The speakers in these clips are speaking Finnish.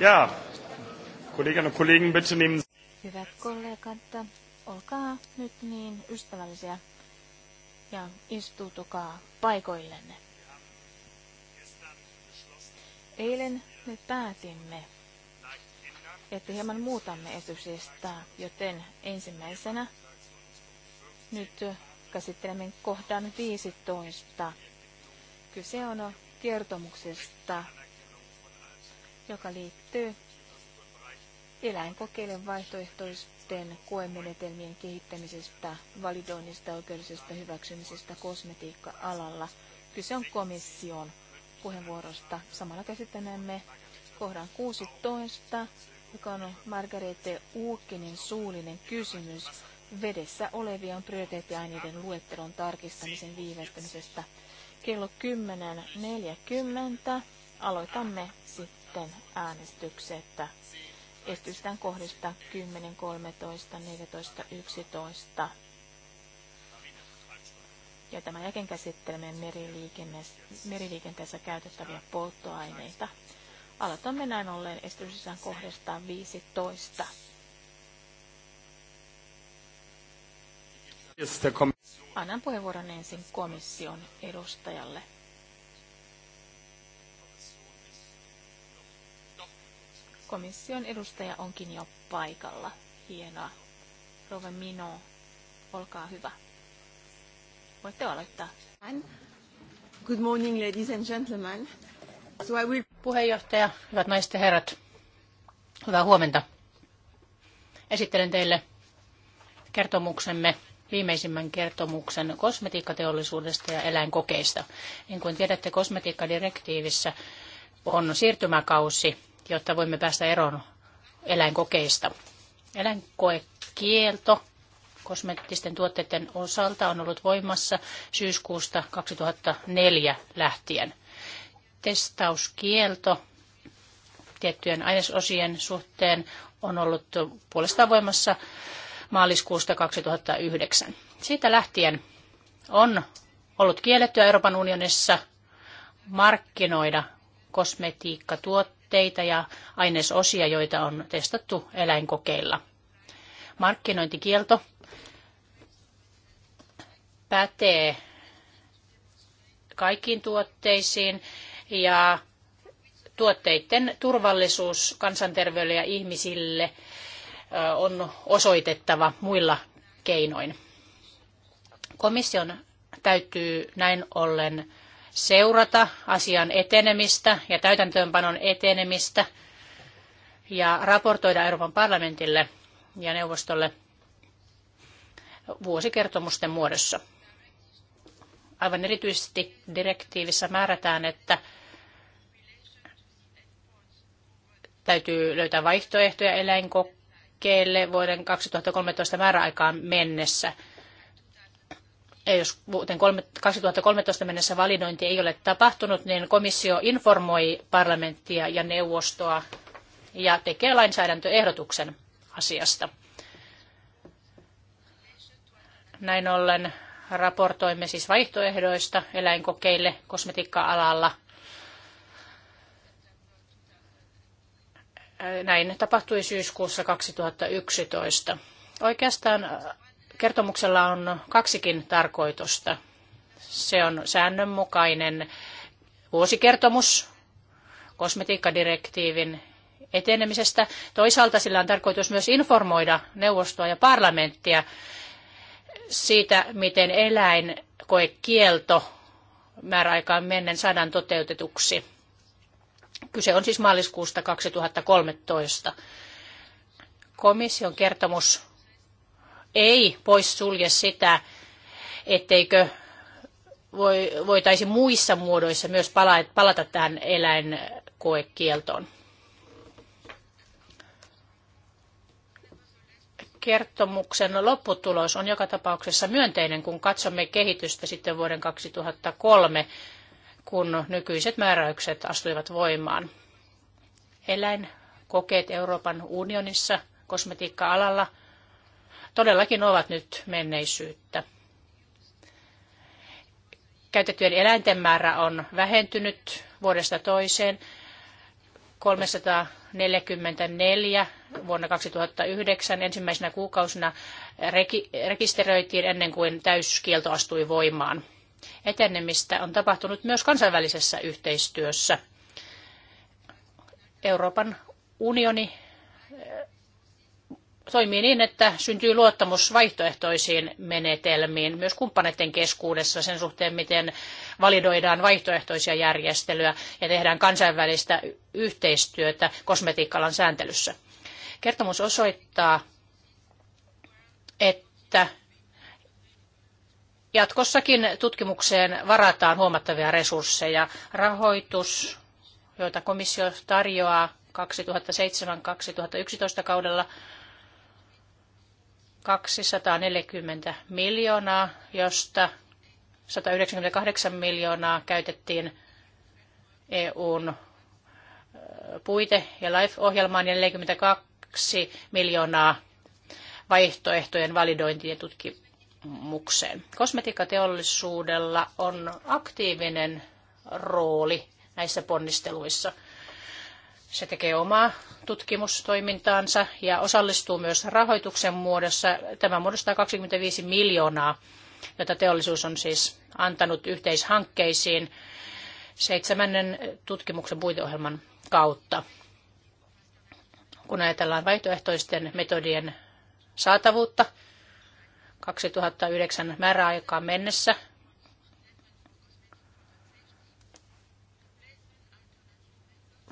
Ja, kollegen, bitte nehmen Hyvät kollegat, olkaa nyt niin ystävällisiä ja istuutukaa paikoillenne. Eilen me päätimme, että hieman muutamme esitystä, joten ensimmäisenä nyt käsittelemme kohdan 15. Kyse on kertomuksesta joka liittyy eläinkokeiden vaihtoehtoisten koemenetelmien kehittämisestä, validoinnista ja oikeudellisesta hyväksymisestä kosmetiikka-alalla. Kyse on komission puheenvuorosta. Samalla käsittelemme kohdan 16, joka on Margarete Uukkinen suullinen kysymys vedessä olevien prioriteettiaineiden luettelon tarkistamisen viivästämisestä. Kello 10.40 aloitamme sitten sitten äänestykset esitystään kohdista 10, 13, 14, 11. Ja tämän jälkeen käsittelemme meriliikenteessä käytettäviä polttoaineita. Aloitamme näin ollen esitystään kohdista 15. Annan puheenvuoron ensin komission edustajalle. Komission edustaja onkin jo paikalla. Hienoa. Rove Mino, olkaa hyvä. Voitte aloittaa. Good morning, ladies and gentlemen. So I will... Puheenjohtaja, hyvät naiset ja herrat, hyvää huomenta. Esittelen teille kertomuksemme viimeisimmän kertomuksen kosmetiikkateollisuudesta ja eläinkokeista. Niin kuin tiedätte, kosmetiikkadirektiivissä on siirtymäkausi jotta voimme päästä eroon eläinkokeista. Eläinkoekielto kosmeettisten tuotteiden osalta on ollut voimassa syyskuusta 2004 lähtien. Testauskielto tiettyjen ainesosien suhteen on ollut puolestaan voimassa maaliskuusta 2009. Siitä lähtien on ollut kiellettyä Euroopan unionissa markkinoida kosmetiikkatuotteita tuotteita ja ainesosia, joita on testattu eläinkokeilla. Markkinointikielto pätee kaikkiin tuotteisiin ja tuotteiden turvallisuus kansanterveydelle ja ihmisille on osoitettava muilla keinoin. Komission täytyy näin ollen seurata asian etenemistä ja täytäntöönpanon etenemistä ja raportoida Euroopan parlamentille ja neuvostolle vuosikertomusten muodossa. Aivan erityisesti direktiivissä määrätään, että täytyy löytää vaihtoehtoja eläinkokeille vuoden 2013 määräaikaan mennessä – jos vuoteen 2013 mennessä validointi ei ole tapahtunut, niin komissio informoi parlamenttia ja neuvostoa ja tekee lainsäädäntöehdotuksen asiasta. Näin ollen raportoimme siis vaihtoehdoista eläinkokeille kosmetiikka-alalla. Näin tapahtui syyskuussa 2011. Oikeastaan Kertomuksella on kaksikin tarkoitusta. Se on säännönmukainen vuosikertomus kosmetiikkadirektiivin etenemisestä. Toisaalta sillä on tarkoitus myös informoida neuvostoa ja parlamenttia siitä, miten kielto määräaikaan mennen saadaan toteutetuksi. Kyse on siis maaliskuusta 2013. Komission kertomus ei poissulje sitä, etteikö voi, voitaisi muissa muodoissa myös palata tähän eläinkoekieltoon. Kertomuksen lopputulos on joka tapauksessa myönteinen, kun katsomme kehitystä sitten vuoden 2003, kun nykyiset määräykset astuivat voimaan. Eläinkokeet Euroopan unionissa kosmetiikka-alalla – todellakin ovat nyt menneisyyttä. Käytettyjen eläinten määrä on vähentynyt vuodesta toiseen 344 vuonna 2009 ensimmäisenä kuukausina rekisteröitiin ennen kuin täyskielto astui voimaan. Etenemistä on tapahtunut myös kansainvälisessä yhteistyössä. Euroopan unioni toimii niin, että syntyy luottamus vaihtoehtoisiin menetelmiin myös kumppaneiden keskuudessa sen suhteen, miten validoidaan vaihtoehtoisia järjestelyjä ja tehdään kansainvälistä yhteistyötä kosmetiikkalan sääntelyssä. Kertomus osoittaa, että jatkossakin tutkimukseen varataan huomattavia resursseja. Rahoitus, joita komissio tarjoaa 2007-2011 kaudella, 240 miljoonaa, josta 198 miljoonaa käytettiin EUn puite- ja LIFE-ohjelmaan ja 42 miljoonaa vaihtoehtojen validointiin ja tutkimukseen. Kosmetiikkateollisuudella on aktiivinen rooli näissä ponnisteluissa – se tekee omaa tutkimustoimintaansa ja osallistuu myös rahoituksen muodossa. Tämä muodostaa 25 miljoonaa, jota teollisuus on siis antanut yhteishankkeisiin seitsemännen tutkimuksen puiteohjelman kautta. Kun ajatellaan vaihtoehtoisten metodien saatavuutta, 2009 määräaikaan mennessä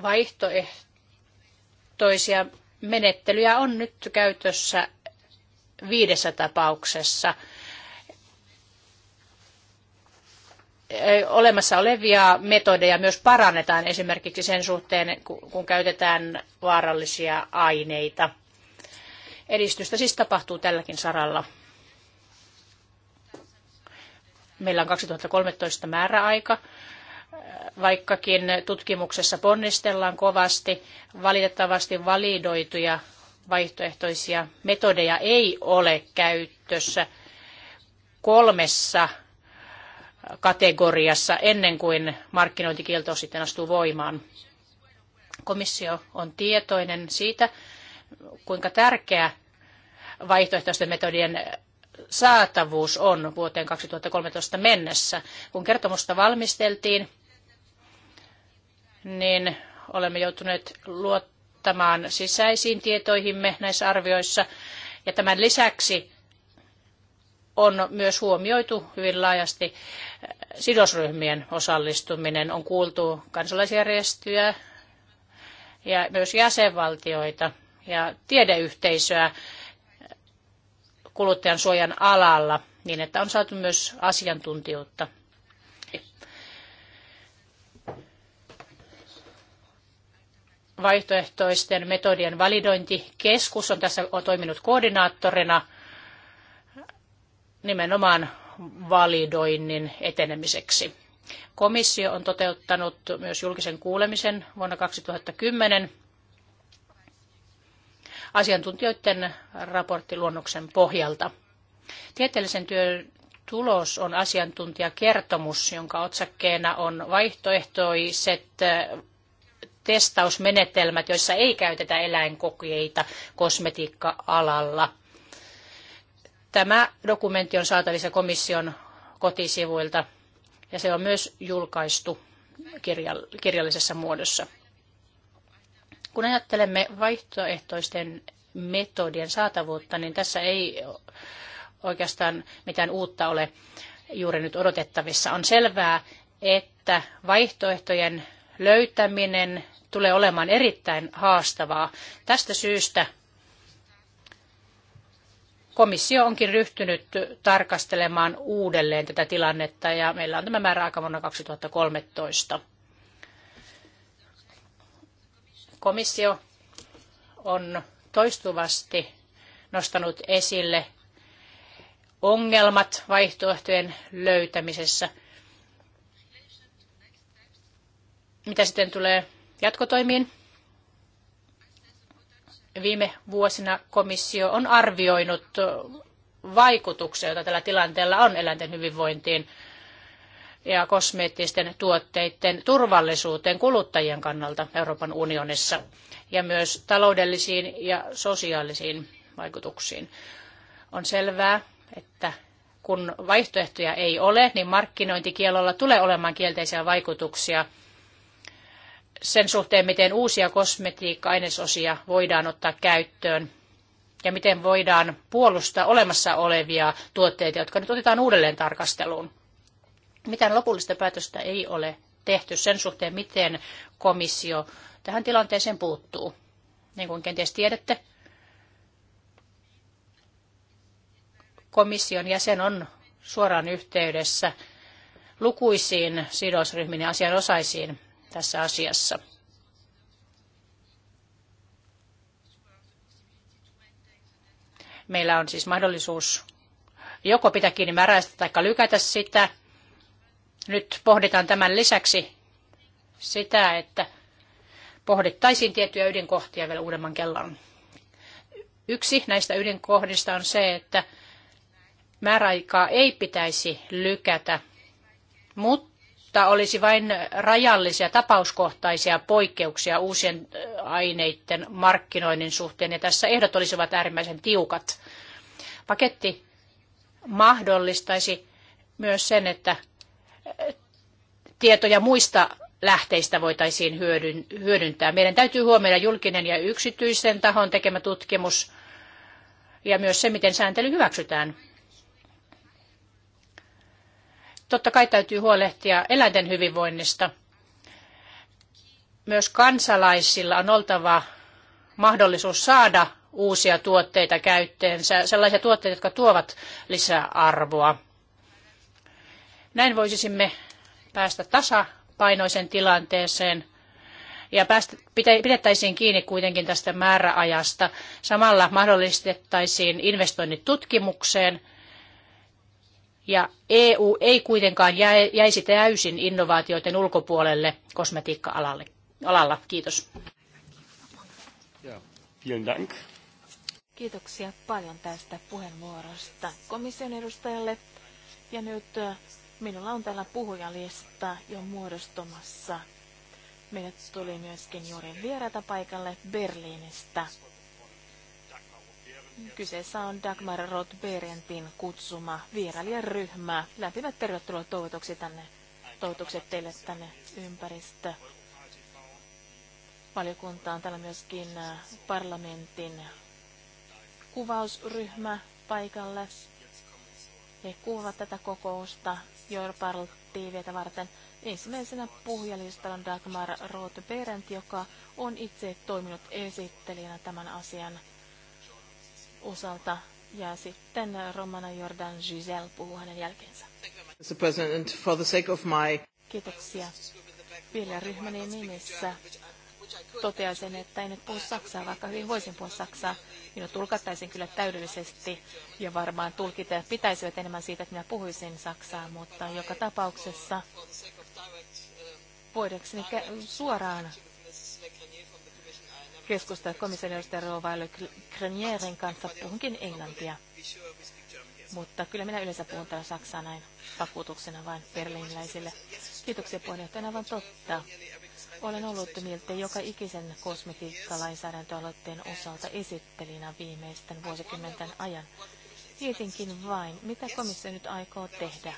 Vaihtoehtoisia menettelyjä on nyt käytössä viidessä tapauksessa. Olemassa olevia metodeja myös parannetaan esimerkiksi sen suhteen, kun käytetään vaarallisia aineita. Edistystä siis tapahtuu tälläkin saralla. Meillä on 2013 määräaika vaikkakin tutkimuksessa ponnistellaan kovasti, valitettavasti validoituja vaihtoehtoisia metodeja ei ole käytössä kolmessa kategoriassa ennen kuin markkinointikielto sitten astuu voimaan. Komissio on tietoinen siitä, kuinka tärkeä vaihtoehtoisten metodien saatavuus on vuoteen 2013 mennessä. Kun kertomusta valmisteltiin, niin olemme joutuneet luottamaan sisäisiin tietoihimme näissä arvioissa. Ja tämän lisäksi on myös huomioitu hyvin laajasti äh, sidosryhmien osallistuminen. On kuultu kansalaisjärjestöjä ja myös jäsenvaltioita ja tiedeyhteisöä kuluttajan suojan alalla niin, että on saatu myös asiantuntijuutta vaihtoehtoisten metodien validointikeskus on tässä toiminut koordinaattorina nimenomaan validoinnin etenemiseksi. Komissio on toteuttanut myös julkisen kuulemisen vuonna 2010 asiantuntijoiden raporttiluonnoksen pohjalta. Tieteellisen työn tulos on asiantuntijakertomus, jonka otsakkeena on vaihtoehtoiset testausmenetelmät, joissa ei käytetä eläinkokeita kosmetiikka-alalla. Tämä dokumentti on saatavissa komission kotisivuilta ja se on myös julkaistu kirjallisessa muodossa. Kun ajattelemme vaihtoehtoisten metodien saatavuutta, niin tässä ei oikeastaan mitään uutta ole juuri nyt odotettavissa. On selvää, että vaihtoehtojen löytäminen tulee olemaan erittäin haastavaa. Tästä syystä komissio onkin ryhtynyt tarkastelemaan uudelleen tätä tilannetta ja meillä on tämä määräaika vuonna 2013. Komissio on toistuvasti nostanut esille ongelmat vaihtoehtojen löytämisessä. Mitä sitten tulee jatkotoimiin. Viime vuosina komissio on arvioinut vaikutuksia, joita tällä tilanteella on eläinten hyvinvointiin ja kosmeettisten tuotteiden turvallisuuteen kuluttajien kannalta Euroopan unionissa ja myös taloudellisiin ja sosiaalisiin vaikutuksiin. On selvää, että kun vaihtoehtoja ei ole, niin markkinointikielolla tulee olemaan kielteisiä vaikutuksia sen suhteen, miten uusia kosmetiikka-ainesosia voidaan ottaa käyttöön ja miten voidaan puolustaa olemassa olevia tuotteita, jotka nyt otetaan uudelleen tarkasteluun. Mitään lopullista päätöstä ei ole tehty sen suhteen, miten komissio tähän tilanteeseen puuttuu. Niin kuin kenties tiedätte, komission jäsen on suoraan yhteydessä lukuisiin sidosryhmiin ja asianosaisiin tässä asiassa. Meillä on siis mahdollisuus joko pitää kiinni määräistä tai lykätä sitä. Nyt pohditaan tämän lisäksi sitä, että pohdittaisiin tiettyjä ydinkohtia vielä uudemman kellan. Yksi näistä ydinkohdista on se, että määräaikaa ei pitäisi lykätä, mutta josta olisi vain rajallisia tapauskohtaisia poikkeuksia uusien aineiden markkinoinnin suhteen, ja tässä ehdot olisivat äärimmäisen tiukat. Paketti mahdollistaisi myös sen, että tietoja muista lähteistä voitaisiin hyödyntää. Meidän täytyy huomioida julkinen ja yksityisen tahon tekemä tutkimus ja myös se, miten sääntely hyväksytään. Totta kai täytyy huolehtia eläinten hyvinvoinnista. Myös kansalaisilla on oltava mahdollisuus saada uusia tuotteita käyttöönsä, sellaisia tuotteita, jotka tuovat lisäarvoa. Näin voisimme päästä tasapainoisen tilanteeseen ja päästä, pidettäisiin kiinni kuitenkin tästä määräajasta. Samalla mahdollistettaisiin investoinnit tutkimukseen – ja EU ei kuitenkaan jäisi täysin innovaatioiden ulkopuolelle kosmetiikka-alalla. Kiitos. Kiitoksia paljon tästä puheenvuorosta komission edustajalle. Ja nyt äh, minulla on täällä puhujalista jo muodostumassa. Meille tuli myöskin juuri vierata paikalle Berliinistä. Kyseessä on Dagmar Roth-Berentin kutsuma vierailijaryhmä. Lämpimät tervetuloa toivotukset, tänne, toivotukset teille tänne ympäristö. Valiokunta on täällä myöskin äh, parlamentin kuvausryhmä paikalle. He kuvat tätä kokousta Jorparl TVtä varten. Ensimmäisenä puhujalistalla on Dagmar Roth-Berent, joka on itse toiminut esittelijänä tämän asian osalta ja sitten Romana Jordan Giselle puhuu hänen jälkeensä. Mr. President, for the sake of my... Kiitoksia. Vielä ryhmäni nimissä toteaisin, että en nyt puhu saksaa, vaikka hyvin voisin puhua saksaa. Minua tulkattaisiin kyllä täydellisesti ja varmaan tulkita pitäisivät enemmän siitä, että minä puhuisin saksaa, mutta joka tapauksessa voidakseni suoraan keskustella komission edustaja Rovailu Grenierin kanssa. Puhunkin englantia. Mutta kyllä minä yleensä puhun täällä saksaa näin vakuutuksena vain berliiniläisille. Kiitoksia puheenjohtajana, vaan totta. Olen ollut miltei joka ikisen kosmetiikkalainsäädäntöaloitteen osalta esittelinä viimeisten vuosikymmenten ajan. Tietenkin vain, mitä komissio nyt aikoo tehdä.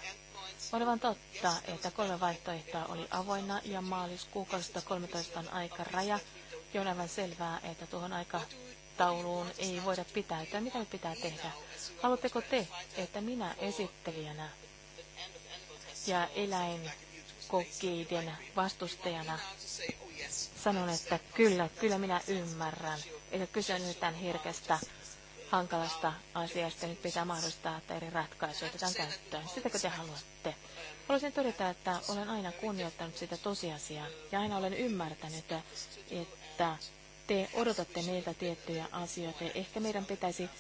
Olevan totta, että kolme vaihtoehtoa oli avoinna ja maaliskuukausista 13 on aikaraja on aivan selvää, että tuohon aikatauluun ei voida pitää, että mitä pitää tehdä. Haluatteko te, että minä esittelijänä ja eläinkokeiden vastustajana sanon, että kyllä, kyllä minä ymmärrän, että kyse on nyt tämän herkästä hankalasta asiasta. Nyt pitää mahdollistaa, että eri ratkaisuja otetaan käyttöön. Sitäkö te haluatte? Haluaisin todeta, että olen aina kunnioittanut sitä tosiasiaa ja aina olen ymmärtänyt, että että te odotatte meiltä tiettyjä asioita. Ehkä meidän pitäisi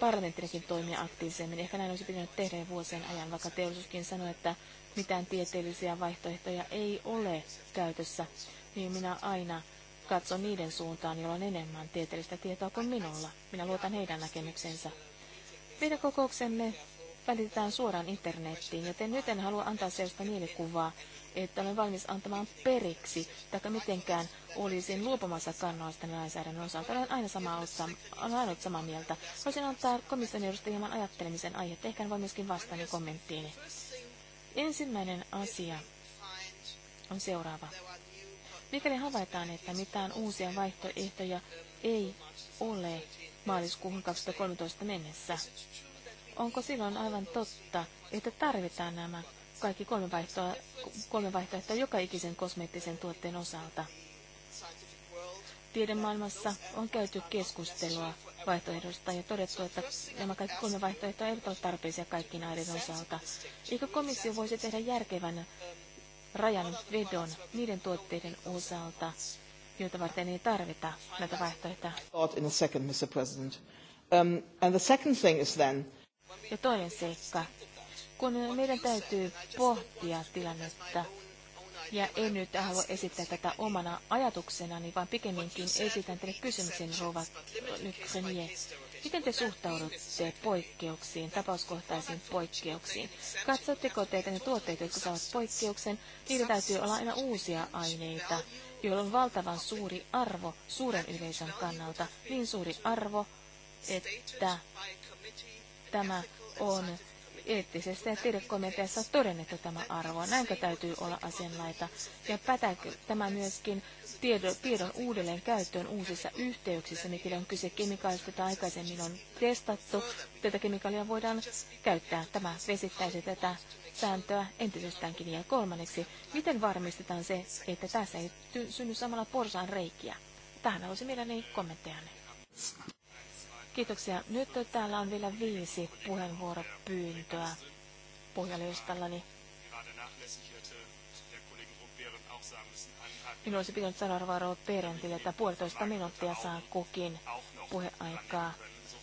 parlamenttinakin toimia aktiivisemmin. Ehkä näin olisi pitänyt tehdä vuosien ajan, vaikka teollisuuskin sanoi, että mitään tieteellisiä vaihtoehtoja ei ole käytössä, niin minä aina katson niiden suuntaan, joilla on enemmän tieteellistä tietoa kuin minulla. Minä luotan heidän näkemyksensä. Meidän kokouksemme välitetään suoraan internettiin, joten nyt en halua antaa sellaista mielikuvaa, että olen valmis antamaan periksi, tai mitenkään olisin luopumassa kannoista lainsäädännön osalta. Olen aina samaa, olen aina samaa mieltä. Voisin antaa komission edustajille hieman ajattelemisen aihetta, ehkä voi myöskin vastata niin kommenttiini. Ensimmäinen asia on seuraava. Mikäli havaitaan, että mitään uusia vaihtoehtoja ei ole maaliskuuhun 2013 mennessä, onko silloin aivan totta, että tarvitaan nämä kaikki kolme, vaihtoa, kolme vaihtoehtoa joka ikisen kosmeettisen tuotteen osalta. Tiedemaailmassa on käyty keskustelua vaihtoehdosta ja todettu, että nämä kaikki kolme vaihtoehtoa eivät ole tarpeisia kaikkien näiden osalta. Eikö komissio voisi tehdä järkevän rajan vedon niiden tuotteiden osalta, joita varten ei tarvita näitä vaihtoehtoja? Um, ja toinen seikka, kun meidän täytyy pohtia tilannetta, ja en nyt halua esittää tätä omana ajatuksenani, vaan pikemminkin esitän teille kysymyksen, Rova Lyksenie. Miten te suhtaudutte poikkeuksiin, tapauskohtaisiin poikkeuksiin? Katsotteko teitä ne tuotteet, jotka saavat poikkeuksen? Niitä täytyy olla aina uusia aineita, joilla on valtavan suuri arvo suuren yleisön kannalta. Niin suuri arvo, että tämä on eettisessä ja tiedekomiteassa on todennettu tämä arvo. Näinkö täytyy olla asianlaita? Ja pätääkö tämä myöskin tiedon, tiedon uudelleen käyttöön uusissa yhteyksissä, mikä on kyse kemikaalista, jota aikaisemmin on testattu. Tätä kemikaalia voidaan käyttää. Tämä vesittäisi tätä sääntöä entisestäänkin. Ja kolmanneksi, miten varmistetaan se, että tässä ei synny samalla porsaan reikiä? Tähän haluaisin mielelläni kommenttejanne. Kiitoksia. Nyt täällä on vielä viisi puheenvuoropyyntöä puhujalistallani. Minun olisi pitänyt sanoa arvoa Perentille, että puolitoista minuuttia saa kukin puheaikaa,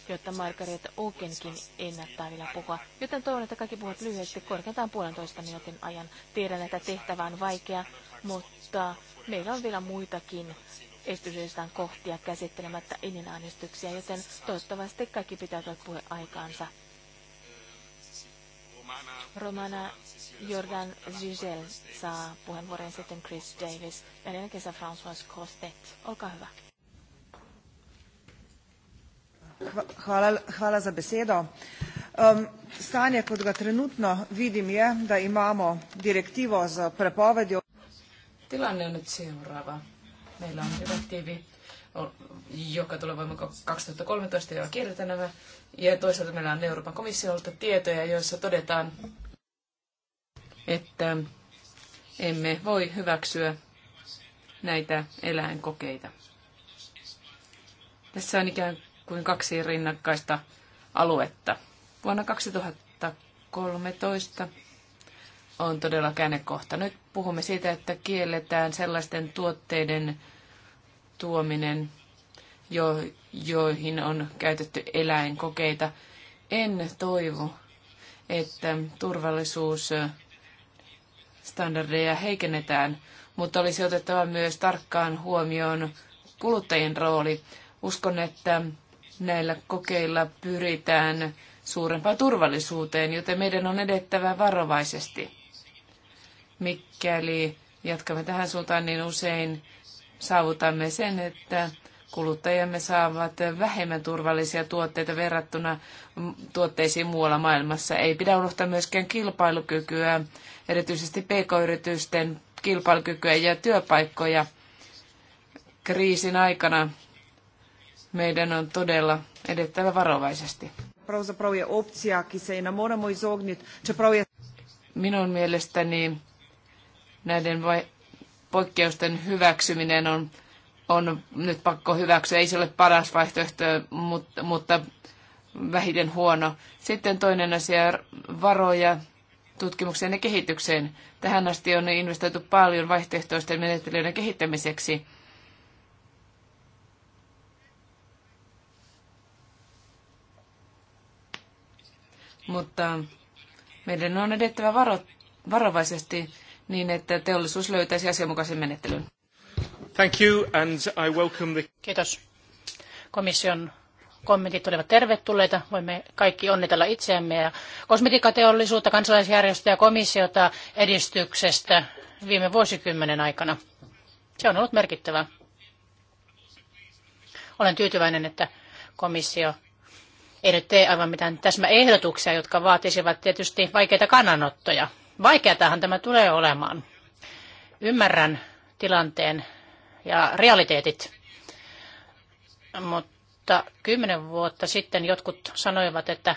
jotta Margaret Okenkin ennättää vielä puhua. Joten toivon, että kaikki puhut lyhyesti korkeintaan puolentoista minuutin ajan. Tiedän, että tehtävä on vaikea, mutta meillä on vielä muitakin esityslistan kohtia käsittelemättä ininäänestyksiä, joten toivottavasti kaikki pitävät aikaansa. Romana Jordan Zyzel saa puheenvuoron sitten Chris Davis ja ennen François Costet. Olkaa hyvä. Hvala, hvala za besedo. Um, stanje, kot ga trenutno vidim, je, da imamo direktivo z prepovedjo. Tilanne on nyt seuraava. Meillä on tiivi, joka tulee voimaan 2013, jolla kierretään nämä. Ja toisaalta meillä on Euroopan komissiolta tietoja, joissa todetaan, että emme voi hyväksyä näitä eläinkokeita. Tässä on ikään kuin kaksi rinnakkaista aluetta. Vuonna 2013 on todella käännekohta. Nyt puhumme siitä, että kielletään sellaisten tuotteiden tuominen, jo, joihin on käytetty eläinkokeita. En toivo, että turvallisuusstandardeja heikennetään, mutta olisi otettava myös tarkkaan huomioon kuluttajien rooli. Uskon, että näillä kokeilla pyritään suurempaan turvallisuuteen, joten meidän on edettävä varovaisesti. Mikäli jatkamme tähän suuntaan, niin usein saavutamme sen, että kuluttajamme saavat vähemmän turvallisia tuotteita verrattuna tuotteisiin muualla maailmassa. Ei pidä unohtaa myöskään kilpailukykyä, erityisesti pk-yritysten kilpailukykyä ja työpaikkoja kriisin aikana. Meidän on todella edettävä varovaisesti. Minun mielestäni näiden vai- poikkeusten hyväksyminen on, on nyt pakko hyväksyä. Ei se ole paras vaihtoehto, mutta, mutta vähiten huono. Sitten toinen asia, varoja tutkimukseen ja kehitykseen. Tähän asti on investoitu paljon vaihtoehtoisten menettelyiden kehittämiseksi. Mutta meidän on edettävä varo, varovaisesti niin, että teollisuus löytäisi asianmukaisen menettelyn. Thank you and I welcome the... Kiitos. Komission kommentit olivat tervetulleita. Voimme kaikki onnitella itseämme ja kosmetiikkateollisuutta, kansalaisjärjestöjä ja komissiota edistyksestä viime vuosikymmenen aikana. Se on ollut merkittävä. Olen tyytyväinen, että komissio ei nyt tee aivan mitään täsmäehdotuksia, jotka vaatisivat tietysti vaikeita kannanottoja. Vaikeatahan tämä tulee olemaan. Ymmärrän tilanteen ja realiteetit, mutta kymmenen vuotta sitten jotkut sanoivat, että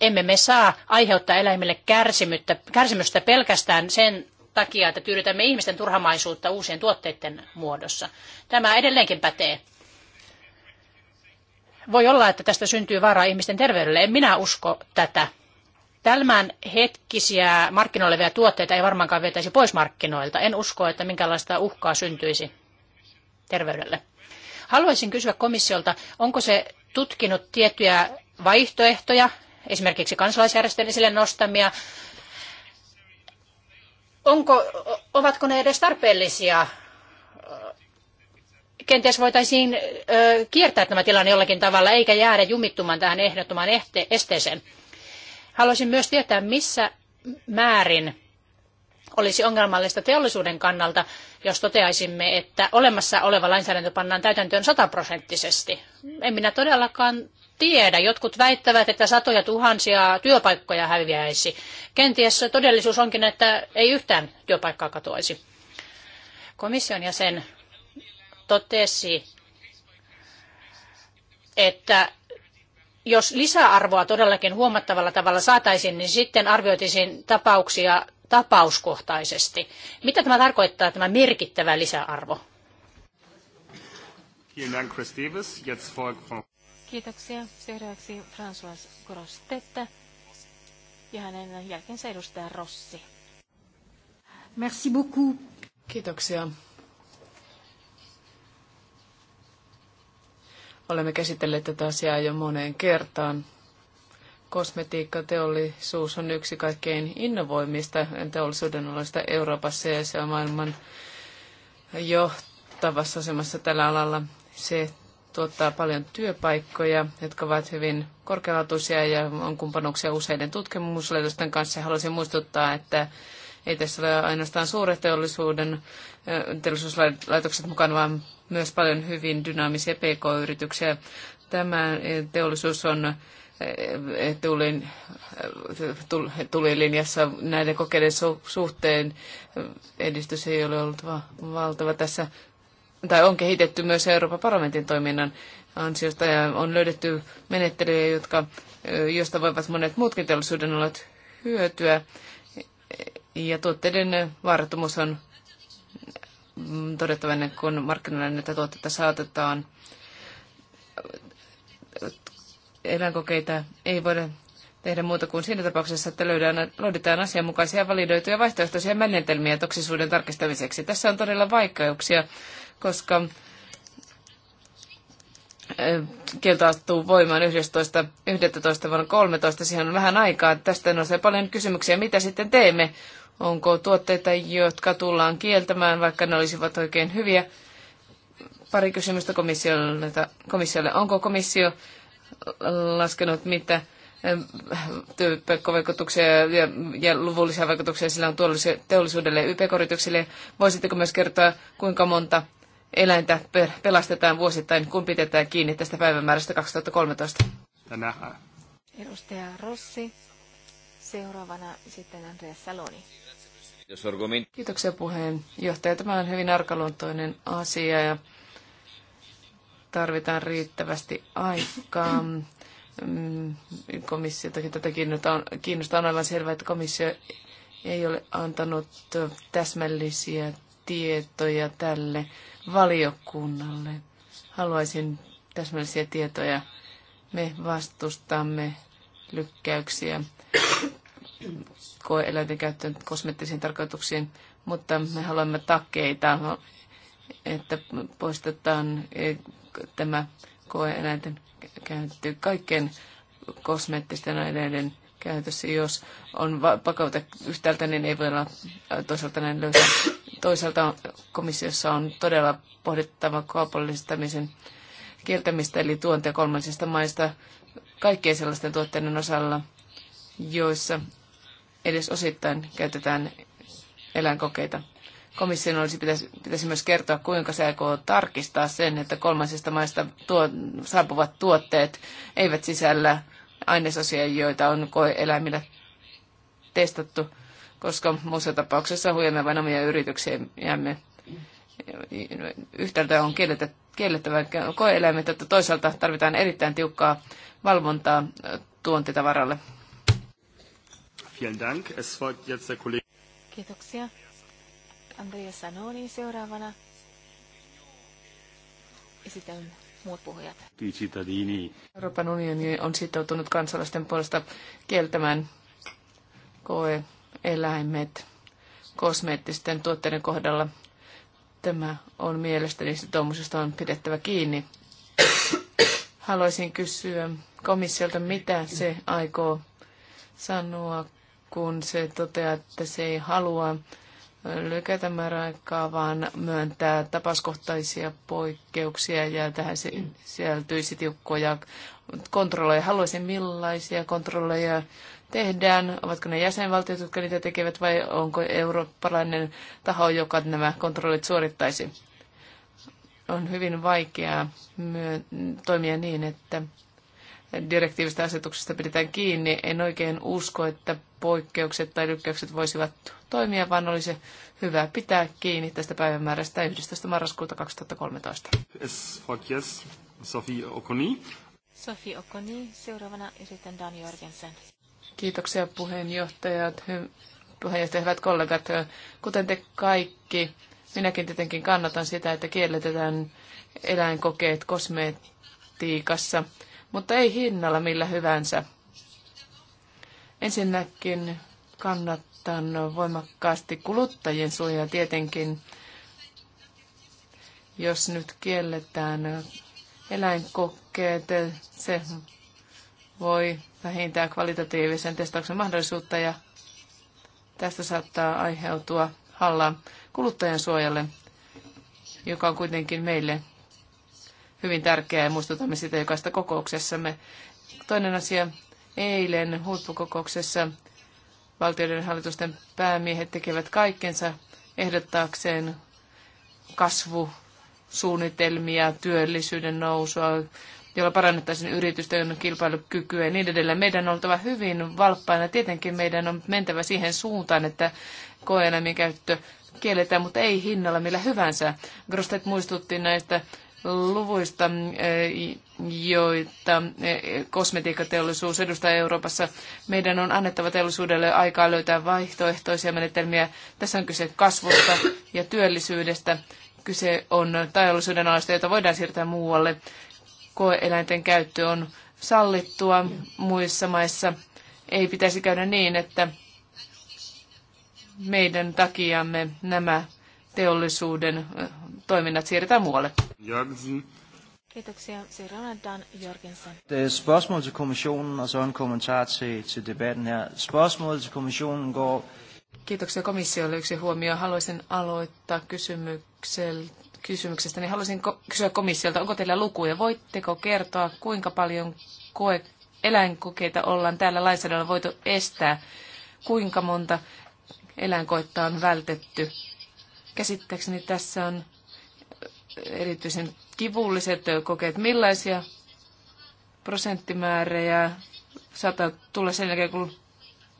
emme me saa aiheuttaa eläimille kärsimystä pelkästään sen takia, että tyydytämme ihmisten turhamaisuutta uusien tuotteiden muodossa. Tämä edelleenkin pätee. Voi olla, että tästä syntyy vaaraa ihmisten terveydelle. En minä usko tätä. Tämän hetkisiä markkinoille tuotteita ei varmaankaan vietäisi pois markkinoilta. En usko, että minkälaista uhkaa syntyisi terveydelle. Haluaisin kysyä komissiolta, onko se tutkinut tiettyjä vaihtoehtoja, esimerkiksi kansalaisjärjestöjen esille nostamia, onko, ovatko ne edes tarpeellisia? Kenties voitaisiin kiertää tämä tilanne jollakin tavalla, eikä jäädä jumittumaan tähän ehdottomaan esteeseen. Haluaisin myös tietää, missä määrin olisi ongelmallista teollisuuden kannalta, jos toteaisimme, että olemassa oleva lainsäädäntö pannaan täytäntöön sataprosenttisesti. En minä todellakaan tiedä. Jotkut väittävät, että satoja tuhansia työpaikkoja häviäisi. Kenties todellisuus onkin, että ei yhtään työpaikkaa katoaisi. Komission jäsen totesi, että jos lisäarvoa todellakin huomattavalla tavalla saataisiin, niin sitten arvioitaisiin tapauksia tapauskohtaisesti. Mitä tämä tarkoittaa, tämä merkittävä lisäarvo? Kiitoksia. Seuraavaksi François Grostetta ja hänen jälkeensä edustaja Rossi. Merci beaucoup. Kiitoksia Olemme käsitelleet tätä asiaa jo moneen kertaan. Kosmetiikkateollisuus on yksi kaikkein innovoimista teollisuuden aloista Euroopassa ja se on maailman johtavassa asemassa tällä alalla. Se tuottaa paljon työpaikkoja, jotka ovat hyvin korkealaatuisia ja on kumppanuuksia useiden tutkimuslaitosten kanssa. Haluaisin muistuttaa, että ei tässä ole ainoastaan suuret teollisuuden, teollisuuslaitokset mukaan, vaan myös paljon hyvin dynaamisia pk-yrityksiä. Tämä teollisuus on eh, tulin, eh, tuli linjassa näiden kokeiden suhteen. Edistys ei ole ollut valtava tässä, tai on kehitetty myös Euroopan parlamentin toiminnan ansiosta ja on löydetty menettelyjä, jotka, eh, josta voivat monet muutkin teollisuuden olla hyötyä. Ja tuotteiden vaarattomuus on Mm, todettava ennen kuin markkinoille näitä tuotteita saatetaan. Eläinkokeita ei voida tehdä muuta kuin siinä tapauksessa, että löydään, löydetään asianmukaisia validoituja vaihtoehtoisia menetelmiä toksisuuden tarkistamiseksi. Tässä on todella vaikeuksia, koska kielto astuu voimaan 11. 11 vuonna 13. Siihen on vähän aikaa. Tästä nousee paljon kysymyksiä. Mitä sitten teemme? Onko tuotteita, jotka tullaan kieltämään, vaikka ne olisivat oikein hyviä? Pari kysymystä komissiolle. komissiolle. Onko komissio laskenut mitä pekkovaikutuksia ja, ja luvullisia vaikutuksia sillä on teollisuudelle ja ypk-yrityksille? Voisitteko myös kertoa, kuinka monta eläintä pelastetaan vuosittain, kun pidetään kiinni tästä päivämäärästä 2013. Tänään. Edustaja Rossi. Seuraavana sitten Andreas Saloni. Kiitoksia puheenjohtaja. Tämä on hyvin arkaluontoinen asia ja tarvitaan riittävästi aikaa. Mm, komissiotakin tätä kiinnostaa. On aivan selvää, että komissio ei ole antanut täsmällisiä tietoja tälle valiokunnalle. Haluaisin täsmällisiä tietoja. Me vastustamme lykkäyksiä koe-eläinten käyttöön kosmettisiin tarkoituksiin, mutta me haluamme takeita, että poistetaan e, tämä koe-eläinten käyttö kaikkien kosmettisten aineiden käytössä. Jos on pakote yhtäältä, niin ei voi olla toisaalta näin löytää. Toisaalta komissiossa on todella pohdittava kaupallistamisen kieltämistä, eli tuontia kolmansista maista kaikkien sellaisten tuotteiden osalla, joissa edes osittain käytetään eläinkokeita. Komission olisi, pitäisi, pitäisi myös kertoa, kuinka se aikoo tarkistaa sen, että kolmansista maista tuo, saapuvat tuotteet eivät sisällä ainesosia, joita on koe-eläimillä testattu, koska muussa tapauksessa huijamme vain omia yrityksiämme. Yhtäältä on kiellettävä koe-eläimet, että toisaalta tarvitaan erittäin tiukkaa valvontaa tuontitavaralle. Kiitoksia. Andrea Sanoni seuraavana. Esitän muut puhujat. Euroopan unioni on sitoutunut kansalaisten puolesta kieltämään koe-eläimet kosmeettisten tuotteiden kohdalla. Tämä on mielestäni sitoumuksesta on pidettävä kiinni. Haluaisin kysyä komissiolta, mitä se aikoo sanoa, kun se toteaa, että se ei halua lykätä määräaikaa, vaan myöntää tapauskohtaisia poikkeuksia ja tähän sieltyisi tiukkoja kontrolleja. Haluaisin millaisia kontrolleja tehdään, ovatko ne jäsenvaltiot, jotka niitä tekevät vai onko eurooppalainen taho, joka nämä kontrollit suorittaisi. On hyvin vaikeaa toimia niin, että direktiivistä asetuksesta pidetään kiinni. En oikein usko, että poikkeukset tai lykkäykset voisivat toimia, vaan olisi hyvä pitää kiinni tästä päivämäärästä 11. marraskuuta 2013. Sofi Okoni. Sofi Okoni, seuraavana sitten Dan Jorgensen. Kiitoksia puheenjohtajat, hy- puheenjohtaja, hyvät kollegat. Kuten te kaikki, minäkin tietenkin kannatan sitä, että kielletetään eläinkokeet kosmeettiikassa, mutta ei hinnalla millä hyvänsä. Ensinnäkin kannattan voimakkaasti kuluttajien suojaa tietenkin, jos nyt kielletään eläinkokeet, se voi vähintään kvalitatiivisen testauksen mahdollisuutta ja tästä saattaa aiheutua hallaa kuluttajan suojalle, joka on kuitenkin meille hyvin tärkeää ja muistutamme sitä jokaista kokouksessamme. Toinen asia Eilen huippukokouksessa valtioiden hallitusten päämiehet tekevät kaikkensa ehdottaakseen kasvusuunnitelmia, työllisyyden nousua, jolla parannettaisiin yritysten kilpailukykyä ja niin edelleen. Meidän on oltava hyvin valppaina. Tietenkin meidän on mentävä siihen suuntaan, että koeelämien käyttö kielletään, mutta ei hinnalla millä hyvänsä. Grostet muistutti näistä luvuista, eh, joita eh, kosmetiikkateollisuus edustaa Euroopassa. Meidän on annettava teollisuudelle aikaa löytää vaihtoehtoisia menetelmiä. Tässä on kyse kasvusta ja työllisyydestä. Kyse on teollisuuden alasta, jota voidaan siirtää muualle. Koeeläinten käyttö on sallittua muissa maissa. Ei pitäisi käydä niin, että meidän takiamme nämä teollisuuden toiminnat siirretään muualle. Jörgensen. Kiitoksia. Seuraavana Dan Jørgensen. Er et spørgsmål til kommissionen og så en kommentar til, til debatten her. Spørgsmålet til kommissionen går... Kiitoksia komissiolle. Yksi huomio. Haluaisin aloittaa kysymyksestä. Niin haluaisin ko- kysyä komissiolta, onko teillä lukuja? Voitteko kertoa, kuinka paljon koe- eläinkokeita ollaan täällä lainsäädännöllä voitu estää? Kuinka monta eläinkoetta on vältetty? Käsittääkseni tässä on erityisen kivulliset kokeet. Millaisia prosenttimäärejä saattaa tulla sen jälkeen, kun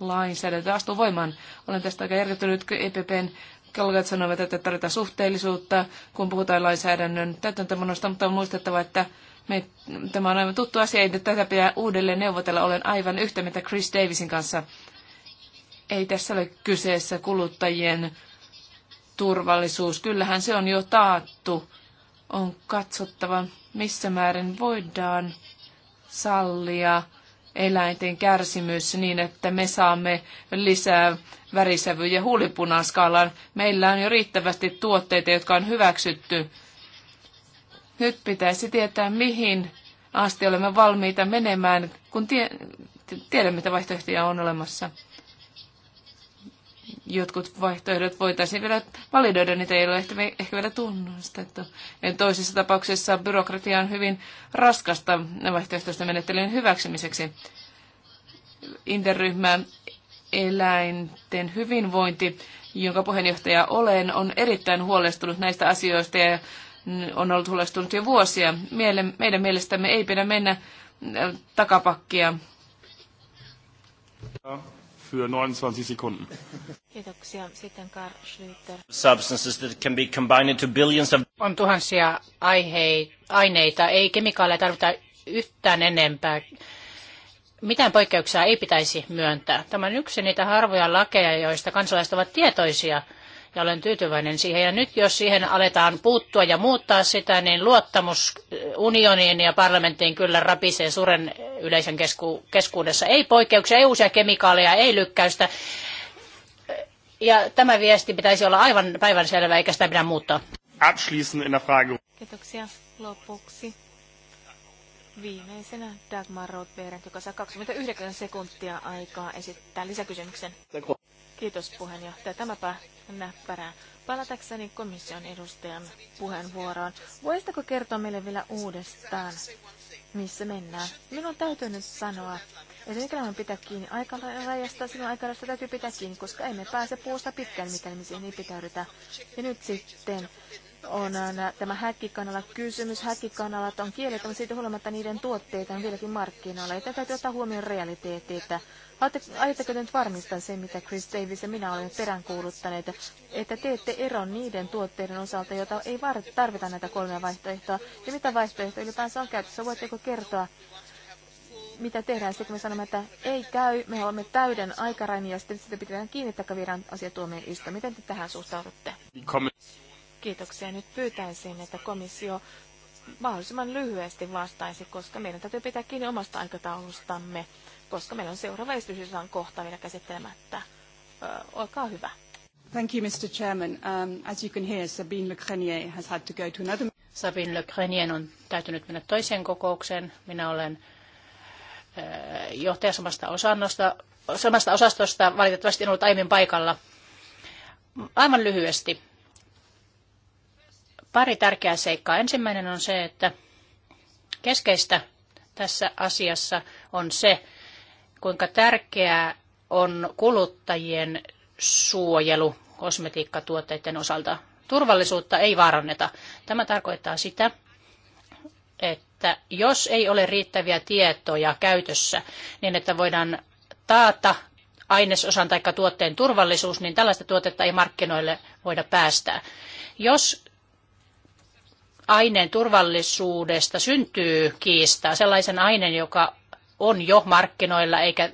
lainsäädäntö astuu voimaan? Olen tästä aika järkyttynyt EPPn kollegat sanovat, että tarvitaan suhteellisuutta, kun puhutaan lainsäädännön täytäntömonosta, mutta on muistettava, että me, tämä on aivan tuttu asia, ei tätä pidä uudelleen neuvotella. Olen aivan yhtä mitä Chris Davisin kanssa. Ei tässä ole kyseessä kuluttajien turvallisuus, kyllähän se on jo taattu. On katsottava, missä määrin voidaan sallia eläinten kärsimys niin, että me saamme lisää värisävyjä huulipunaskaalan. Meillä on jo riittävästi tuotteita, jotka on hyväksytty. Nyt pitäisi tietää, mihin asti olemme valmiita menemään, kun tie- tiedämme, mitä vaihtoehtoja on olemassa jotkut vaihtoehdot voitaisiin vielä validoida, niitä ei ole ehkä, ehkä vielä tunnustettu. Ja toisissa tapauksissa byrokratia on hyvin raskasta vaihtoehtoisten menettelyjen hyväksymiseksi. Interryhmä eläinten hyvinvointi, jonka puheenjohtaja olen, on erittäin huolestunut näistä asioista ja on ollut huolestunut jo vuosia. Meidän mielestämme ei pidä mennä äh, takapakkia für 29 Sekunden. Substances that can be combined into billions of... On tuhansia aineita, ei kemikaaleja tarvita yhtään enempää. Mitään poikkeuksia ei pitäisi myöntää. Tämä on yksi niitä harvoja lakeja, joista kansalaiset ovat tietoisia – ja olen tyytyväinen siihen. Ja nyt jos siihen aletaan puuttua ja muuttaa sitä, niin luottamus eh, unioniin ja parlamenttiin kyllä rapisee suuren yleisön kesku- keskuudessa. Ei poikkeuksia, ei uusia kemikaaleja, ei lykkäystä. Eh, ja tämä viesti pitäisi olla aivan päivänselvä, eikä sitä pidä muuttaa. Kiitoksia. Lopuksi viimeisenä Dagmar Rothberg, joka saa 29 sekuntia aikaa esittää lisäkysymyksen. Kiitos puheenjohtaja. Tämäpä näppärää. Palatakseni komission edustajan puheenvuoroon. Voisitko kertoa meille vielä uudestaan, missä mennään? Minun täytyy nyt sanoa, että mikä on pitää kiinni aikarajasta, sinun aikarajasta täytyy pitää kiinni, koska emme pääse puusta pitkään, mitä me siihen ei pitäydytä. Ja nyt sitten on äh, tämä häkkikanala kysymys. Häkkikanalat on kielletty, mutta siitä huolimatta niiden tuotteita on vieläkin markkinoilla. Ja tätä täytyy ottaa huomioon realiteetti, Aiotteko te nyt varmistaa sen, mitä Chris Davis ja minä olen peräänkuuluttaneet, että teette eron niiden tuotteiden osalta, joita ei tarvita näitä kolmea vaihtoehtoa, ja mitä vaihtoehtoja ylipäänsä on käytössä? Voitteko kertoa, mitä tehdään sitten, kun me sanomme, että ei käy, me olemme täyden aikarajan ja sitten sitä pitää kiinni, että viedään asia Miten te tähän suhtaudutte? Kiitoksia. Nyt pyytäisin, että komissio mahdollisimman lyhyesti vastaisi, koska meidän täytyy pitää kiinni omasta aikataulustamme, koska meillä on seuraava esitys, jossa on kohta vielä käsittelemättä. olkaa hyvä. Thank you, Mr. Chairman. Um, as you can hear, Sabine Le has had to go to another... Sabine Le Grenier on täytynyt mennä toiseen kokoukseen. Minä olen johtaja samasta, osannosta, samasta osastosta. Valitettavasti en ollut aiemmin paikalla. Aivan lyhyesti. Pari tärkeää seikkaa. Ensimmäinen on se, että keskeistä tässä asiassa on se, kuinka tärkeää on kuluttajien suojelu kosmetiikkatuotteiden osalta. Turvallisuutta ei vaaranneta. Tämä tarkoittaa sitä, että jos ei ole riittäviä tietoja käytössä, niin että voidaan taata ainesosan tai tuotteen turvallisuus, niin tällaista tuotetta ei markkinoille voida päästää. Jos aineen turvallisuudesta syntyy kiistaa, sellaisen aineen, joka on jo markkinoilla eikä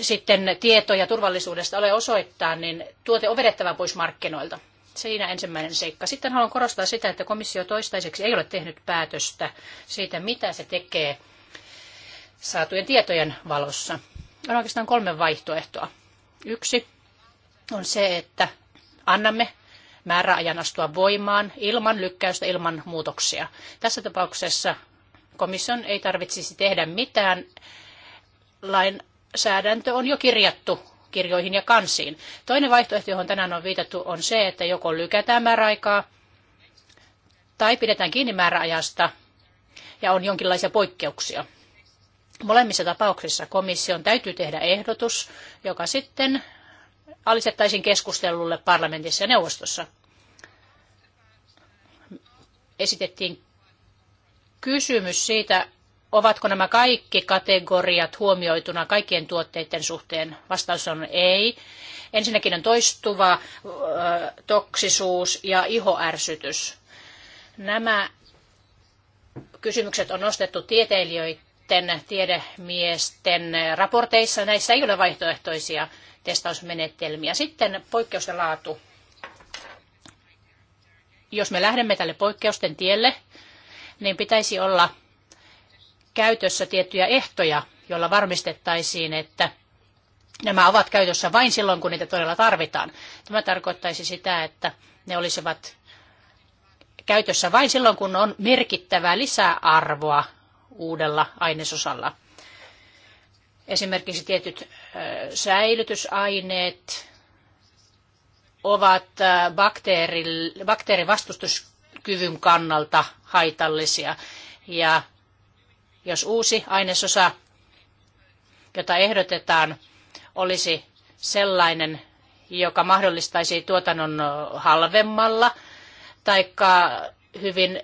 sitten tietoja turvallisuudesta ole osoittaa, niin tuote on vedettävä pois markkinoilta. Siinä ensimmäinen seikka. Sitten haluan korostaa sitä, että komissio toistaiseksi ei ole tehnyt päätöstä siitä, mitä se tekee saatujen tietojen valossa. On oikeastaan kolme vaihtoehtoa. Yksi on se, että annamme määräajan astua voimaan ilman lykkäystä, ilman muutoksia. Tässä tapauksessa komission ei tarvitsisi tehdä mitään. Lainsäädäntö on jo kirjattu kirjoihin ja kansiin. Toinen vaihtoehto, johon tänään on viitattu, on se, että joko lykätään määräaikaa tai pidetään kiinni määräajasta ja on jonkinlaisia poikkeuksia. Molemmissa tapauksissa komission täytyy tehdä ehdotus, joka sitten alistettaisiin keskustelulle parlamentissa ja neuvostossa. Esitettiin kysymys siitä, ovatko nämä kaikki kategoriat huomioituna kaikkien tuotteiden suhteen? Vastaus on ei. Ensinnäkin on toistuva toksisuus ja ihoärsytys. Nämä kysymykset on nostettu tieteilijöiden muiden tiedemiesten raporteissa. Näissä ei ole vaihtoehtoisia testausmenetelmiä. Sitten poikkeus ja laatu. Jos me lähdemme tälle poikkeusten tielle, niin pitäisi olla käytössä tiettyjä ehtoja, joilla varmistettaisiin, että nämä ovat käytössä vain silloin, kun niitä todella tarvitaan. Tämä tarkoittaisi sitä, että ne olisivat käytössä vain silloin, kun on merkittävää lisäarvoa uudella ainesosalla. Esimerkiksi tietyt säilytysaineet ovat bakteerivastustuskyvyn kannalta haitallisia. Ja jos uusi ainesosa, jota ehdotetaan, olisi sellainen, joka mahdollistaisi tuotannon halvemmalla tai hyvin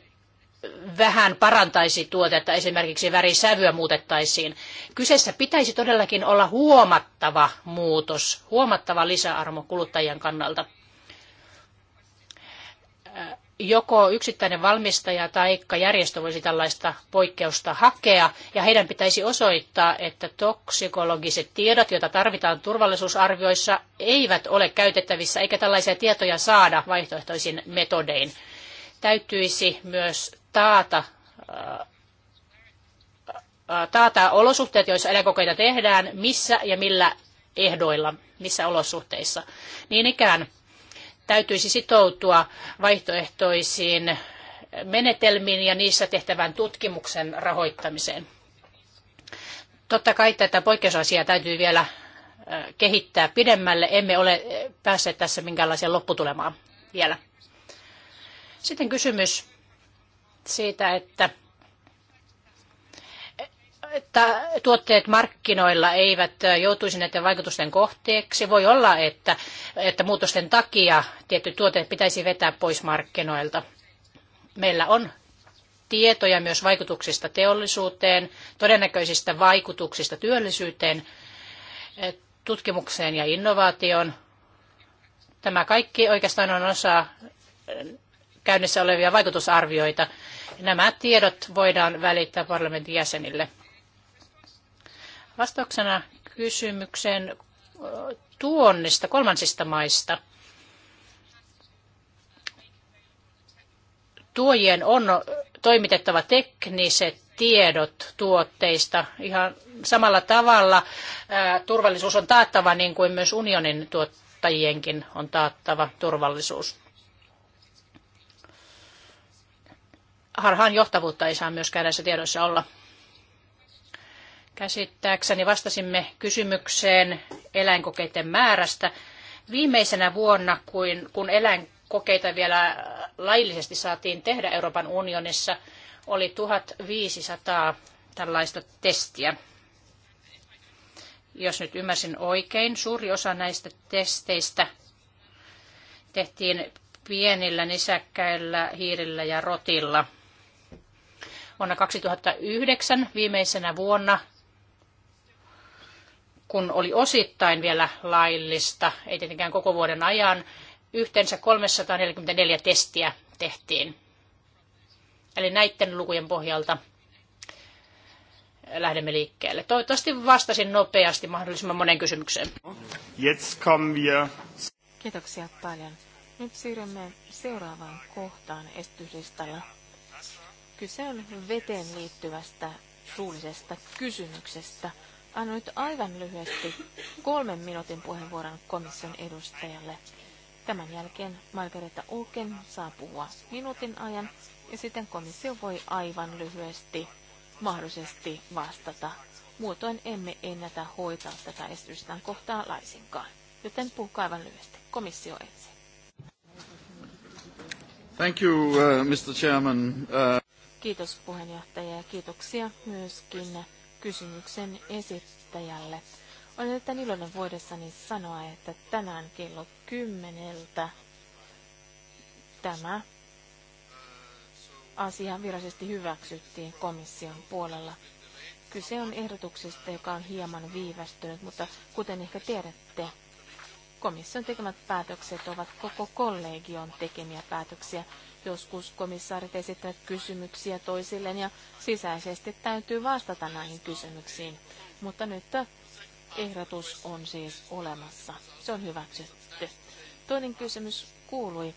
vähän parantaisi tuotetta, esimerkiksi värisävyä muutettaisiin. Kyseessä pitäisi todellakin olla huomattava muutos, huomattava lisäarmo kuluttajien kannalta. Joko yksittäinen valmistaja tai järjestö voisi tällaista poikkeusta hakea, ja heidän pitäisi osoittaa, että toksikologiset tiedot, joita tarvitaan turvallisuusarvioissa, eivät ole käytettävissä, eikä tällaisia tietoja saada vaihtoehtoisin metodein täytyisi myös taata taata olosuhteet, joissa eläkokeita tehdään, missä ja millä ehdoilla, missä olosuhteissa. Niin ikään täytyisi sitoutua vaihtoehtoisiin menetelmiin ja niissä tehtävän tutkimuksen rahoittamiseen. Totta kai tätä poikkeusasiaa täytyy vielä kehittää pidemmälle. Emme ole päässeet tässä minkäänlaiseen lopputulemaan vielä. Sitten kysymys siitä, että että tuotteet markkinoilla eivät joutuisi näiden vaikutusten kohteeksi. Voi olla, että, että muutosten takia tietty tuote pitäisi vetää pois markkinoilta. Meillä on tietoja myös vaikutuksista teollisuuteen, todennäköisistä vaikutuksista työllisyyteen, tutkimukseen ja innovaatioon. Tämä kaikki oikeastaan on osa käynnissä olevia vaikutusarvioita. Nämä tiedot voidaan välittää parlamentin jäsenille. Vastauksena kysymykseen tuonnista kolmansista maista. Tuojien on toimitettava tekniset tiedot tuotteista ihan samalla tavalla. Turvallisuus on taattava niin kuin myös unionin tuottajienkin on taattava turvallisuus. harhaan johtavuutta ei saa myöskään näissä tiedoissa olla. Käsittääkseni vastasimme kysymykseen eläinkokeiden määrästä. Viimeisenä vuonna, kun, kun eläinkokeita vielä laillisesti saatiin tehdä Euroopan unionissa, oli 1500 tällaista testiä. Jos nyt ymmärsin oikein, suuri osa näistä testeistä tehtiin pienillä nisäkkäillä, hiirillä ja rotilla – Vuonna 2009 viimeisenä vuonna, kun oli osittain vielä laillista, ei tietenkään koko vuoden ajan, yhteensä 344 testiä tehtiin. Eli näiden lukujen pohjalta lähdemme liikkeelle. Toivottavasti vastasin nopeasti mahdollisimman monen kysymykseen. Kiitoksia paljon. Nyt siirrymme seuraavaan kohtaan Kyse on veteen liittyvästä suullisesta kysymyksestä. Annan nyt aivan lyhyesti kolmen minuutin puheenvuoron komission edustajalle. Tämän jälkeen Margareta uken saa puhua minuutin ajan ja sitten komissio voi aivan lyhyesti mahdollisesti vastata. Muutoin emme ennätä hoitaa tätä esitystä kohtaa laisinkaan. Joten puhukaa aivan lyhyesti. Komissio ensin. Thank you, uh, Mr. Chairman. Uh... Kiitos puheenjohtaja ja kiitoksia myöskin kysymyksen esittäjälle. Olen erittäin iloinen voidessani sanoa, että tänään kello kymmeneltä tämä asia virallisesti hyväksyttiin komission puolella. Kyse on ehdotuksesta, joka on hieman viivästynyt, mutta kuten ehkä tiedätte, komission tekemät päätökset ovat koko kollegion tekemiä päätöksiä, Joskus komissaarit esittävät kysymyksiä toisilleen ja sisäisesti täytyy vastata näihin kysymyksiin. Mutta nyt ehdotus on siis olemassa. Se on hyväksytty. Toinen kysymys kuului,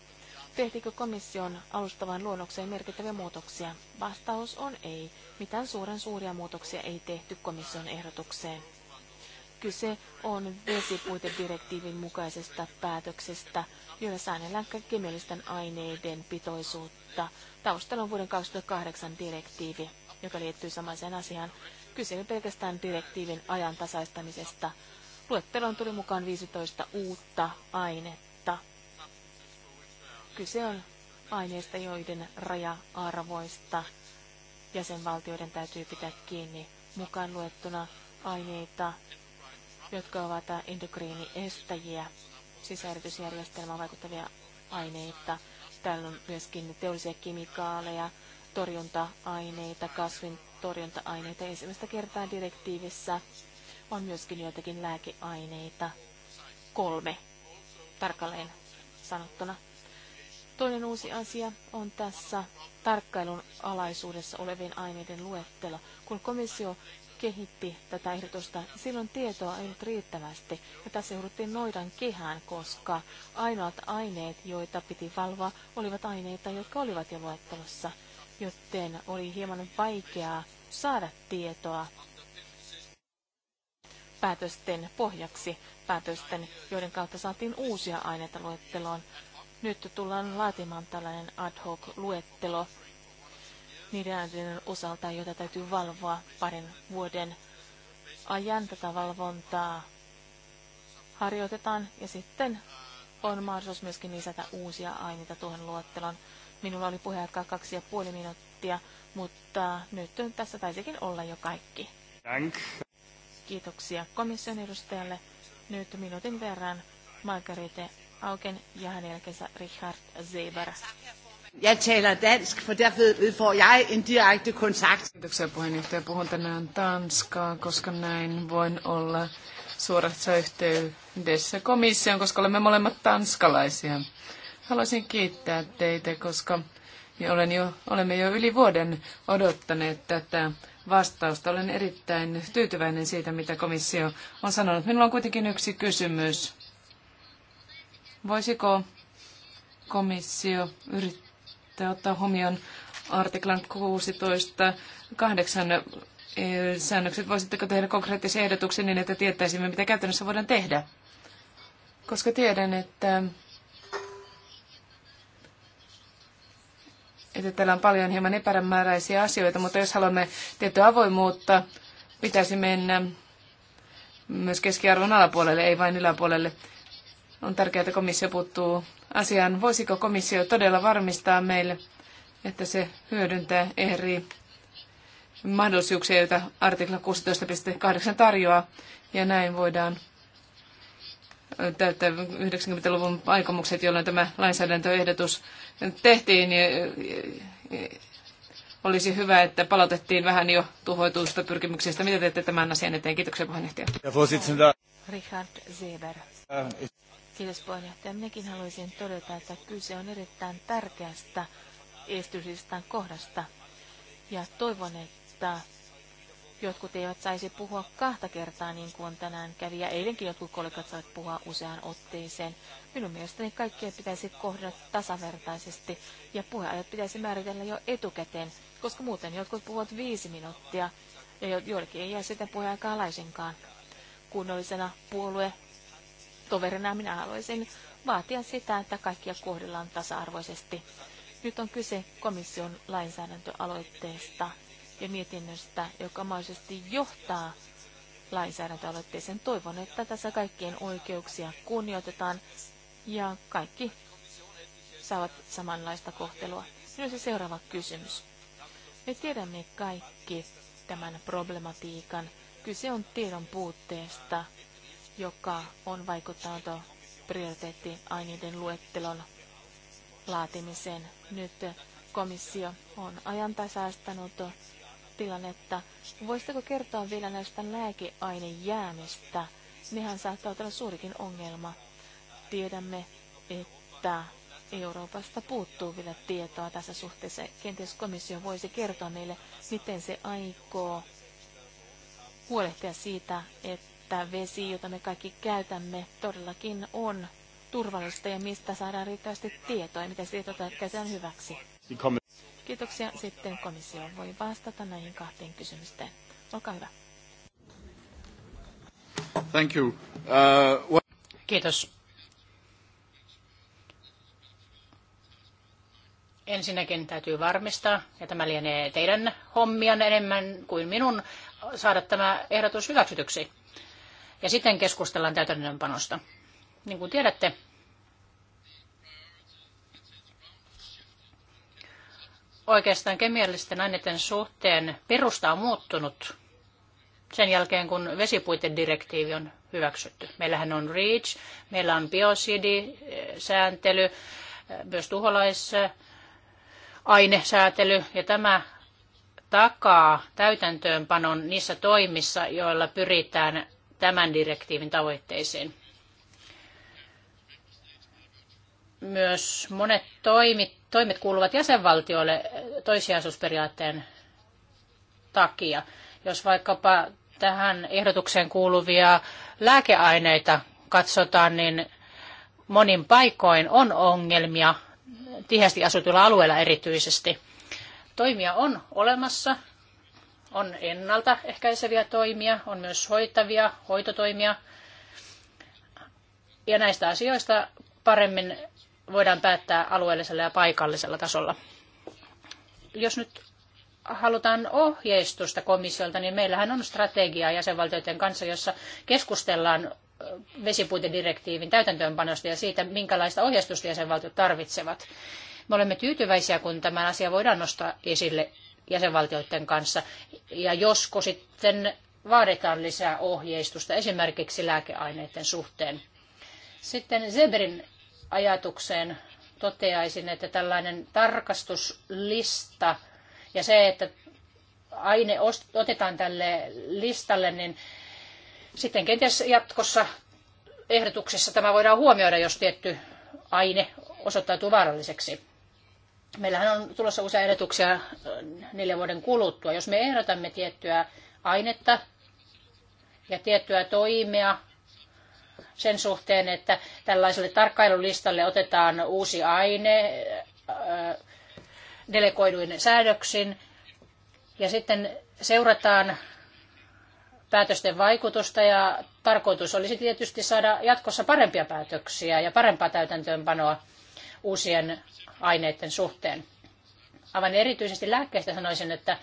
Tehtikö komission alustavan luonnokseen merkittäviä muutoksia? Vastaus on ei. Mitään suuren suuria muutoksia ei tehty komission ehdotukseen. Kyse on vesipuitedirektiivin mukaisesta päätöksestä, jolla säännellään kemiallisten aineiden pitoisuutta. Taustalla on vuoden 2008 direktiivi, joka liittyy samaiseen asiaan. Kyse on pelkästään direktiivin ajan tasaistamisesta. Luetteloon tuli mukaan 15 uutta ainetta. Kyse on aineista, joiden raja-arvoista jäsenvaltioiden täytyy pitää kiinni mukaan luettuna aineita, jotka ovat endokriiniestäjiä, sisäilytysjärjestelmään vaikuttavia aineita. Täällä on myöskin teollisia kemikaaleja, torjunta-aineita, kasvin torjunta-aineita. Ensimmäistä kertaa direktiivissä on myöskin joitakin lääkeaineita, kolme tarkalleen sanottuna. Toinen uusi asia on tässä tarkkailun alaisuudessa olevien aineiden luettelo. Kun komissio kehitti tätä ehdotusta, silloin tietoa ei ollut riittävästi. Ja tässä jouduttiin noidan kehään, koska ainoat aineet, joita piti valvoa, olivat aineita, jotka olivat jo luettelossa. Joten oli hieman vaikeaa saada tietoa päätösten pohjaksi, päätösten, joiden kautta saatiin uusia aineita luetteloon. Nyt tullaan laatimaan tällainen ad hoc luettelo niiden asioiden osalta, joita täytyy valvoa parin vuoden ajan tätä valvontaa harjoitetaan ja sitten on mahdollisuus myöskin lisätä uusia aineita tuohon luettelon. Minulla oli puheaikaa kaksi ja puoli minuuttia, mutta nyt tässä taisikin olla jo kaikki. Dank. Kiitoksia komission edustajalle. Nyt minuutin verran Margarete Auken ja hänen jälkeensä Richard Zeber. Jeg taler dansk, for derved får jeg en direkte kontakt. Kiitoksia puheenjohtaja. Puhun tänään tanskaa, koska näin voin olla suorassa yhteydessä komissioon, koska olemme molemmat tanskalaisia. Haluaisin kiittää teitä, koska olen jo, olemme jo yli vuoden odottaneet tätä vastausta. Olen erittäin tyytyväinen siitä, mitä komissio on sanonut. Minulla on kuitenkin yksi kysymys. Voisiko komissio yrittää pitää ottaa huomioon artiklan 16.8 e, säännökset. Voisitteko tehdä konkreettisia ehdotuksia niin, että tietäisimme, mitä käytännössä voidaan tehdä? Koska tiedän, että, että täällä on paljon hieman epämääräisiä asioita, mutta jos haluamme tiettyä avoimuutta, pitäisi mennä myös keskiarvon alapuolelle, ei vain yläpuolelle. On tärkeää, että komissio puuttuu asiaan. Voisiko komissio todella varmistaa meille, että se hyödyntää eri mahdollisuuksia, joita artikla 16.8 tarjoaa, ja näin voidaan täyttää 90-luvun aikomukset, jolloin tämä lainsäädäntöehdotus tehtiin. Ja olisi hyvä, että palautettiin vähän jo tuhoituista pyrkimyksistä. Mitä teette tämän asian eteen? Kiitoksia puheenjohtaja. Richard Zeber. Kiitos puheenjohtaja. Minäkin haluaisin todeta, että kyse on erittäin tärkeästä estysistä kohdasta. Ja toivon, että jotkut eivät saisi puhua kahta kertaa niin kuin tänään kävi, ja eilenkin jotkut kollegat saivat puhua useaan otteeseen. Minun mielestäni kaikkia pitäisi kohdata tasavertaisesti, ja puheajat pitäisi määritellä jo etukäteen, koska muuten jotkut puhuvat viisi minuuttia, ja joillekin ei jää sitä puheaikaa laisinkaan. Kunnollisena puolue toverina minä haluaisin vaatia sitä, että kaikkia kohdellaan tasa-arvoisesti. Nyt on kyse komission lainsäädäntöaloitteesta ja mietinnöstä, joka mahdollisesti johtaa lainsäädäntöaloitteeseen. Toivon, että tässä kaikkien oikeuksia kunnioitetaan ja kaikki saavat samanlaista kohtelua. Nyt se seuraava kysymys. Me tiedämme kaikki tämän problematiikan. Kyse on tiedon puutteesta joka on vaikuttanut prioriteettiaineiden luettelon laatimiseen. Nyt komissio on ajantasaistanut tilannetta. Voisitteko kertoa vielä näistä lääkeainejäämistä? Nehän saattaa olla suurikin ongelma. Tiedämme, että Euroopasta puuttuu vielä tietoa tässä suhteessa. Kenties komissio voisi kertoa meille, miten se aikoo huolehtia siitä, että että vesi, jota me kaikki käytämme, todellakin on turvallista ja mistä saadaan riittävästi tietoa ja miten tietoa käytetään hyväksi. Kiitoksia. Sitten komissio voi vastata näihin kahteen kysymykseen. Olkaa hyvä. Thank you. Uh, what... Kiitos. Ensinnäkin täytyy varmistaa, ja tämä lienee teidän hommian enemmän kuin minun, saada tämä ehdotus hyväksytyksi ja sitten keskustellaan täytäntöönpanosta. Niin kuin tiedätte, oikeastaan kemiallisten aineiden suhteen perusta on muuttunut sen jälkeen, kun vesipuitedirektiivi on hyväksytty. Meillähän on REACH, meillä on biosidisääntely, myös tuholaisainesäätely, ja tämä takaa täytäntöönpanon niissä toimissa, joilla pyritään tämän direktiivin tavoitteisiin. Myös monet toimit, toimet kuuluvat jäsenvaltioille toissijaisuusperiaatteen takia. Jos vaikkapa tähän ehdotukseen kuuluvia lääkeaineita katsotaan, niin monin paikoin on ongelmia tiheästi asutuilla alueilla erityisesti. Toimia on olemassa, on ennalta ehkäiseviä toimia, on myös hoitavia hoitotoimia. Ja näistä asioista paremmin voidaan päättää alueellisella ja paikallisella tasolla. Jos nyt halutaan ohjeistusta komissiolta, niin meillähän on strategia jäsenvaltioiden kanssa, jossa keskustellaan vesipuitedirektiivin täytäntöönpanosta ja siitä, minkälaista ohjeistusta jäsenvaltiot tarvitsevat. Me olemme tyytyväisiä, kun tämä asia voidaan nostaa esille jäsenvaltioiden kanssa. Ja josko sitten vaaditaan lisää ohjeistusta esimerkiksi lääkeaineiden suhteen. Sitten Zebrin ajatukseen toteaisin, että tällainen tarkastuslista ja se, että aine otetaan tälle listalle, niin sitten kenties jatkossa ehdotuksessa tämä voidaan huomioida, jos tietty aine osoittautuu vaaralliseksi. Meillähän on tulossa uusia ehdotuksia äh, neljän vuoden kuluttua. Jos me ehdotamme tiettyä ainetta ja tiettyä toimia sen suhteen, että tällaiselle tarkkailulistalle otetaan uusi aine äh, delegoiduin säädöksin ja sitten seurataan päätösten vaikutusta ja tarkoitus olisi tietysti saada jatkossa parempia päätöksiä ja parempaa täytäntöönpanoa uusien aineiden suhteen. Aivan erityisesti lääkkeistä sanoisin, että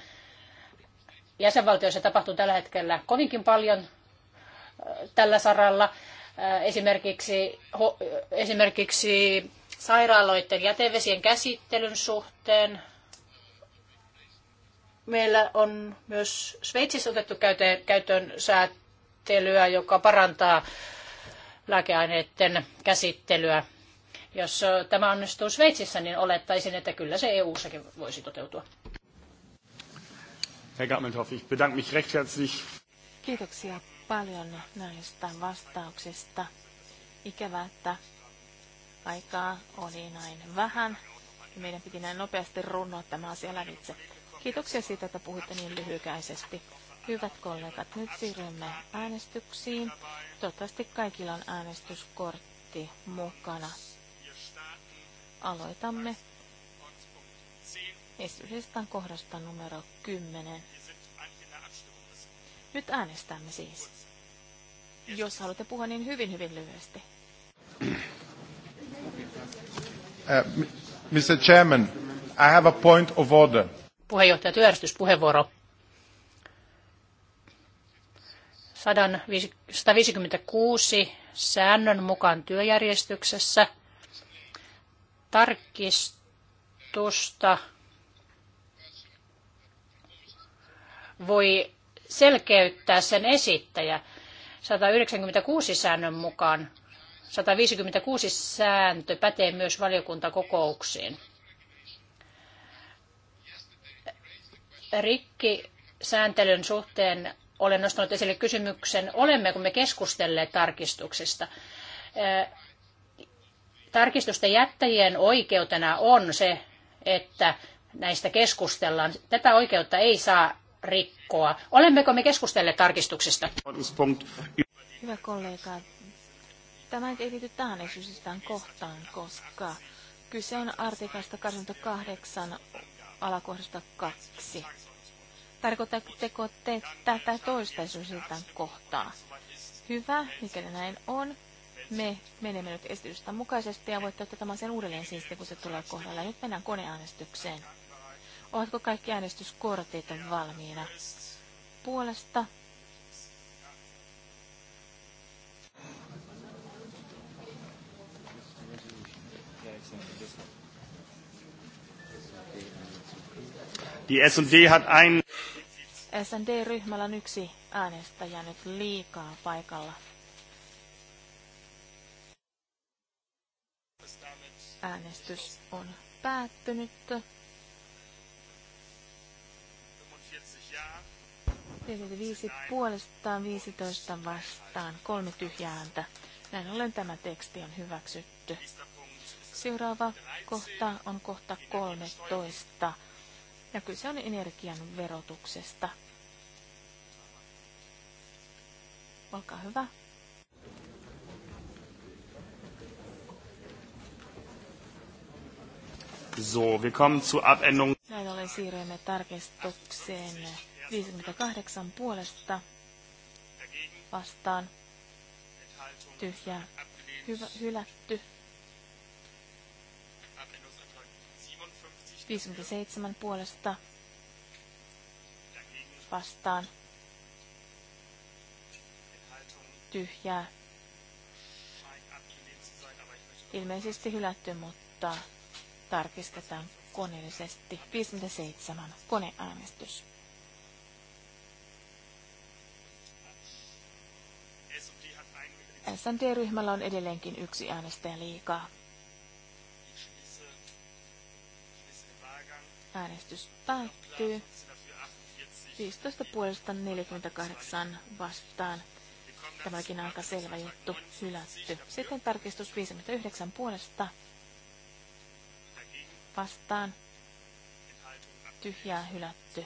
jäsenvaltioissa tapahtuu tällä hetkellä kovinkin paljon äh, tällä saralla. Äh, esimerkiksi, esimerkiksi sairaaloiden jätevesien käsittelyn suhteen. Meillä on myös Sveitsissä otettu käyttöön säätelyä, joka parantaa lääkeaineiden käsittelyä. Jos tämä onnistuu Sveitsissä, niin olettaisin, että kyllä se EU-sakin voisi toteutua. Herr Gartmenthoff, ich bedanke mich recht herzlich. Kiitoksia paljon näistä vastauksista. Ikävä, että aikaa oli näin vähän. Meidän piti näin nopeasti runnoa tämä asia lävitse. Kiitoksia siitä, että puhuitte niin lyhykäisesti. Hyvät kollegat, nyt siirrymme äänestyksiin. Toivottavasti kaikilla on äänestyskortti mukana. Aloitamme esityslistan kohdasta numero 10. Nyt äänestämme siis. Jos haluatte puhua, niin hyvin, hyvin lyhyesti. Uh, äh, Mr. Chairman, I have a point of order. Puheenjohtaja työjärjestyspuheenvuoro. 156 säännön mukaan työjärjestyksessä – tarkistusta voi selkeyttää sen esittäjä 196 säännön mukaan. 156 sääntö pätee myös valiokuntakokouksiin. Rikki sääntelyn suhteen olen nostanut esille kysymyksen, olemmeko me keskustelleet tarkistuksista. Tarkistusten jättäjien oikeutena on se, että näistä keskustellaan. Tätä oikeutta ei saa rikkoa. Olemmeko me keskustelleet tarkistuksista? Hyvä kollega, tämä ei liity tähän esitystään kohtaan, koska kyse on artikasta 28 alakohdasta 2. Tarkoitatteko te tätä toista esitystään kohtaa? Hyvä, mikäli näin on me menemme nyt esitystä mukaisesti ja voitte ottaa tämän sen uudelleen siis, kun se tulee kohdalla. Nyt mennään koneäänestykseen. Ovatko kaikki äänestyskortit valmiina? Puolesta. Die SD hat ein... ryhmällä on yksi äänestäjä nyt liikaa paikalla. Äänestys on päättynyt. 45 puolestaan 15 vastaan, kolme tyhjääntä. Näin ollen tämä teksti on hyväksytty. Seuraava kohta on kohta 13 ja kyse on energian verotuksesta. Olkaa hyvä. So, wir kommen zu Abänderung. Näin ollen siirrymme tarkistukseen 58 puolesta vastaan tyhjää hyvä, hylätty. 57 puolesta vastaan tyhjää. Ilmeisesti hylätty, mutta tarkistetaan koneellisesti. 57. Koneäänestys. SND-ryhmällä on edelleenkin yksi äänestäjä liikaa. Äänestys päättyy. 15 puolesta 48 vastaan. Tämäkin aika selvä juttu, hylätty. Sitten tarkistus 59 puolesta vastaan tyhjää hylätty.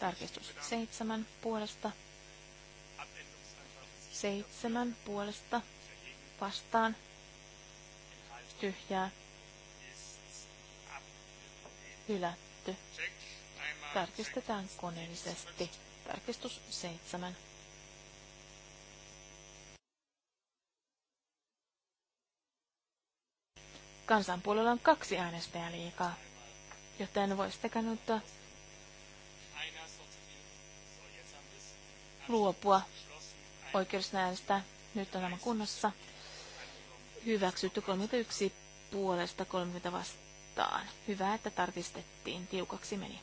Tarkistus seitsemän puolesta. Seitsemän puolesta vastaan tyhjää hylätty. Tarkistetaan koneellisesti. Tarkistus seitsemän. kansan puolella on kaksi äänestäjää liikaa. Joten voisittekään nyt luopua oikeudesta äänestää. Nyt on tämä kunnossa. Hyväksytty 31 puolesta 30 vastaan. Hyvä, että tarkistettiin. Tiukaksi meni.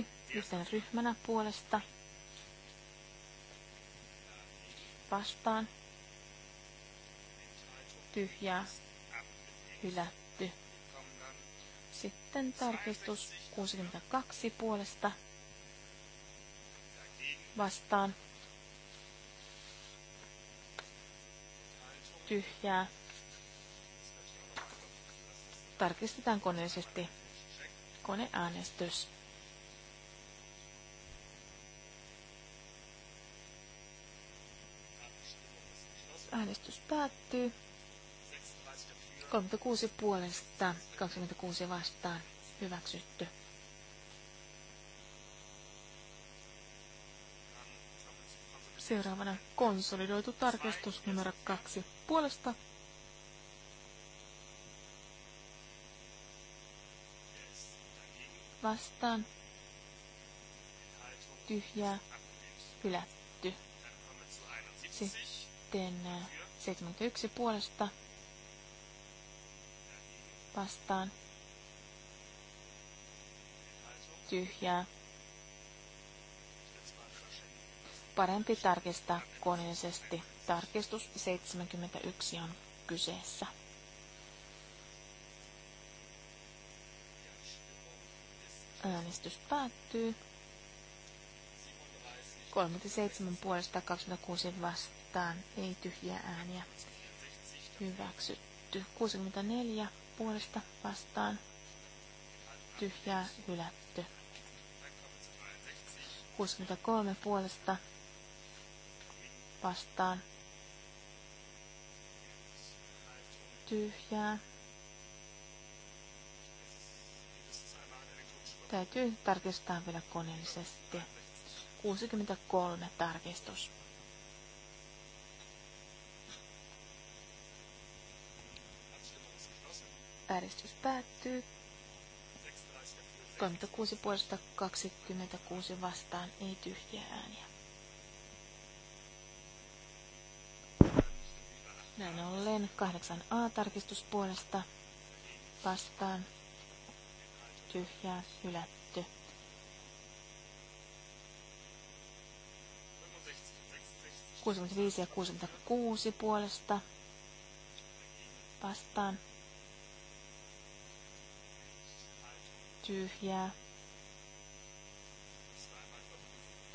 60-61 yhtenä ryhmänä puolesta vastaan tyhjää hylätty. Sitten tarkistus 62 puolesta vastaan tyhjää. Tarkistetaan koneellisesti koneäänestys. Äänestys päättyy. 36 puolesta, 26 vastaan hyväksytty. Seuraavana konsolidoitu tarkastus numero 2 puolesta. Vastaan. Tyhjää. Hylätty. Sitten 71 äh, puolesta vastaan. Tyhjää. Parempi tarkistaa koneellisesti. Tarkistus 71 on kyseessä. Äänestys päättyy. 37 puolesta 26 vastaan. Ei tyhjiä ääniä. Hyväksytty. 64 puolesta vastaan tyhjää hylätty. 63 puolesta vastaan tyhjää. Täytyy tarkistaa vielä koneellisesti. 63 tarkistus. Äänestys päättyy. 36 puolesta 26 vastaan, ei tyhjiä ääniä. Näin ollen 8a-tarkistus puolesta vastaan tyhjää hylätty. 65 ja 66 puolesta vastaan tyhjää.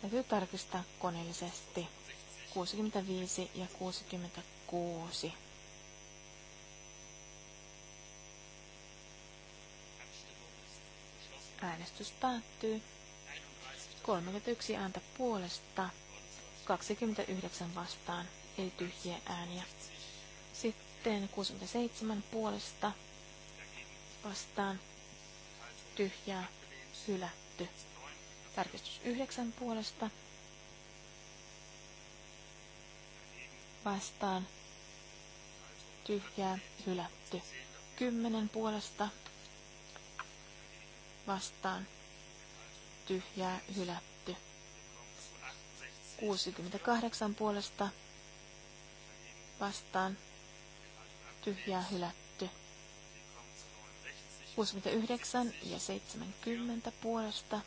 Täytyy tarkistaa koneellisesti. 65 ja 66. Äänestys päättyy. 31 ääntä puolesta, 29 vastaan, eli tyhjiä ääniä. Sitten 67 puolesta vastaan tyhjää, hylätty. Tarkistus yhdeksän puolesta vastaan tyhjää, hylätty. Kymmenen puolesta vastaan tyhjää, hylätty. 68 puolesta vastaan tyhjää, hylätty. 69 ja 70 puolesta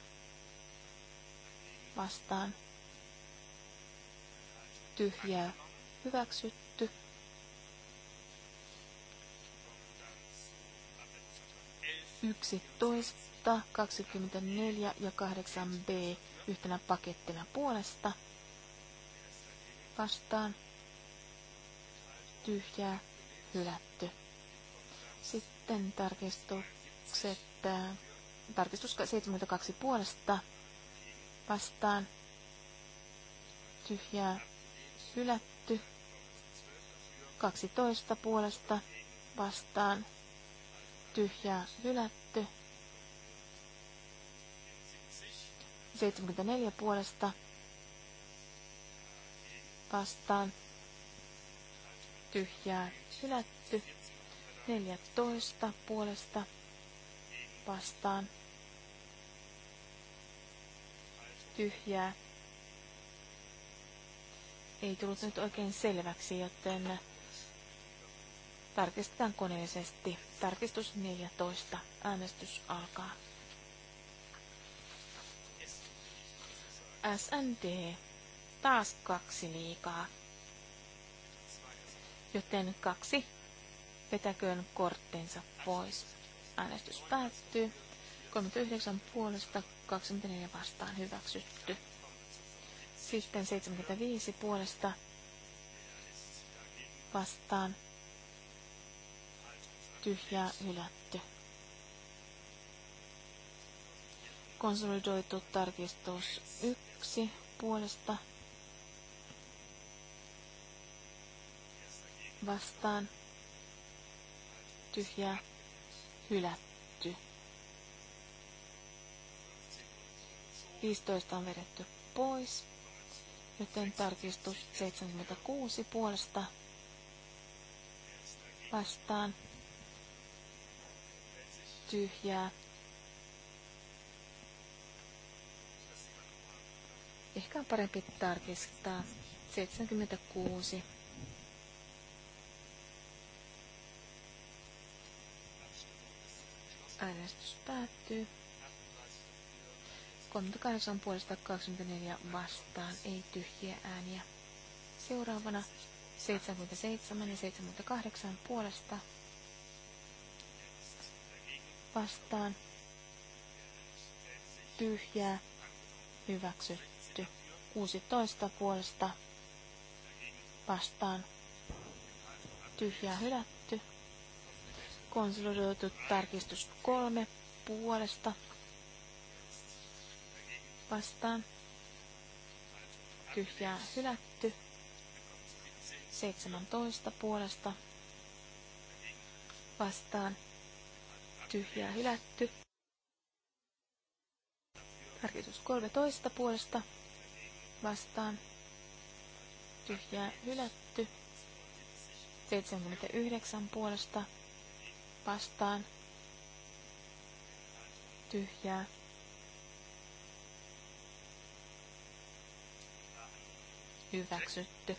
vastaan tyhjää hyväksytty. Yksi toista, 24 ja 8b yhtenä pakettina puolesta vastaan tyhjää hylätty. Sitten tarkistuu tarkistukset. Tarkistus 72 puolesta vastaan. Tyhjää hylätty. 12 puolesta vastaan. Tyhjää hylätty. 74 puolesta vastaan. Tyhjää hylätty. 14 puolesta vastaan tyhjää. Ei tullut nyt oikein selväksi, joten tarkistetaan koneellisesti. Tarkistus 14. Äänestys alkaa. SND. Taas kaksi liikaa. Joten kaksi vetäköön korttensa pois. Äänestys päättyy. 39 puolesta, 24 vastaan hyväksytty. Sitten 75 puolesta vastaan tyhjää hylätty. Konsolidoitu tarkistus 1 puolesta vastaan tyhjää hylätty. 15 on vedetty pois, joten tarkistus 76 puolesta vastaan tyhjää. Ehkä on parempi tarkistaa 76. Äänestys päättyy. 38 puolesta 24 vastaan, ei tyhjiä ääniä. Seuraavana 77 ja 78 puolesta vastaan, tyhjää, hyväksytty. 16 puolesta vastaan, tyhjää hylätty löytyy tarkistus kolme puolesta vastaan. Tyhjää hylätty. 17 puolesta vastaan. Tyhjää hylätty. Tarkistus 13 puolesta vastaan. Tyhjää hylätty. 79 puolesta vastaan vastaan tyhjää. Hyväksytty.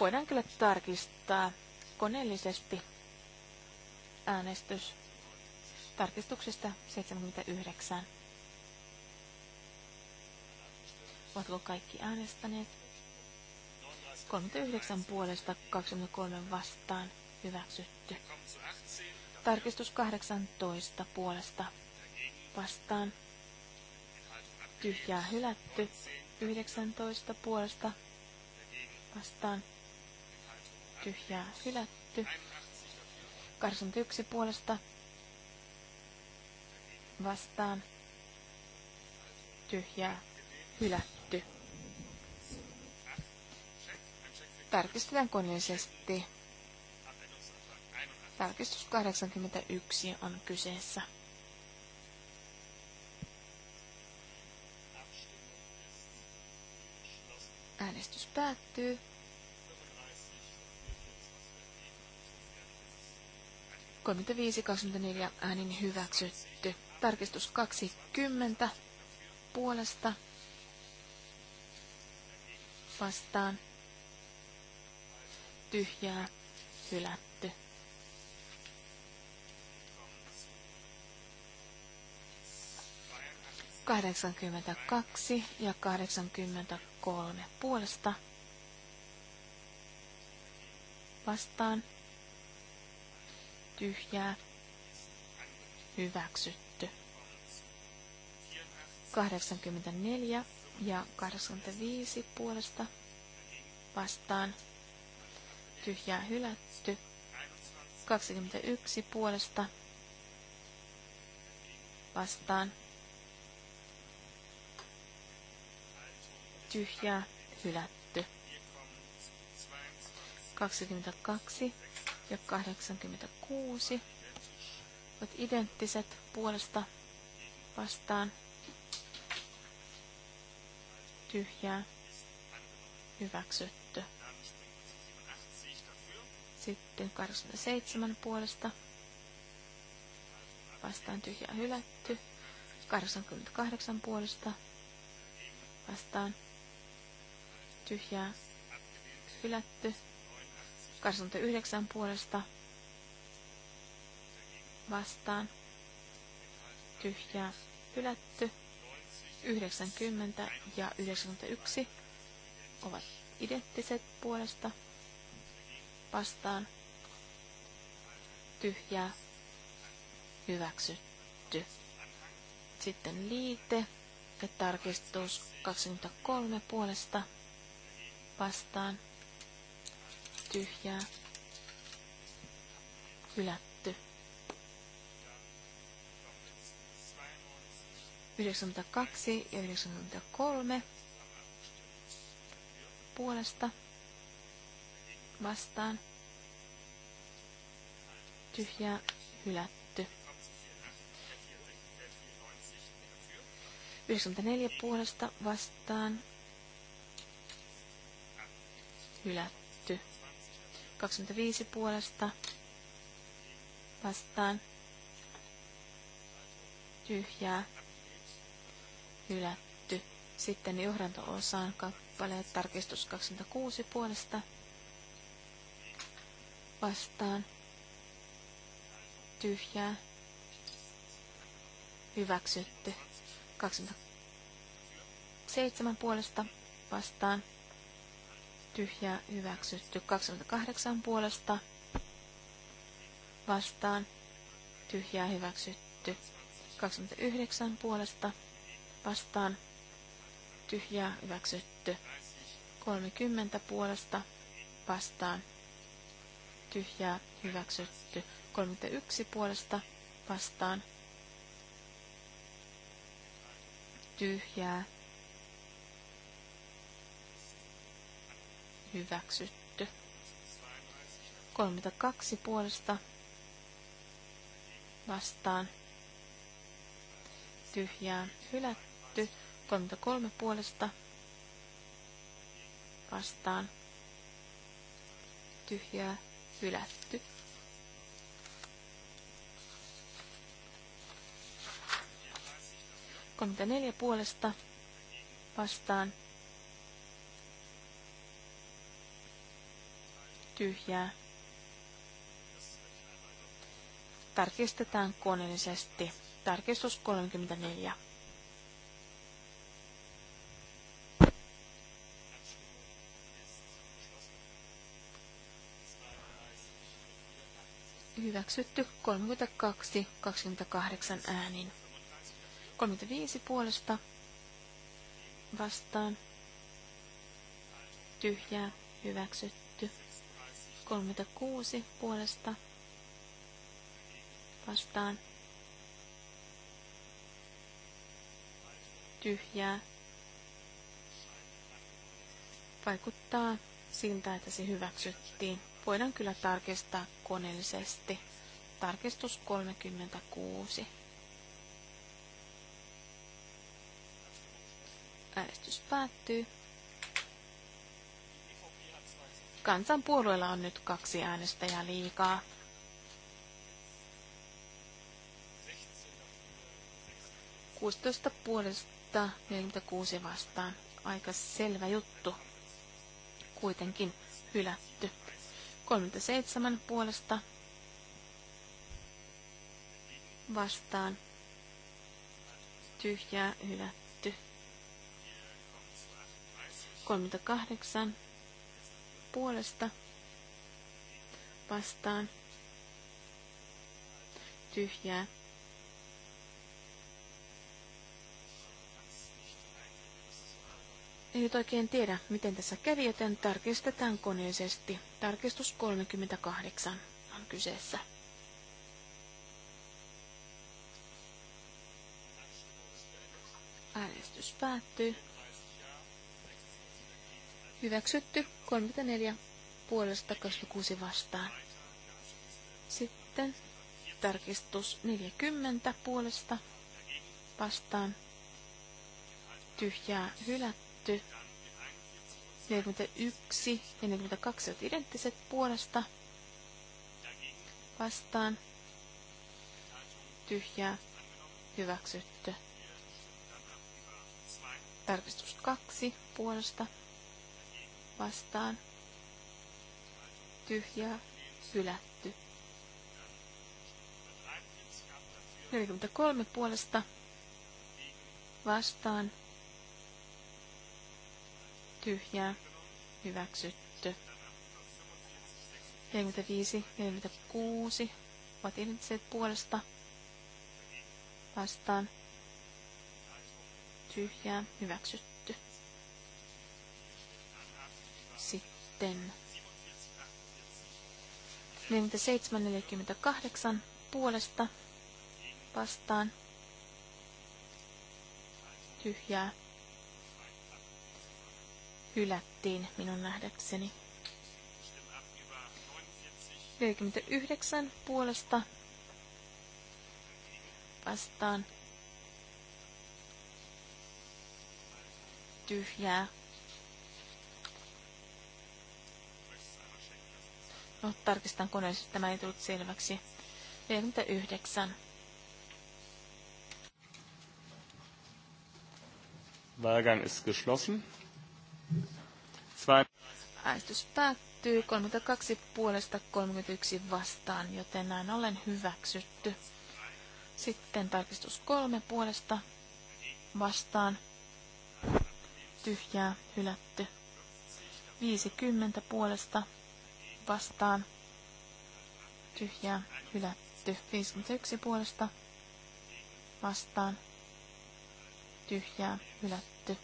Voidaan kyllä tarkistaa koneellisesti äänestys tarkistuksesta 79. Ovatko kaikki äänestäneet? 39 puolesta 23 vastaan hyväksytty. Tarkistus 18 puolesta vastaan. Tyhjää hylätty. 19 puolesta vastaan. Tyhjää hylätty. 81 puolesta vastaan. Tyhjää hylätty. Tarkistetaan koneellisesti Tarkistus 81 on kyseessä. Äänestys päättyy. Kolmekymmentäviisi, äänin hyväksytty. Tarkistus 20 puolesta vastaan tyhjää hylätty. 82 ja 83 puolesta vastaan tyhjää hyväksytty. 84 ja 85 puolesta vastaan tyhjää hylätty. 21 puolesta vastaan tyhjää hylätty. 22 ja 86 ovat identtiset puolesta vastaan tyhjää hyväksytty. Sitten 87 puolesta vastaan tyhjää hylätty. 88 puolesta vastaan tyhjää hylätty. yhdeksän puolesta vastaan tyhjää hylätty. 90 ja 91 ovat identtiset puolesta vastaan tyhjää hyväksytty. Sitten liite ja tarkistus 23 puolesta vastaan tyhjää hylätty. 92 ja 93 puolesta vastaan tyhjää hylätty. 94 puolesta vastaan hylätty. 25 puolesta vastaan tyhjää hylätty. Sitten johdanto-osaan kappaleet tarkistus 26 puolesta vastaan tyhjää hyväksytty. 27 puolesta vastaan tyhjä hyväksytty. 28 puolesta vastaan tyhjää hyväksytty. 29 puolesta vastaan tyhjää hyväksytty. 30 puolesta vastaan tyhjää hyväksytty. 31 puolesta vastaan tyhjää hyväksytty. 32 puolesta vastaan tyhjää hylätty. 33 puolesta vastaan tyhjää hylätty. Komitea neljä puolesta vastaan tyhjää. Tarkistetaan koneellisesti. Tarkistus 34. Hyväksytty 32, 28 äänin. 35 puolesta vastaan. Tyhjää hyväksytty. 36 puolesta vastaan tyhjää. Vaikuttaa siltä, että se hyväksyttiin. Voidaan kyllä tarkistaa koneellisesti. Tarkistus 36. Äänestys päättyy puolueella on nyt kaksi äänestäjää liikaa. 16 puolesta 46 vastaan. Aika selvä juttu. Kuitenkin hylätty. 37 puolesta vastaan. Tyhjää hylätty. 38 puolesta vastaan tyhjää. Ei nyt oikein tiedä, miten tässä kävi, joten tarkistetaan koneisesti. Tarkistus 38 on kyseessä. Äänestys päättyy. Hyväksytty 34 puolesta 26 vastaan. Sitten tarkistus 40 puolesta vastaan. Tyhjää hylätty. 41 ja 42 ovat identtiset puolesta vastaan. Tyhjää hyväksytty. Tarkistus 2 puolesta vastaan tyhjää hylätty. 43 puolesta vastaan tyhjää hyväksytty. 45, 46 ovat identtiset puolesta vastaan tyhjää hyväksytty. sitten 47.48 puolesta vastaan tyhjää hylättiin minun nähdäkseni. 49 puolesta vastaan tyhjää No, tarkistan koneen, koneellisesti, tämä ei tullut selväksi. 49. Wahlgang ist geschlossen. Zwei. Äänestys päättyy 32 puolesta 31 vastaan, joten näin ollen hyväksytty. Sitten tarkistus kolme puolesta vastaan. Tyhjää hylätty. 50 puolesta vastaan. Tyhjää hylätty. 51 puolesta vastaan. Tyhjää hylätty.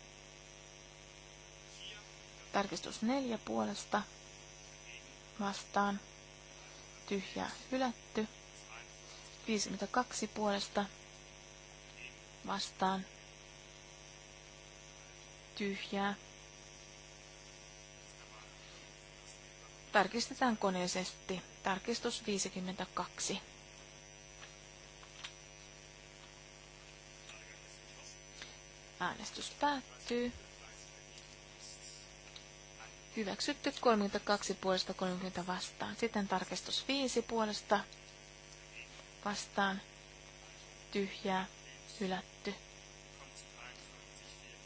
Tarkistus 4 puolesta vastaan. Tyhjää hylätty. 52 puolesta vastaan. Tyhjää Tarkistetaan koneisesti. Tarkistus 52. Äänestys päättyy. Hyväksytty 32 puolesta 30 vastaan. Sitten tarkistus 5 puolesta vastaan. Tyhjää, hylätty.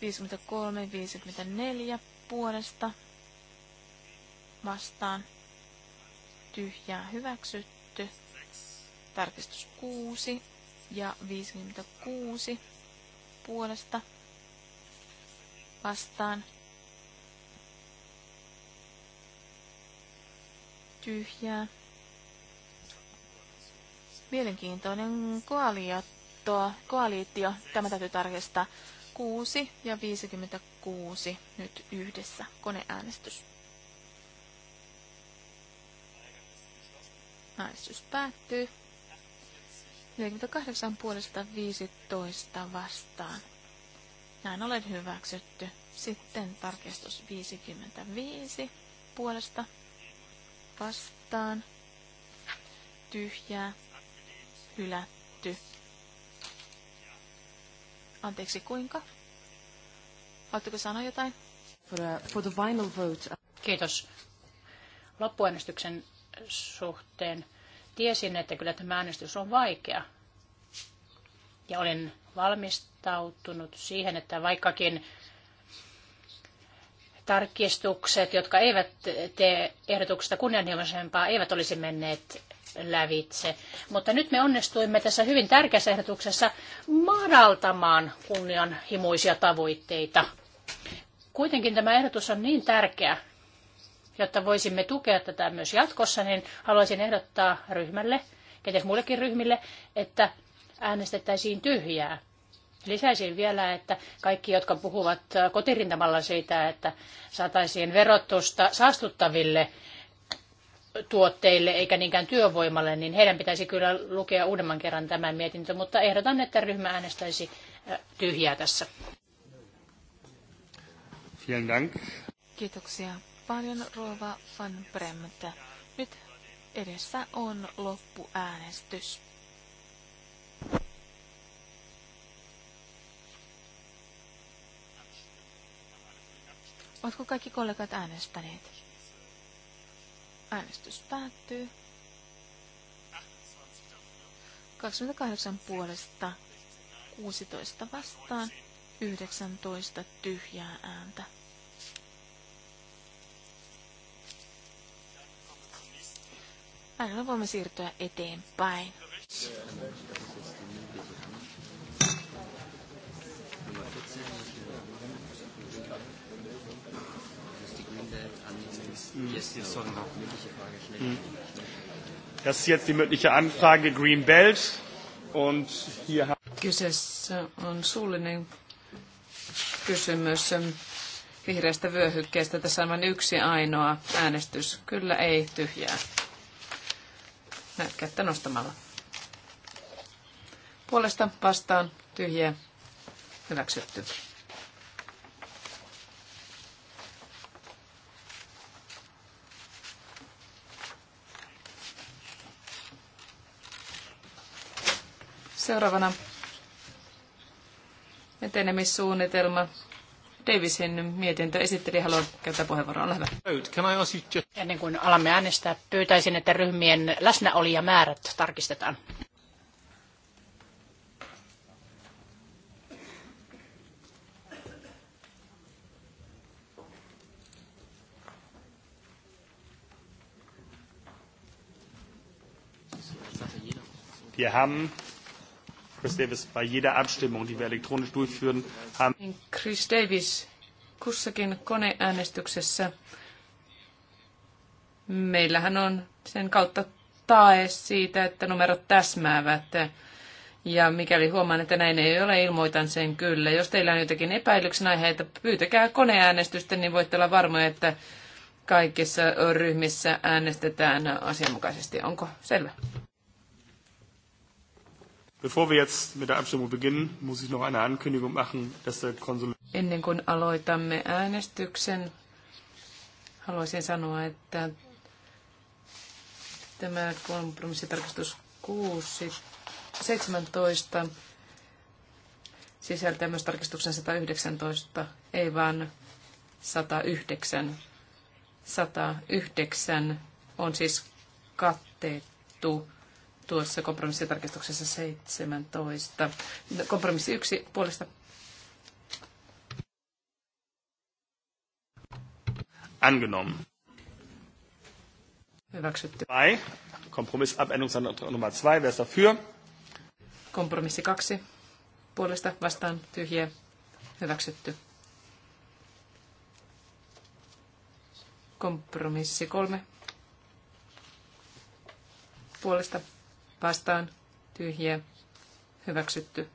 53, 54 puolesta vastaan tyhjää hyväksytty. Tarkistus 6 ja 56 puolesta vastaan tyhjää. Mielenkiintoinen koaliattoa, koaliittio. Tämä täytyy tarkistaa 6 ja 56 nyt yhdessä koneäänestys. Äänestys päättyy. 48.15 puolesta vastaan. Näin olen hyväksytty. Sitten tarkistus 55 puolesta vastaan. Tyhjää. Hylätty. Anteeksi, kuinka? Haluatteko sanoa jotain? For, the, uh, for the final vote. Kiitos. Loppuäänestyksen suhteen tiesin, että kyllä tämä äänestys on vaikea. Ja olin valmistautunut siihen, että vaikkakin tarkistukset, jotka eivät tee ehdotuksesta kunnianhimoisempaa, eivät olisi menneet lävitse. Mutta nyt me onnistuimme tässä hyvin tärkeässä ehdotuksessa madaltamaan kunnianhimoisia tavoitteita. Kuitenkin tämä ehdotus on niin tärkeä, jotta voisimme tukea tätä myös jatkossa, niin haluaisin ehdottaa ryhmälle, kenties muillekin ryhmille, että äänestettäisiin tyhjää. Lisäisin vielä, että kaikki, jotka puhuvat kotirintamalla siitä, että saataisiin verotusta saastuttaville tuotteille eikä niinkään työvoimalle, niin heidän pitäisi kyllä lukea uudemman kerran tämä mietintö, mutta ehdotan, että ryhmä äänestäisi äh, tyhjää tässä. Vielen Kiitoksia paljon, Rova van Bremt. Nyt edessä on loppuäänestys. Oletko kaikki kollegat äänestäneet? Äänestys päättyy. 28 puolesta, 16 vastaan, 19 tyhjää ääntä. Aivan voimme siirtyä eteenpäin. Das ist jetzt die mündliche Anfrage Green Belt und hier Kyseessä on suullinen kysymys vihreästä vyöhykkeestä. Tässä on vain yksi ainoa äänestys. Kyllä ei tyhjää kättä nostamalla. Puolesta vastaan tyhjiä hyväksytty. Seuraavana etenemissuunnitelma Davisin mietintö esitteli. Haluan käyttää puheenvuoroa. Ole hyvä. Ennen kuin alamme äänestää, pyytäisin, että ryhmien läsnäolijamäärät tarkistetaan. Wir haben Chris Davis bei jeder Abstimmung, die wir elektronisch durchführen, haben. Niin, Chris Davis, kussakin koneäänestyksessä. Meillähän on sen kautta tae siitä, että numerot täsmäävät. Ja mikäli huomaan, että näin ei ole, ilmoitan sen kyllä. Jos teillä on jotakin epäilyksen aiheita, pyytäkää koneäänestystä, niin voitte olla varmoja, että kaikissa ryhmissä äänestetään asianmukaisesti. Onko selvä? Bevor wir jetzt mit der Abstimmung beginnen, muss ich noch eine Ankündigung machen, dass der Konsument. Ennen kuin aloitamme äänestyksen, haluaisin sanoa, että tämä kompromissitarkastus 6, 17 sisältää myös tarkistuksen 119, ei vaan 109. 109 on siis katteettu tuossa kompromissitarkistuksessa 17. Kompromissi 1 puolesta angenommen. Hyväksytty. 2. Kompromissabänderungsantrag Nummer 2. Wer ist dafür? Kompromissi 2. Puolesta vastaan tyhjä. Hyväksytty. Kompromissi 3. Puolesta vastaan tyhjiä hyväksytty.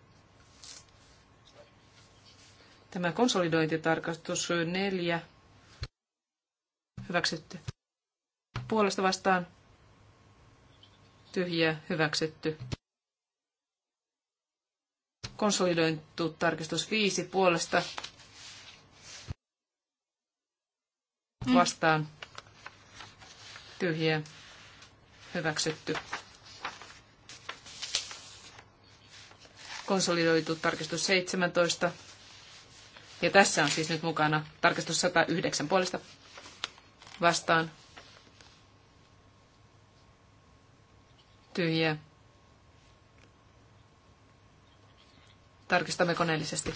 Tämä konsolidointitarkastus 4 hyväksytty. Puolesta vastaan tyhjiä hyväksytty. Konsolidointu tarkistus 5 puolesta mm. vastaan tyhjiä hyväksytty. konsolidoitu tarkistus 17. Ja tässä on siis nyt mukana tarkistus 109 puolesta vastaan. Tyhjä. Tarkistamme koneellisesti.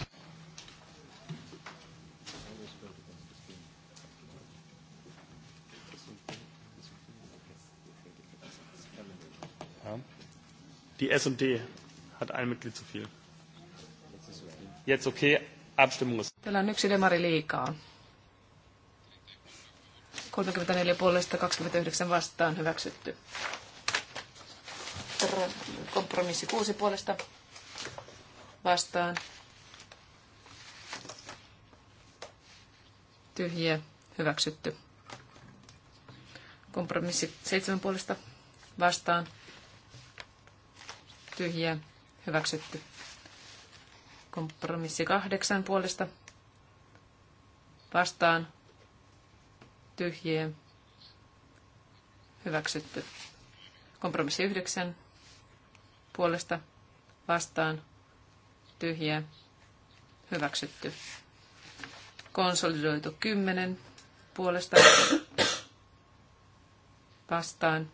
Die SMD. Hat ein Mitglied zu viel. Jetzt okay. Abstimmung ist. Täällä on yksi demari liikaa. 34 puolesta 29 vastaan hyväksytty. Kompromissi 6 puolesta vastaan. Tyhjiä hyväksytty. Kompromissi 7 puolesta vastaan. Tyhjiä hyväksytty. Kompromissi kahdeksan puolesta vastaan tyhjiä hyväksytty. Kompromissi yhdeksän puolesta vastaan tyhjiä hyväksytty. Konsolidoitu kymmenen puolesta vastaan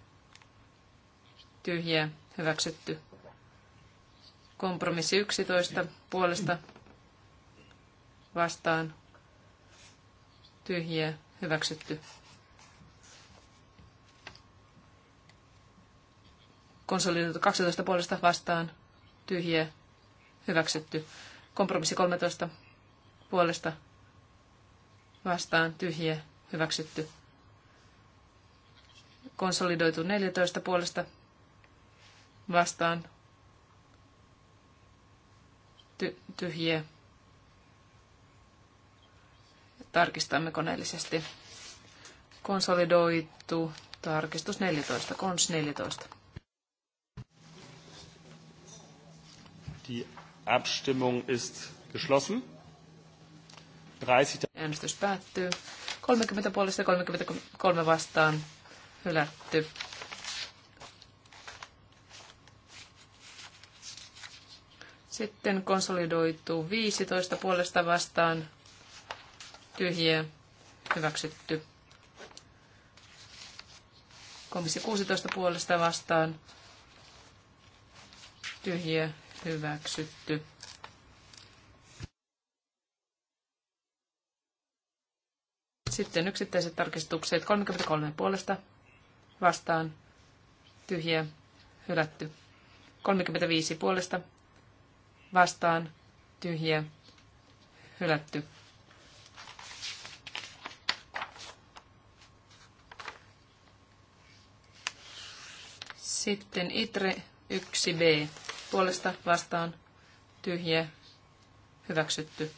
tyhjiä hyväksytty. Kompromissi 11 puolesta vastaan tyhjiä hyväksytty. Konsolidoitu 12 puolesta vastaan tyhjiä hyväksytty. Kompromissi 13 puolesta vastaan tyhjiä hyväksytty. Konsolidoitu 14 puolesta vastaan ty- tyhjiä. Tarkistamme koneellisesti. Konsolidoitu. Tarkistus 14. Kons 14. Die Abstimmung ist geschlossen. 30. Äänestys päättyy. 30 puolesta 33 vastaan. Hylätty. Sitten konsolidoituu 15 puolesta vastaan tyhjiä hyväksytty. Komissio 16 puolesta vastaan tyhjiä hyväksytty. Sitten yksittäiset tarkistukset 33 puolesta vastaan tyhjiä hylätty. 35 puolesta vastaan tyhjiä hylätty. Sitten itre 1b. Puolesta vastaan tyhjiä hyväksytty.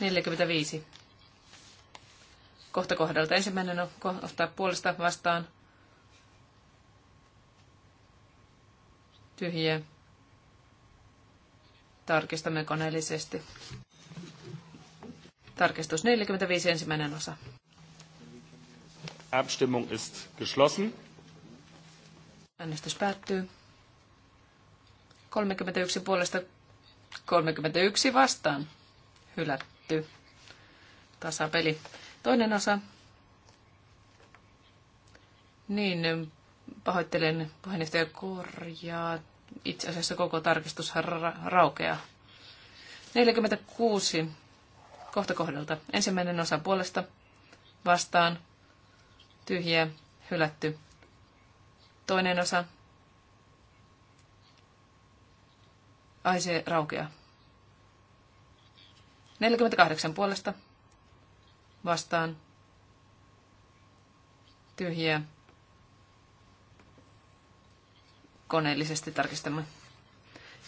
45. Kohta kohdalta ensimmäinen on kohta puolesta vastaan tyhjiä. Tarkistamme koneellisesti. Tarkistus 45, ensimmäinen osa. Abstimmung ist geschlossen. Äänestys päättyy. 31 puolesta 31 vastaan. Hylätty. Tasapeli. Toinen osa. Niin, Pahoittelen puheenjohtaja korjaa. Itse asiassa koko tarkistus ra- raukeaa. 46 kohta kohdalta. Ensimmäinen osa puolesta vastaan tyhjiä hylätty. Toinen osa. Ai se raukea. 48 puolesta vastaan tyhjiä koneellisesti tarkistamme.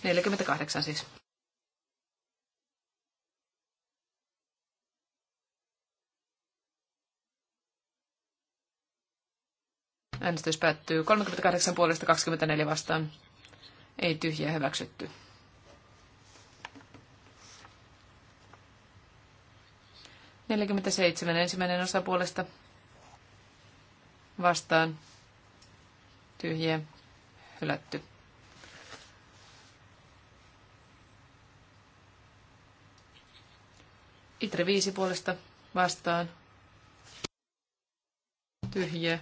48 siis. Äänestys päättyy 38 puolesta 24 vastaan. Ei tyhjää hyväksytty. Neljäkymmentäseitsemän ensimmäinen osa puolesta vastaan tyhjiä hylätty. Itre viisi puolesta vastaan. Tyhjä.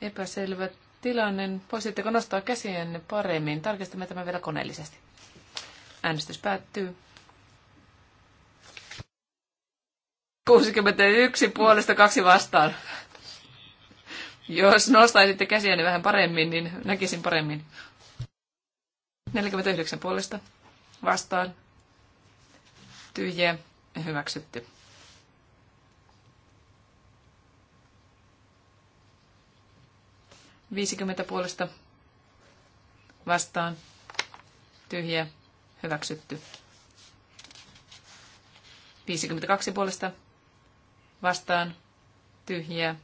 Epäselvä tilanne. Voisitteko nostaa käsienne paremmin? Tarkistamme tämän vielä koneellisesti. Äänestys päättyy. 61 puolesta kaksi vastaan. Jos nostaisitte käsiäni vähän paremmin, niin näkisin paremmin. 49 puolesta vastaan. Tyhjä, hyväksytty. Viisikymmentä puolesta vastaan. Tyhjä, hyväksytty. 52 puolesta vastaan. Tyhjä,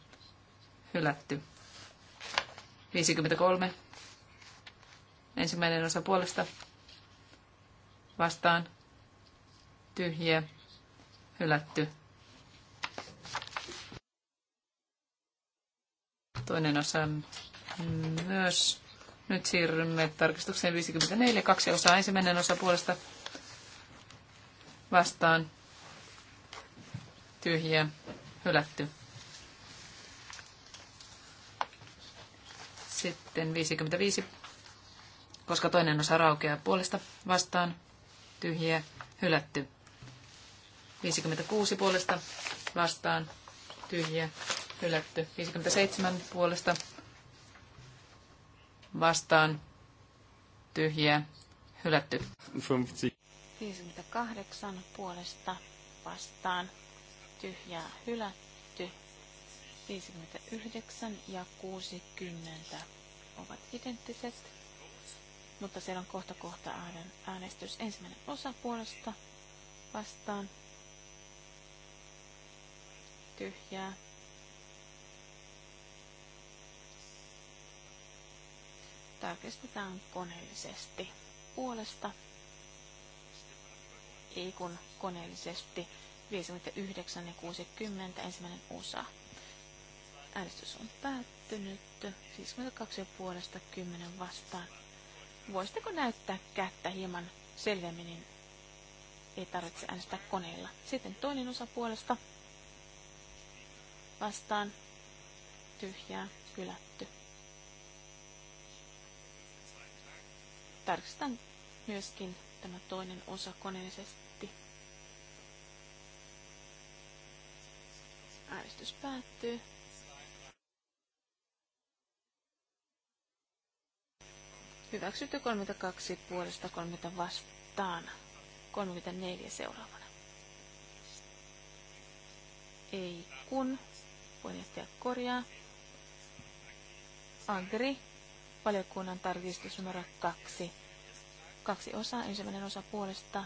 hylätty. 53. Ensimmäinen osa puolesta vastaan tyhjiä hylätty. Toinen osa myös. Nyt siirrymme tarkistukseen 54. Kaksi osaa. Ensimmäinen osa puolesta vastaan tyhjiä hylätty. Sitten 55, koska toinen osa raukeaa puolesta vastaan, tyhjiä, hylätty. 56 puolesta vastaan, tyhjiä, hylätty. 57 puolesta vastaan, tyhjiä, hylätty. 58 puolesta vastaan, tyhjää, hylätty. 59 ja 60 ovat identtiset, mutta siellä on kohta kohta äänestys. Ensimmäinen osa puolesta vastaan. Tyhjää. Tarkistetaan koneellisesti puolesta. Ei kun koneellisesti 59 ja 60 ensimmäinen osa Äänestys on päättynyt. 52 puolesta 10 vastaan. Voisitteko näyttää kättä hieman selvemmin, niin ei tarvitse äänestää koneella. Sitten toinen osa puolesta vastaan tyhjää hylätty. Tarkistan myöskin tämä toinen osa koneellisesti. Äänestys päättyy. Hyväksytty 32 puolesta 30 vastaan. 34 seuraavana. Ei kun. Puheenjohtaja korjaa. Agri. Valiokunnan tarkistus numero 2. Kaksi osaa. Ensimmäinen osa puolesta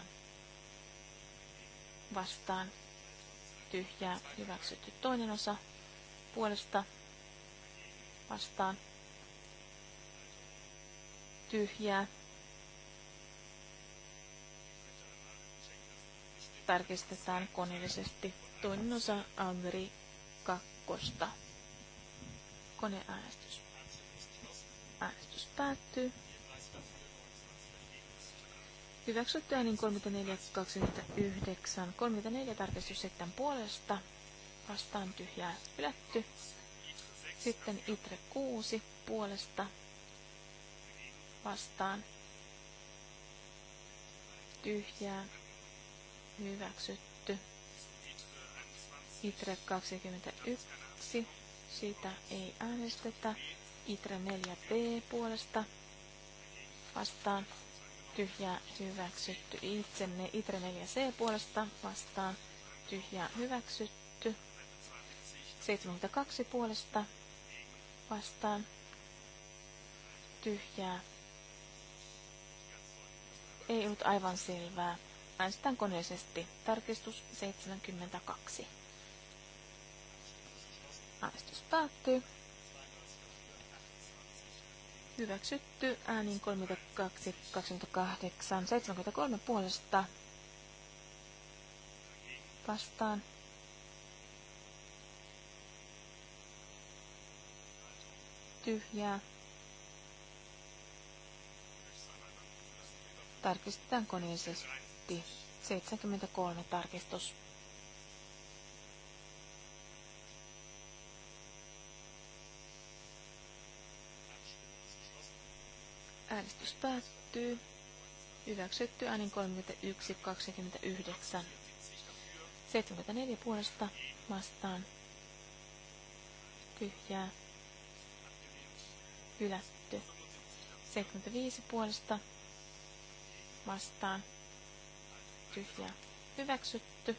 vastaan. Tyhjää. Hyväksytty toinen osa puolesta vastaan tyhjää. Tarkistetaan koneellisesti toinen osa Andri kakkosta. Koneäänestys. Äänestys päättyy. Hyväksytty äänin 34.29. 34 tarkistus sitten puolesta. Vastaan tyhjää ylätty. Sitten ITRE 6 puolesta vastaan tyhjää hyväksytty. Itre 21, sitä ei äänestetä. Itre 4b puolesta vastaan tyhjää hyväksytty. Itsenne Itre 4c puolesta vastaan tyhjää hyväksytty. 72 puolesta vastaan tyhjää ei ollut aivan selvää. Äänestän koneisesti. Tarkistus 72. Äänestys päättyy. Hyväksytty äänin 32, 28, 73 puolesta. Vastaan. Tyhjää. Tarkistetaan koneellisesti. 73 tarkistus. Äänestys päättyy. Hyväksytty äänin 29. 74 puolesta vastaan. Tyhjää. Hylätty. 75 puolesta vastaan tyhjää hyväksytty.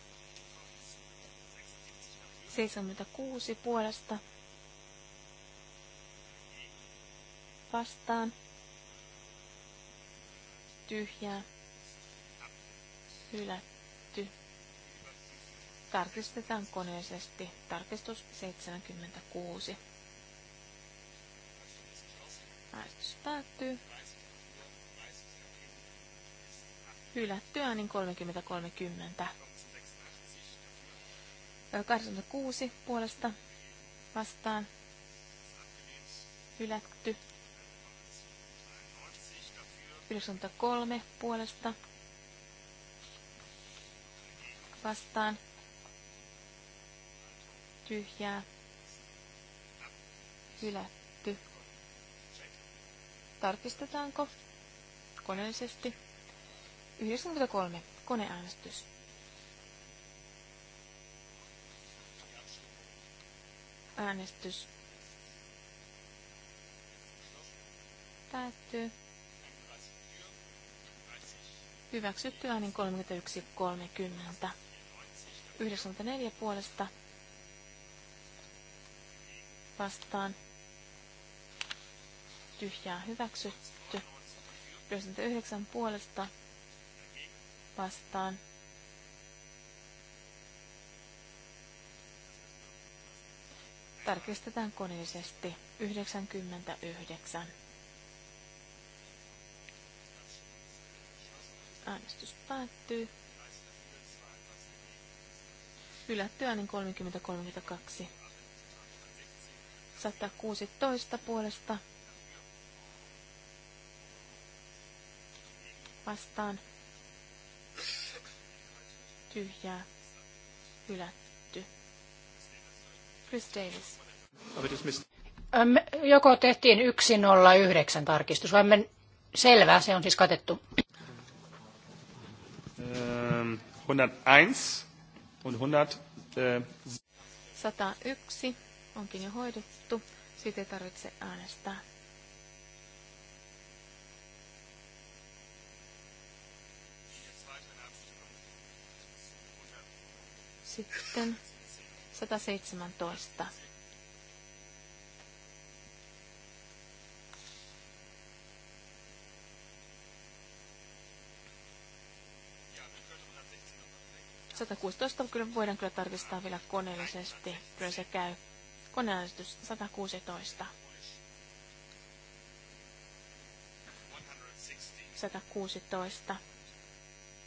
76 puolesta vastaan tyhjää hylätty. Tarkistetaan koneisesti. Tarkistus 76. Äänestys päättyy hylättyä, niin 30-30. 86 puolesta vastaan hylätty. 93 puolesta vastaan tyhjää hylätty. Tarkistetaanko koneellisesti? 93. Koneäänestys. Äänestys päättyy. Hyväksytty äänin 31, 30. 94 puolesta vastaan. Tyhjää hyväksytty. 99 puolesta vastaan. Tarkistetaan koneellisesti 99. Äänestys päättyy. Hylätty äänen 3032. 116 puolesta vastaan tyhjää hylätty. Chris Davis. Joko tehtiin 109 tarkistus vai men... Selvä, se on siis katettu. 101 und 100, 101 äh, onkin jo hoidettu. Siitä ei tarvitse äänestää. Sitten 117. Sata kyllä voidaan kyllä tarkistaa vielä koneellisesti. Kyllä se käy. Koneäänestys 116. 116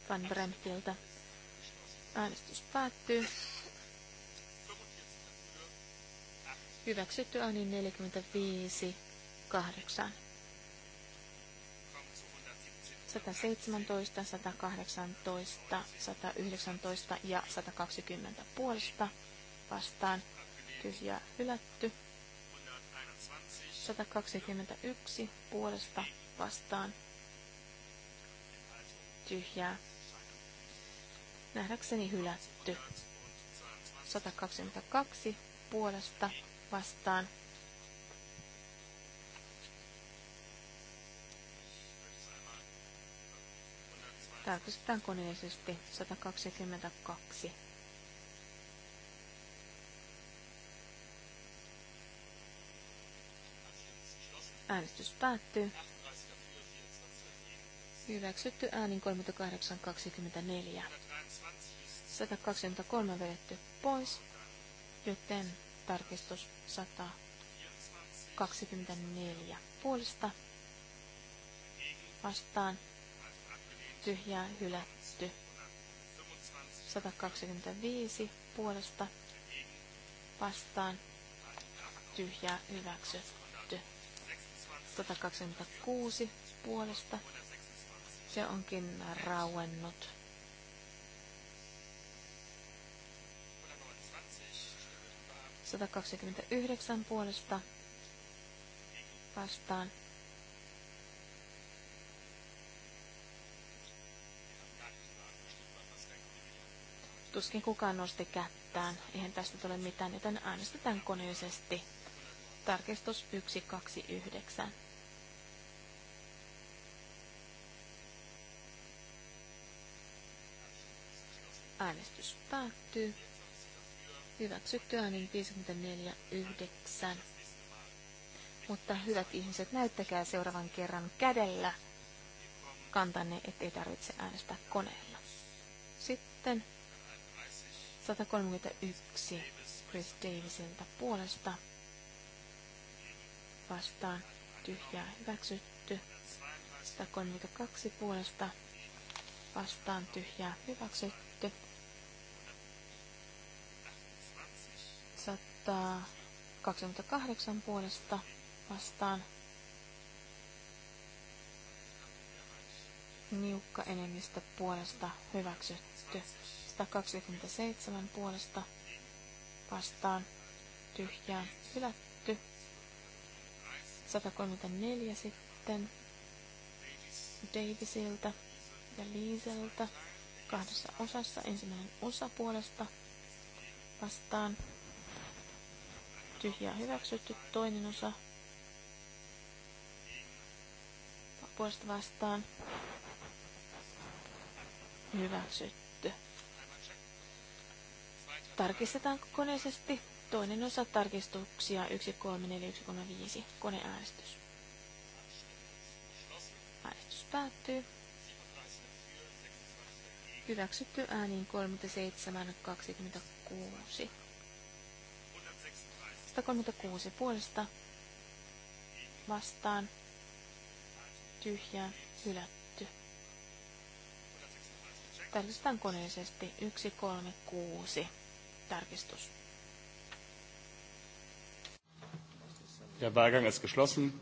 Van Bremtiltä. Äänestys päättyy. Hyväksytty ääni 45, 8. 117, 118, 119 ja 120 puolesta vastaan. Tyhjä hylätty. 121 puolesta vastaan. Tyhjää nähdäkseni hylätty. 122 puolesta vastaan. Tarkistetaan koneellisesti 122. Äänestys päättyy. Hyväksytty äänin 38.24. 123 vedetty pois, joten tarkistus 124 puolesta vastaan tyhjää hylätty. 125 puolesta vastaan tyhjää hyväksytty. 126 puolesta se onkin rauennut. yhdeksän puolesta vastaan. Tuskin kukaan nosti kättään, eihän tästä tule mitään, joten äänestetään koneisesti. Tarkistus 129. Äänestys päättyy. Hyväksytty äänin 54.9. Mutta hyvät ihmiset, näyttäkää seuraavan kerran kädellä kantanne, ettei tarvitse äänestää koneella. Sitten 131 Chris Davisilta puolesta vastaan tyhjää hyväksytty. 132 puolesta vastaan tyhjää hyväksytty. 128 puolesta vastaan niukka enemmistö puolesta hyväksytty. 127 puolesta vastaan tyhjään hylätty. 134 sitten Davisilta ja Liiseltä kahdessa osassa ensimmäinen osa puolesta vastaan tyhjää hyväksytty, toinen osa puolesta vastaan hyväksytty. Tarkistetaan koneisesti toinen osa tarkistuksia 134-135 koneäänestys. Äänestys päättyy. Hyväksytty ääniin 37-26. 136 puolesta vastaan tyhjään hylätty. Tarkistetaan koneellisesti 136 tarkistus. Der Wahlgang ist geschlossen.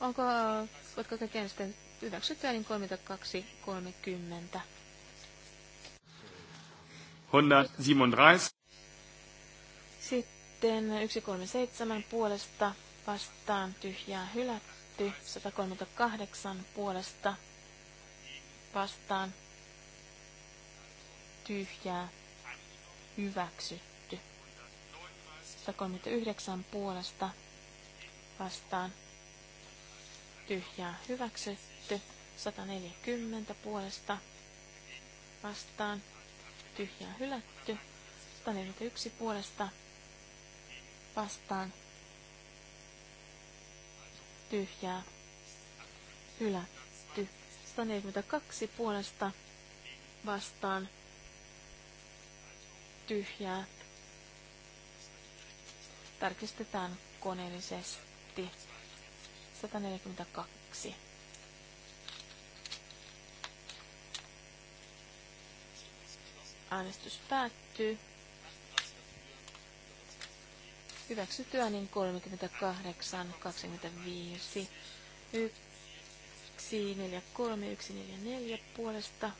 Onko, voitko kaikki äänestäjät hyväksyttyä, niin 32, 30. 137. Sitten 137 puolesta vastaan tyhjää hylätty. 138 puolesta vastaan tyhjää hyväksytty. 139 puolesta vastaan tyhjää hyväksytty. 140 puolesta vastaan tyhjää hylätty. 141 puolesta vastaan vastaan tyhjää hylätty. 142 puolesta vastaan tyhjää. Tarkistetaan koneellisesti. 142. Äänestys päättyy. Hyväksytty äänin 38, 25, 1, 4, 3, 1, 4, 4 puolesta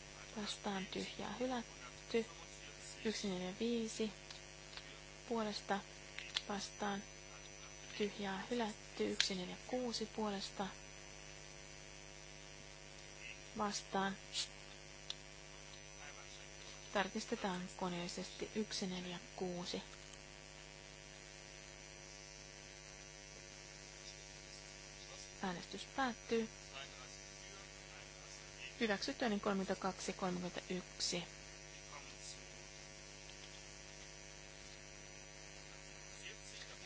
vastaan tyhjää hylätty. 1, 4, 5 puolesta vastaan tyhjää hylätty. 1, 4, 6 puolesta vastaan. Tarkistetaan koneellisesti 146. Äänestys päättyy. Hyväksyttyä niin 32, 31.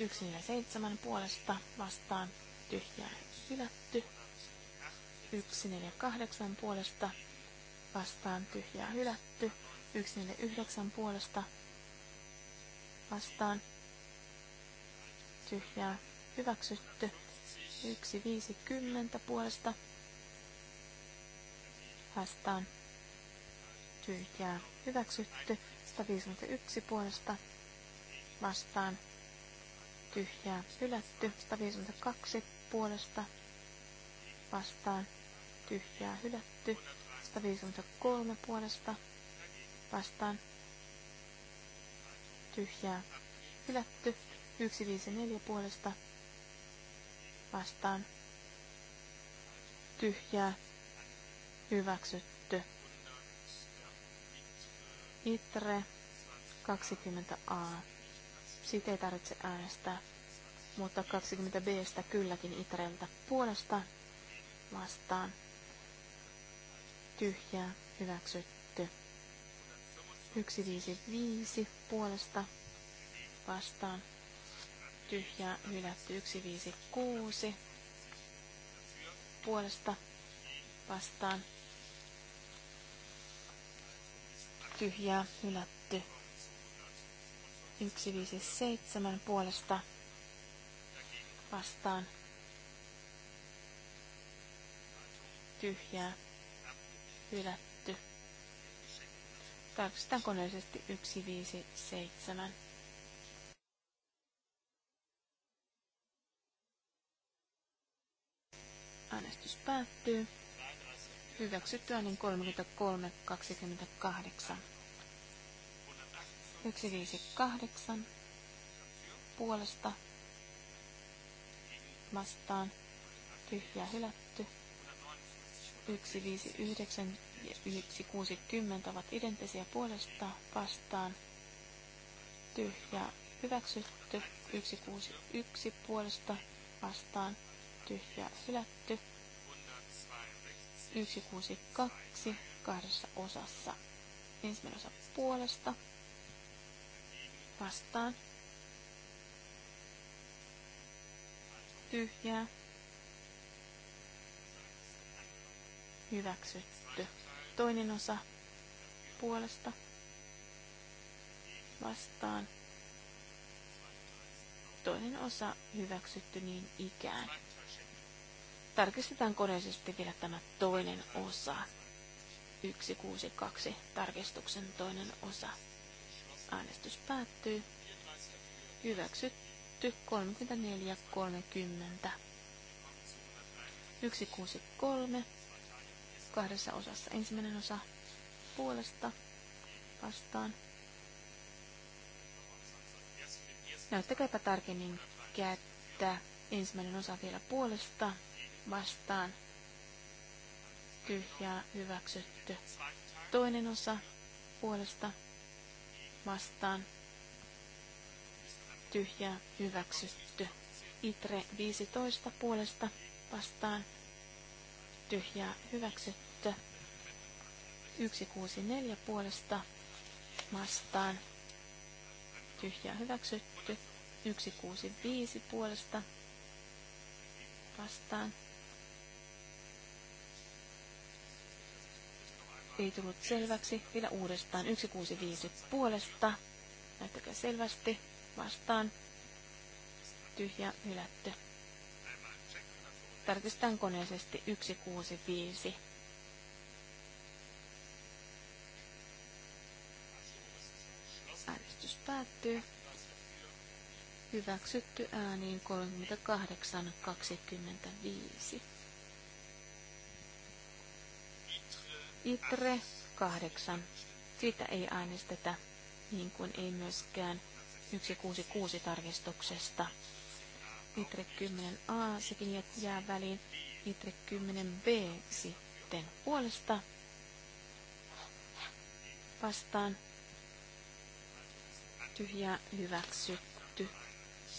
Yksi ja seitsemän puolesta vastaan tyhjää hylätty. Yksi neljä kahdeksan puolesta vastaan tyhjää hylätty. Yksi neljä yhdeksän puolesta vastaan tyhjää hyväksytty yksi viisi kymmentä puolesta vastaan tyhjää hyväksytty. 151 puolesta vastaan tyhjää hylätty. 152 puolesta vastaan tyhjää hylätty. 153 puolesta vastaan tyhjää hylätty. 154 puolesta vastaan tyhjää hyväksytty. Itre 20a. Sitä ei tarvitse äänestää, mutta 20bstä kylläkin Itreltä puolesta vastaan tyhjää hyväksytty. 155 puolesta vastaan tyhjää hylätty 156 puolesta vastaan tyhjää hylätty 157 puolesta vastaan tyhjää hylätty tarkistetaan koneellisesti 157 päättyy. Hyväksyttyä niin 33, 28. 158 puolesta vastaan tyhjä hylätty. 159 ja 160 ovat identtisiä puolesta vastaan tyhjä hyväksytty. 161 puolesta vastaan tyhjä hylätty. 162 kahdessa osassa. Ensimmäinen osa puolesta vastaan. Tyhjää. Hyväksytty. Toinen osa puolesta vastaan. Toinen osa hyväksytty niin ikään tarkistetaan sitten vielä tämä toinen osa. 162 tarkistuksen toinen osa. Äänestys päättyy. Hyväksytty 34.30. 163 kahdessa osassa. Ensimmäinen osa puolesta vastaan. Näyttäkääpä tarkemmin kättä. Ensimmäinen osa vielä puolesta vastaan tyhjää hyväksytty. Toinen osa puolesta vastaan tyhjää hyväksytty. Itre 15 puolesta vastaan tyhjää hyväksytty. 164 puolesta vastaan tyhjää hyväksytty. 165 puolesta vastaan ei tullut selväksi. Vielä uudestaan 165 puolesta. Näyttäkää selvästi. Vastaan. Tyhjä hylätty. Tarkistetaan koneellisesti 165. Äänestys päättyy. Hyväksytty ääniin 38.25. ITRE 8. Siitä ei äänestetä, niin kuin ei myöskään 166 tarkistuksesta. ITRE 10a, sekin jää väliin. ITRE 10b sitten puolesta vastaan Tyhjä hyväksytty.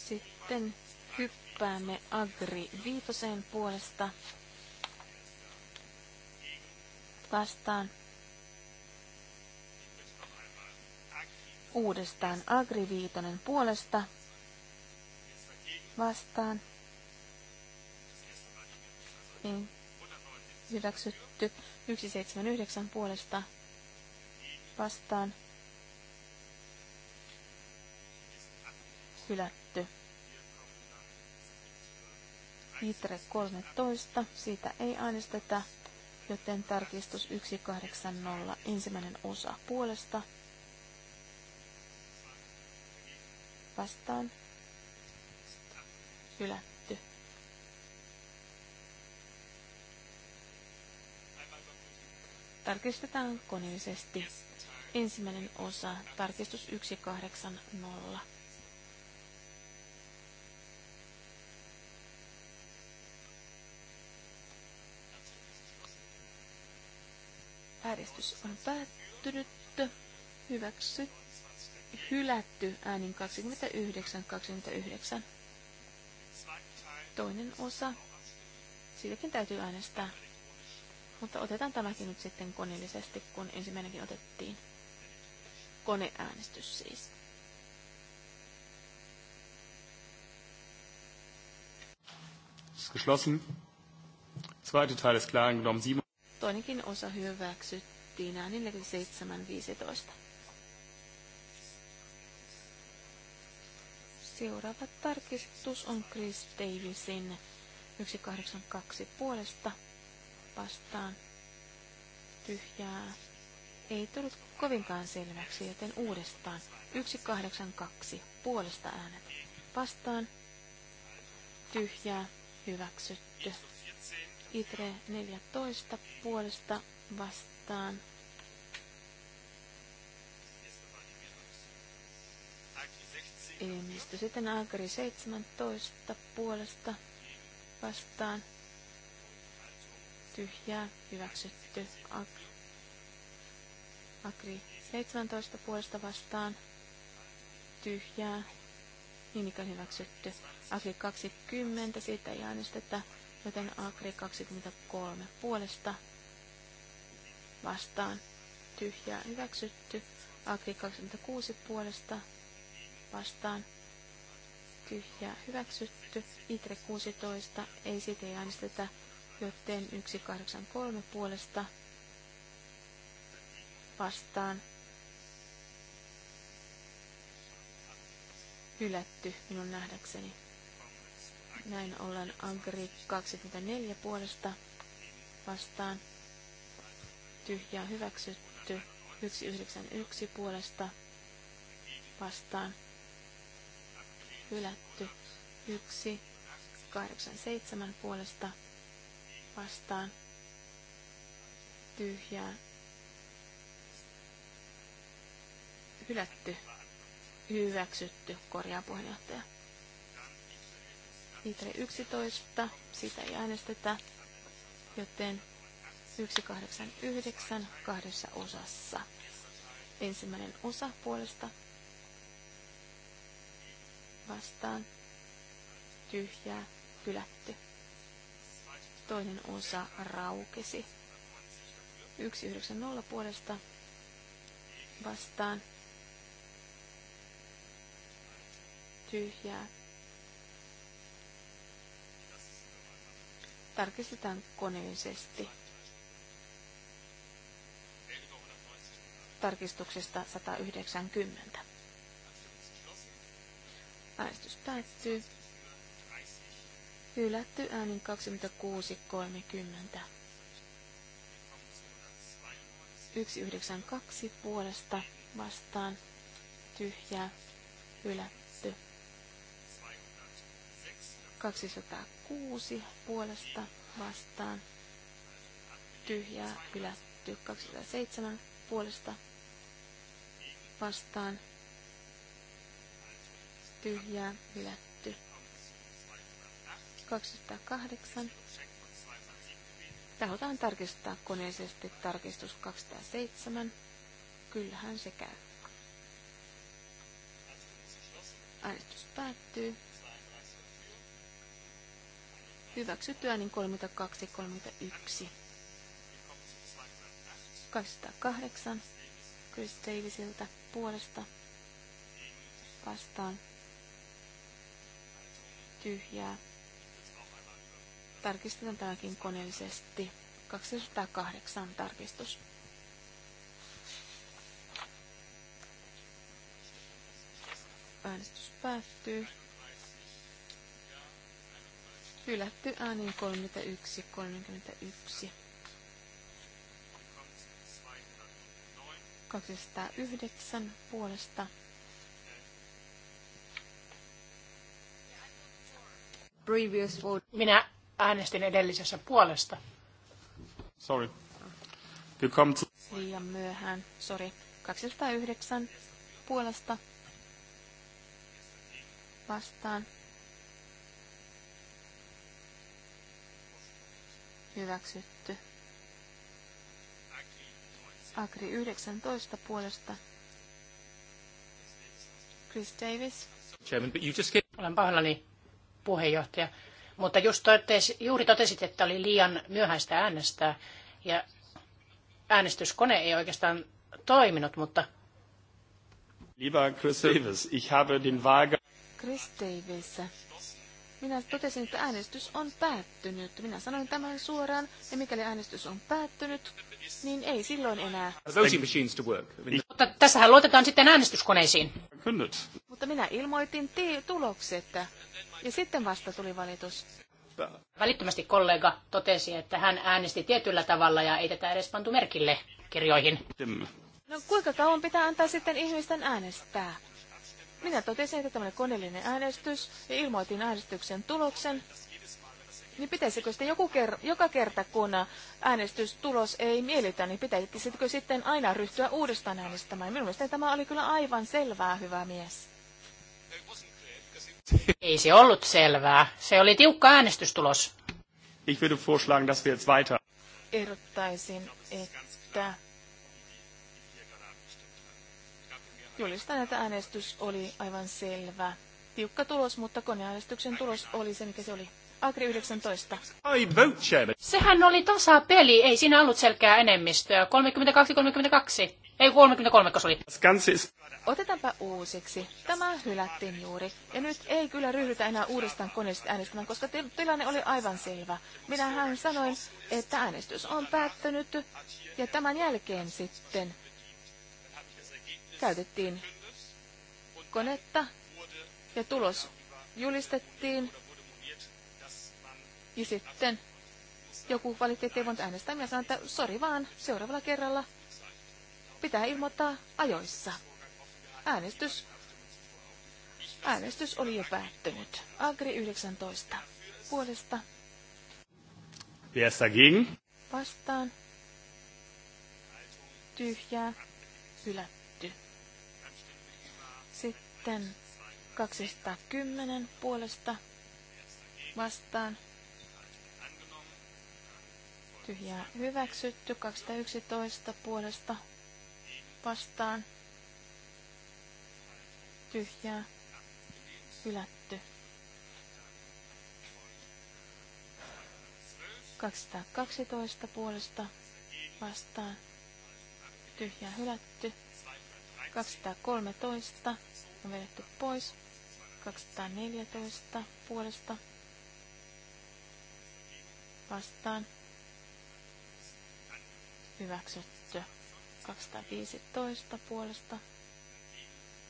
Sitten hyppäämme Agri viitoseen puolesta vastaan. Uudestaan Agri Viitonen puolesta vastaan. Niin, hyväksytty 179 puolesta vastaan. Hylätty. Itre 13, siitä ei äänestetä joten tarkistus 180 ensimmäinen osa puolesta vastaan hylätty. Tarkistetaan koneellisesti. Ensimmäinen osa, tarkistus 180. Äänestys on päättynyt. Hyväksy. Hylätty äänin 29, 29. Toinen osa. Siitäkin täytyy äänestää. Mutta otetaan tämäkin nyt sitten koneellisesti, kun ensimmäinenkin otettiin. Koneäänestys siis. geschlossen. Zweite Teil ist klar angenommen. Toinenkin osa hyväksyttiin äänin 47.15. Seuraava tarkistus on Chris Davisin 182 puolesta vastaan tyhjää. Ei tullut kovinkaan selväksi, joten uudestaan 182 puolesta äänet vastaan tyhjää hyväksytty. ITRE 14 puolesta vastaan. Mistä sitten Agri 17 puolesta vastaan. Tyhjää hyväksytty. Agri 17 puolesta vastaan. Tyhjää. Niin hyväksytty. Agri 20, siitä ei äänestetä joten Agri 23 puolesta vastaan tyhjää hyväksytty. Agri 26 puolesta vastaan tyhjää hyväksytty. Itre 16 ei siitä äänestetä, joten 183 puolesta vastaan hylätty minun nähdäkseni. Näin ollen Ankeri 24 puolesta vastaan. Tyhjää hyväksytty. 191 puolesta vastaan. Hylätty. 187 puolesta vastaan. Tyhjää. Hylätty. Hyväksytty, korjaa puheenjohtaja. Itre 11, sitä ei äänestetä, joten 189 kahdessa osassa. Ensimmäinen osa puolesta vastaan tyhjää hylätty. Toinen osa raukesi. 190 puolesta vastaan tyhjää tarkistetaan koneellisesti. Tarkistuksesta 190. Äänestys päättyy. Hylätty äänin 26.30. 192 puolesta vastaan tyhjää hylätty. 206 6 puolesta vastaan tyhjää hylätty. 27 puolesta vastaan tyhjää hylätty. 28. Tahotaan tarkistaa koneisesti tarkistus 207. Kyllähän se käy. Äänestys päättyy hyväksyttyä, niin 32, 31. 208 Chris Davisiltä puolesta vastaan tyhjää. Tarkistetaan tämäkin koneellisesti. 208 tarkistus. Äänestys päättyy. Hylätty ääni 31, 31. 209 puolesta. Previous vote. Minä äänestin edellisessä puolesta. Sorry. You come to... Liian myöhään. Sorry. 209 puolesta vastaan hyväksytty. Agri 19 puolesta. Chris Davis. Chairman, but you just get... Olen pahallani puheenjohtaja, mutta just totes, juuri totesit, että oli liian myöhäistä äänestää ja äänestyskone ei oikeastaan toiminut, mutta... Lieber Chris Davis, ich habe den Wahlgang... Chris Davis, minä totesin, että äänestys on päättynyt. Minä sanoin tämän suoraan, ja mikäli äänestys on päättynyt, niin ei silloin enää. Mutta tässähän luotetaan sitten äänestyskoneisiin. Mutta minä ilmoitin tulokset, ja sitten vasta tuli valitus. Välittömästi kollega totesi, että hän äänesti tietyllä tavalla ja ei tätä edes pantu merkille kirjoihin. No kuinka kauan pitää antaa sitten ihmisten äänestää? Minä totesin, että tämmöinen koneellinen äänestys ja ilmoitin äänestyksen tuloksen. Niin pitäisikö sitten joku ker- joka kerta, kun äänestystulos ei miellytä, niin pitäisikö sitten aina ryhtyä uudestaan äänestämään? Minun mielestäni tämä oli kyllä aivan selvää, hyvä mies. Ei se ollut selvää. Se oli tiukka äänestystulos. Ich würde vorschlagen, dass wir jetzt weiter. Ehdottaisin, että Julistan, että äänestys oli aivan selvä. Tiukka tulos, mutta koneäänestyksen tulos oli se, mikä se oli. Agri 19. Ai, Sehän oli tasa peli, ei siinä ollut selkeää enemmistöä. 32-32. Ei 33, se oli. Otetaanpa uusiksi. Tämä hylättiin juuri. Ja nyt ei kyllä ryhdytä enää uudestaan koneesta äänestämään, koska tilanne oli aivan selvä. Minähän sanoin, että äänestys on päättynyt ja tämän jälkeen sitten käytettiin konetta ja tulos julistettiin. Ja sitten joku valitti, ei voinut äänestää. Minä sanoin, että sori vaan, seuraavalla kerralla pitää ilmoittaa ajoissa. Äänestys, äänestys oli jo päättynyt. Agri 19 puolesta. Wer Vastaan. Tyhjää. Hylätty. Sitten 210 puolesta vastaan. Tyhjää hyväksytty. 211 puolesta vastaan. Tyhjää hylätty. 212 puolesta vastaan. Tyhjää hylätty. 213 on vedetty pois. 214 puolesta vastaan hyväksytty. 215 puolesta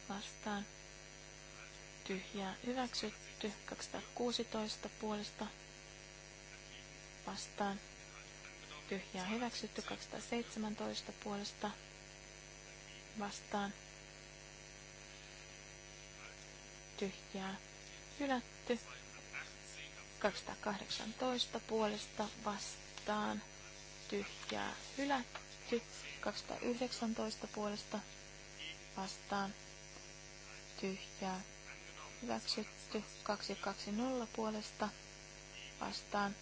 vastaan tyhjää hyväksytty. 216 puolesta vastaan tyhjää hyväksytty. 217 puolesta vastaan tyhjää hylätty. 218 puolesta vastaan tyhjää hylätty. 219 puolesta vastaan tyhjää hyväksytty. 220 puolesta vastaan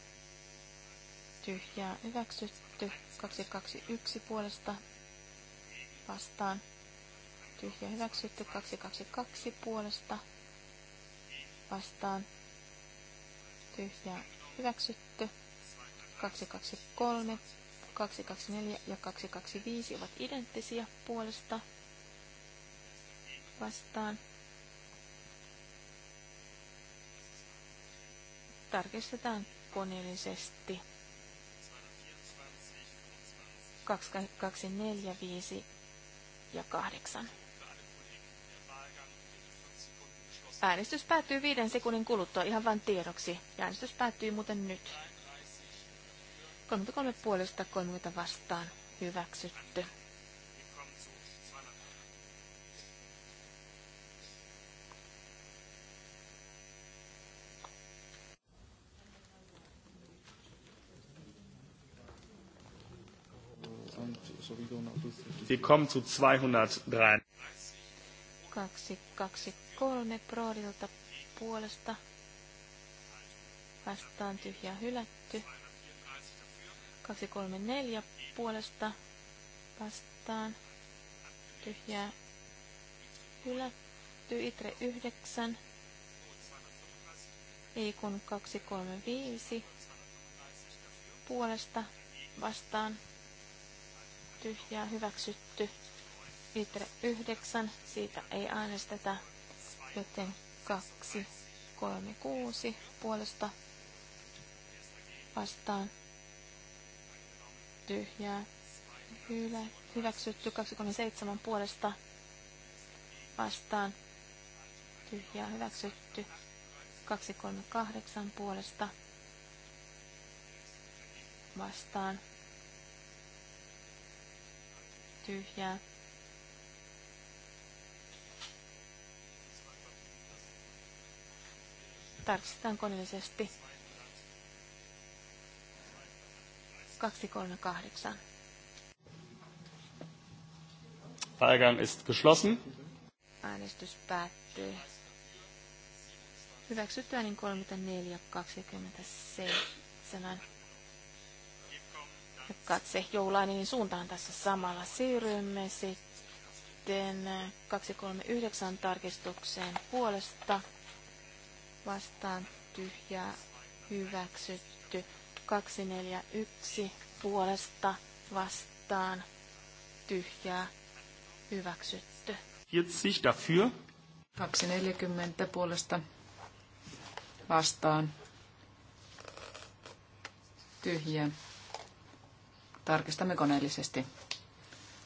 tyhjää hyväksytty. 221 puolesta vastaan tyhjää hyväksytty. 222 puolesta vastaan. Tyhjää hyväksytty. 223, 224 ja 225 ovat identtisiä puolesta vastaan. Tarkistetaan koneellisesti. 2, 2, 4, 5 ja 8. Äänestys päättyy viiden sekunnin kuluttua ihan vain tiedoksi. Ja äänestys päättyy muuten nyt. 33 puolesta 30 vastaan. Hyväksytty. Wir kommen zu 203. 223 3 proodilta puolesta vastaan tyhjää hylätty. 234 puolesta vastaan tyhjää hylätty. Itre 9. Ei kun 235 puolesta vastaan tyhjää hyväksytty. Itre 9. Siitä ei äänestetä joten 2, 3, 6 puolesta vastaan tyhjää. Hylä, hyväksytty 27 puolesta vastaan tyhjää. Hyväksytty 238 puolesta vastaan tyhjää Tarkistetaan koneellisesti. 238. Wahlgang ist geschlossen. Äänestys päättyy. Hyväksytään niin 3427. Ja katse joulainen suuntaan tässä samalla. Siirrymme sitten 239 tarkistukseen puolesta vastaan tyhjää hyväksytty. 241 puolesta vastaan tyhjää hyväksytty. 40 dafür. 240 puolesta vastaan tyhjää. Tarkistamme koneellisesti.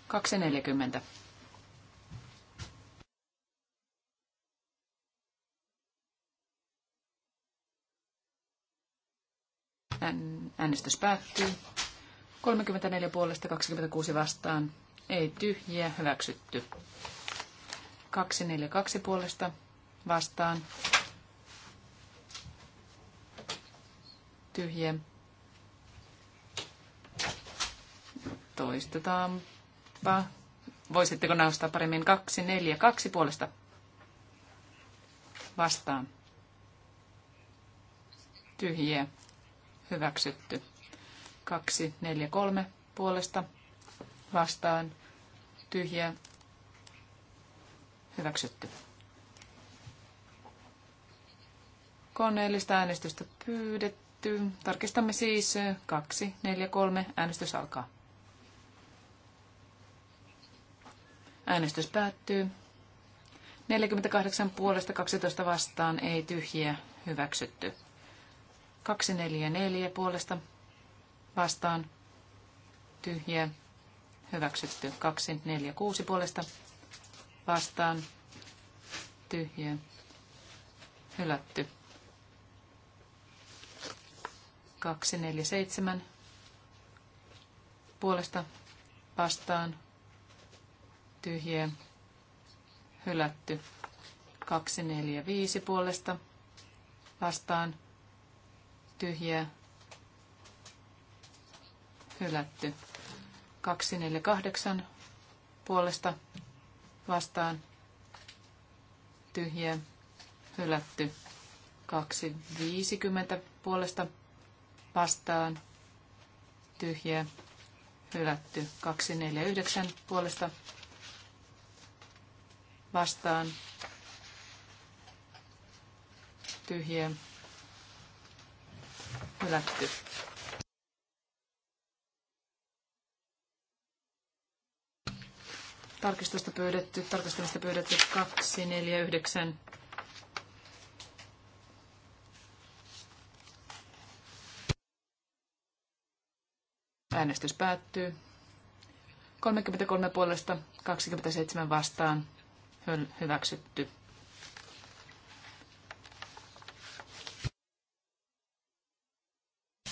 240. Äänestys päättyy. 34 puolesta 26 vastaan. Ei tyhjiä, hyväksytty. 242 puolesta vastaan. Tyhjiä. Toistetaanpa. Voisitteko nostaa paremmin 242 puolesta vastaan? Tyhjiä, hyväksytty. 2, 4, 3 puolesta vastaan tyhjä hyväksytty. Koneellista äänestystä pyydetty. Tarkistamme siis 2, 4, 3. Äänestys alkaa. Äänestys päättyy. 48 puolesta 12 vastaan ei tyhjiä hyväksytty. 244 puolesta vastaan tyhjä hyväksytty. 246 puolesta vastaan tyhjä hylätty. 247 puolesta vastaan tyhjä hylätty. 245 puolesta vastaan tyhjää hylätty. 248 puolesta vastaan tyhjää hylätty. 250 puolesta vastaan tyhjää hylätty. 249 puolesta vastaan tyhjää Hylätty. Tarkistusta pyydetty, tarkistamista pyydetty 249. Äänestys päättyy. 33 puolesta, 27 vastaan. Hyväksytty.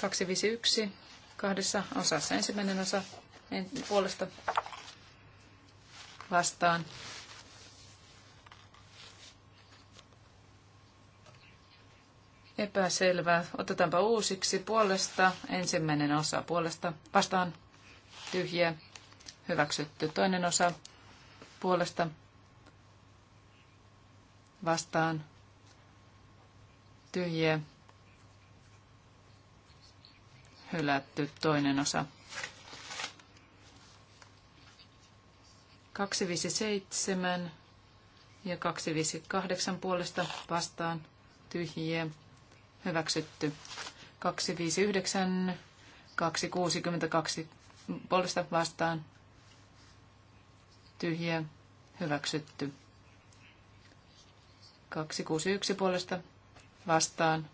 251 kahdessa osassa. Ensimmäinen osa en, puolesta vastaan. Epäselvää. Otetaanpa uusiksi puolesta. Ensimmäinen osa puolesta vastaan. Tyhjä. Hyväksytty. Toinen osa puolesta vastaan. Tyhjä hylätty toinen osa. 257 ja 258 puolesta vastaan tyhjiä hyväksytty. 259, 262 puolesta vastaan tyhjiä hyväksytty. 261 puolesta vastaan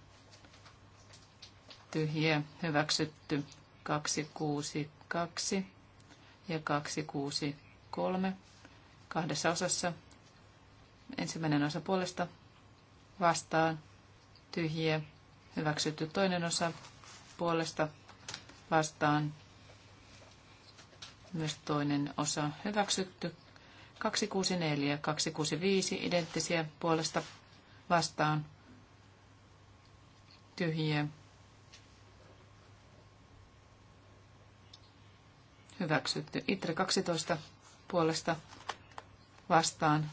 tyhjä hyväksytty 262 ja 263 kahdessa osassa. Ensimmäinen osa puolesta vastaan tyhjä hyväksytty toinen osa puolesta vastaan myös toinen osa hyväksytty 264 ja 265 identtisiä puolesta vastaan tyhjiä hyväksytty. Itre 12 puolesta vastaan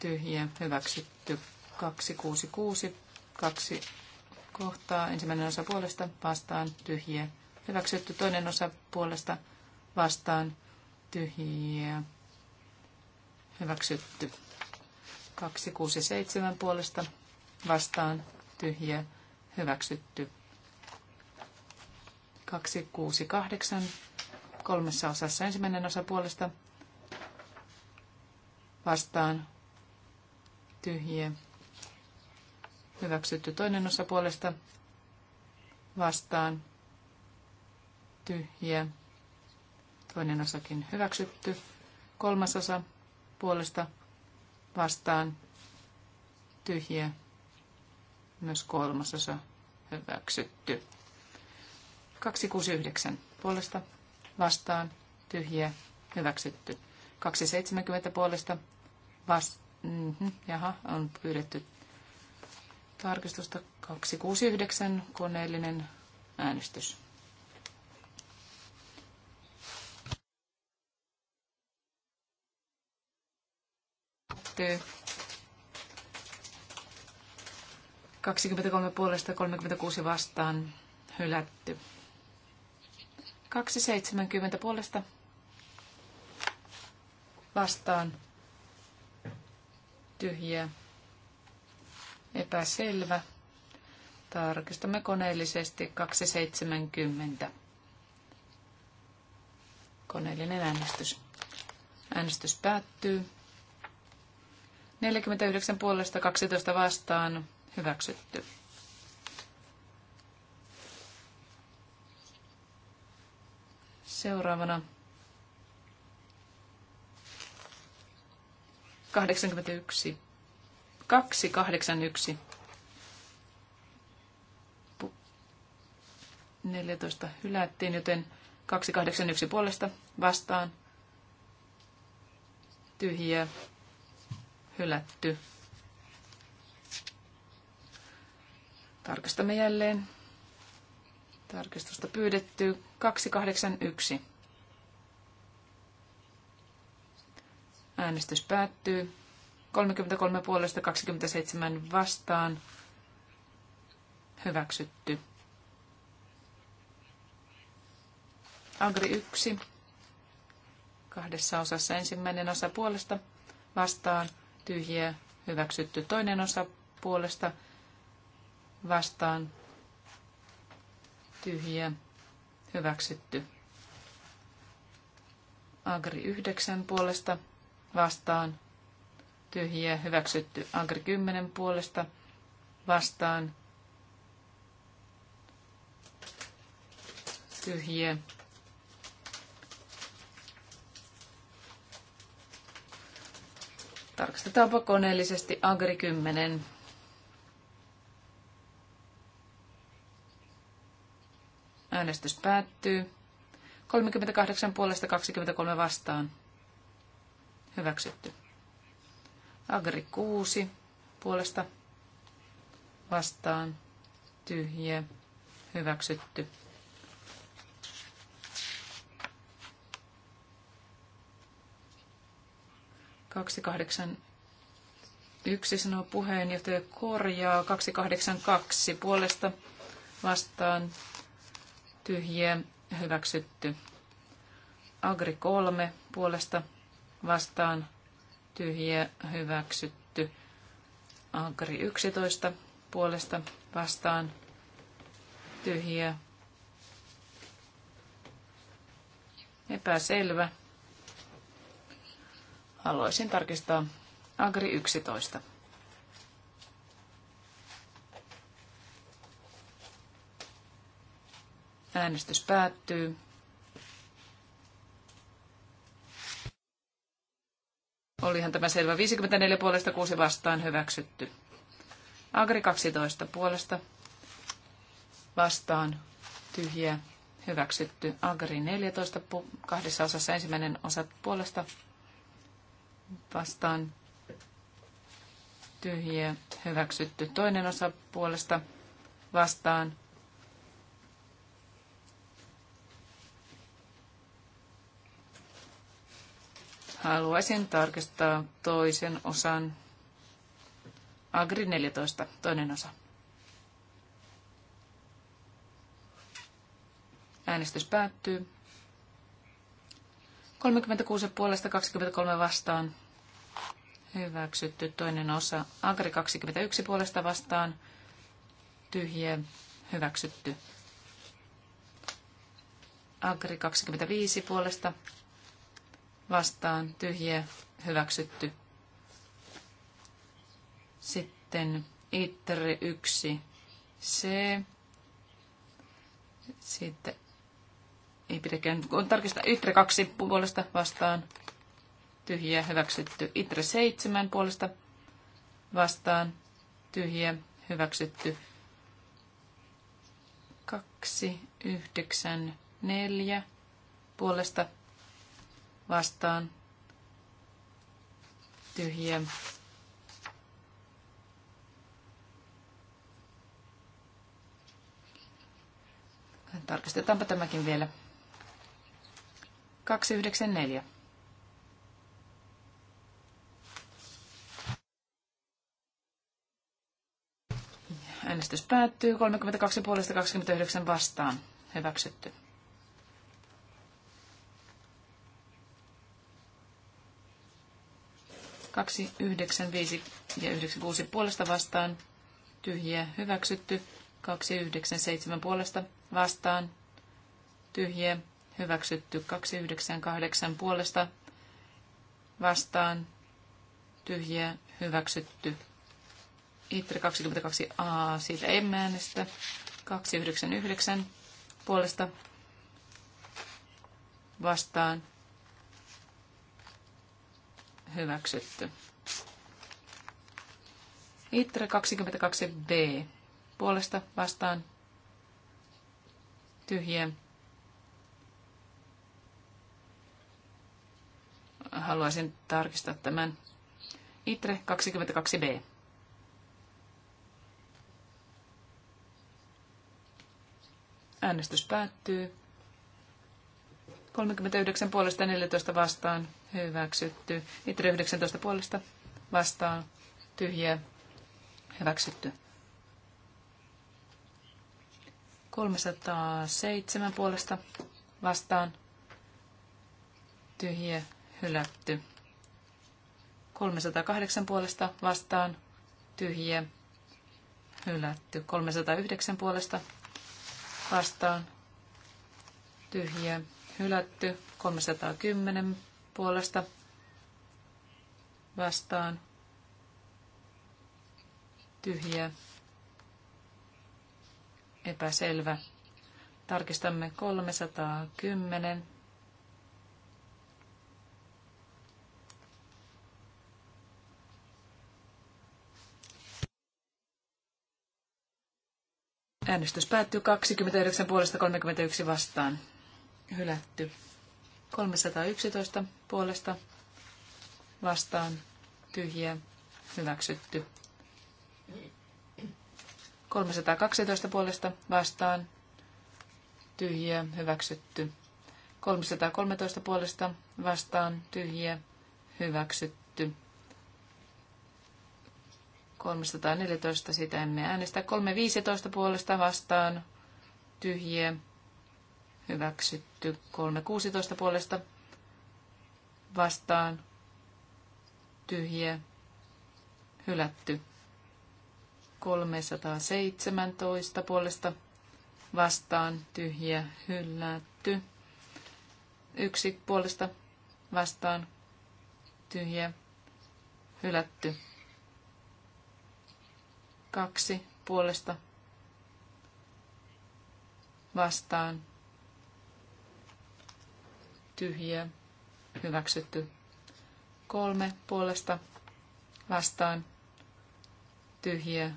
tyhjiä hyväksytty. 266, kaksi kohtaa. Ensimmäinen osa puolesta vastaan tyhjiä hyväksytty. Toinen osa puolesta vastaan tyhjiä hyväksytty. 267 puolesta vastaan tyhjiä hyväksytty. 268 kolmessa osassa. Ensimmäinen osa puolesta vastaan tyhjiä. Hyväksytty toinen osa puolesta vastaan tyhjiä. Toinen osakin hyväksytty. Kolmas osa puolesta vastaan tyhjiä. Myös kolmas osa hyväksytty. 269 puolesta vastaan tyhjiä hyväksytty. 270 puolesta vastaan, Mm-hmm, jaha, on pyydetty tarkistusta 269 koneellinen äänestys. Työ. 23 puolesta 36 vastaan hylätty. 270 puolesta vastaan tyhjä, epäselvä. Tarkistamme koneellisesti 270. Koneellinen äänestys. Äänestys päättyy. 49 puolesta 12 vastaan hyväksytty. Seuraavana 81. 281. 14 hylättiin, joten 281 puolesta vastaan. tyhjä hylätty. Tarkastamme jälleen. Tarkistusta pyydetty 281. Äänestys päättyy. 33 puolesta 27 vastaan. Hyväksytty. Agri 1. Kahdessa osassa ensimmäinen osa puolesta vastaan. Tyhjiä hyväksytty toinen osa puolesta vastaan tyhjiä, hyväksytty. Agri 9 puolesta vastaan, tyhjiä, hyväksytty. Agri 10 puolesta vastaan, tyhjiä. Tarkistetaanpa koneellisesti Agri 10. Äänestys päättyy. 38 puolesta 23 vastaan. Hyväksytty. Agri 6 puolesta vastaan. Tyhjä. Hyväksytty. Kaksi kahdeksan yksi sanoo puheenjohtaja korjaa kaksi kahdeksan kaksi puolesta vastaan tyhjiä hyväksytty. Agri 3 puolesta vastaan tyhjiä hyväksytty. Agri 11 puolesta vastaan tyhjiä. Epäselvä. Haluaisin tarkistaa Agri 11. Äänestys päättyy. Olihan tämä selvä. 54 puolesta 6 vastaan hyväksytty. Agri 12 puolesta vastaan tyhjä hyväksytty. Agri 14 kahdessa osassa ensimmäinen osa puolesta vastaan tyhjä hyväksytty. Toinen osa puolesta vastaan Haluaisin tarkistaa toisen osan. Agri 14, toinen osa. Äänestys päättyy. 36 puolesta 23 vastaan. Hyväksytty toinen osa. Agri 21 puolesta vastaan. Tyhjä. Hyväksytty. Agri 25 puolesta vastaan tyhjä, hyväksytty. Sitten itre 1 C. Sitten ei pidäkään tarkistaa itre 2 puolesta vastaan tyhjä, hyväksytty. Itre 7 puolesta vastaan tyhjä, hyväksytty. 2, 9, 4 puolesta vastaan tyhjiä. Tarkistetaanpa tämäkin vielä. 294. Äänestys päättyy 32 puolesta 29 vastaan. Hyväksytty. 2, 9, 5 ja 9, 6 puolesta vastaan. Tyhjiä hyväksytty. 2, 9, 7 puolesta vastaan. Tyhjiä hyväksytty. 2, 9, 8 puolesta vastaan. Tyhjiä hyväksytty. Itre 22a, siitä emme äänestä. 299 puolesta vastaan hyväksytty. Itre 22b. Puolesta vastaan tyhjiä. Haluaisin tarkistaa tämän. Itre 22b. Äänestys päättyy. 39 puolesta 14 vastaan hyväksytty. Itre 19 puolesta vastaan tyhjä hyväksytty. 307 puolesta vastaan tyhjä hylätty. 308 puolesta vastaan tyhjä hylätty. 309 puolesta vastaan tyhjä hylätty. 310 puolesta vastaan tyhjä, epäselvä. Tarkistamme 310. Äänestys päättyy 29 puolesta 31 vastaan. Hylätty. 311 puolesta vastaan tyhjiä hyväksytty. 312 puolesta vastaan tyhjiä hyväksytty. 313 puolesta vastaan tyhjiä hyväksytty. 314 sitä emme äänestä. 315 puolesta vastaan tyhjiä hyväksytty 3.16 puolesta vastaan tyhjä, hylätty 317 puolesta vastaan tyhjä hylätty yksi puolesta vastaan tyhjä hylätty kaksi puolesta vastaan tyhjiä, hyväksytty. Kolme puolesta vastaan, tyhjiä,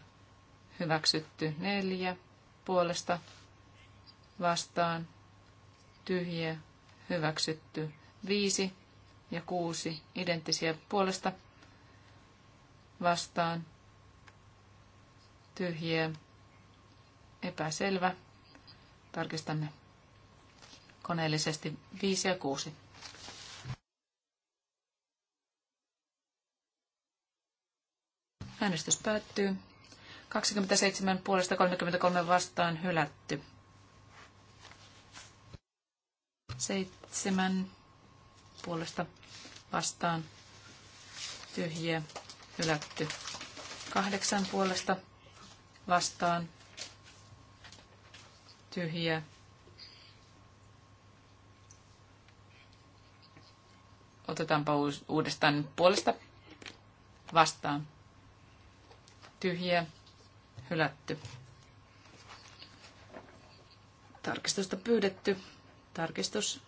hyväksytty. Neljä puolesta vastaan, tyhjiä, hyväksytty. Viisi ja kuusi identtisiä puolesta vastaan, tyhjiä, epäselvä. Tarkistamme koneellisesti 5 ja 6. Äänestys päättyy. 27 puolesta 33 vastaan hylätty. 7 puolesta vastaan tyhjiä hylätty. 8 puolesta vastaan tyhjiä Otetaanpa uudestaan puolesta vastaan. Tyhjiä, hylätty. Tarkistusta pyydetty. Tarkistus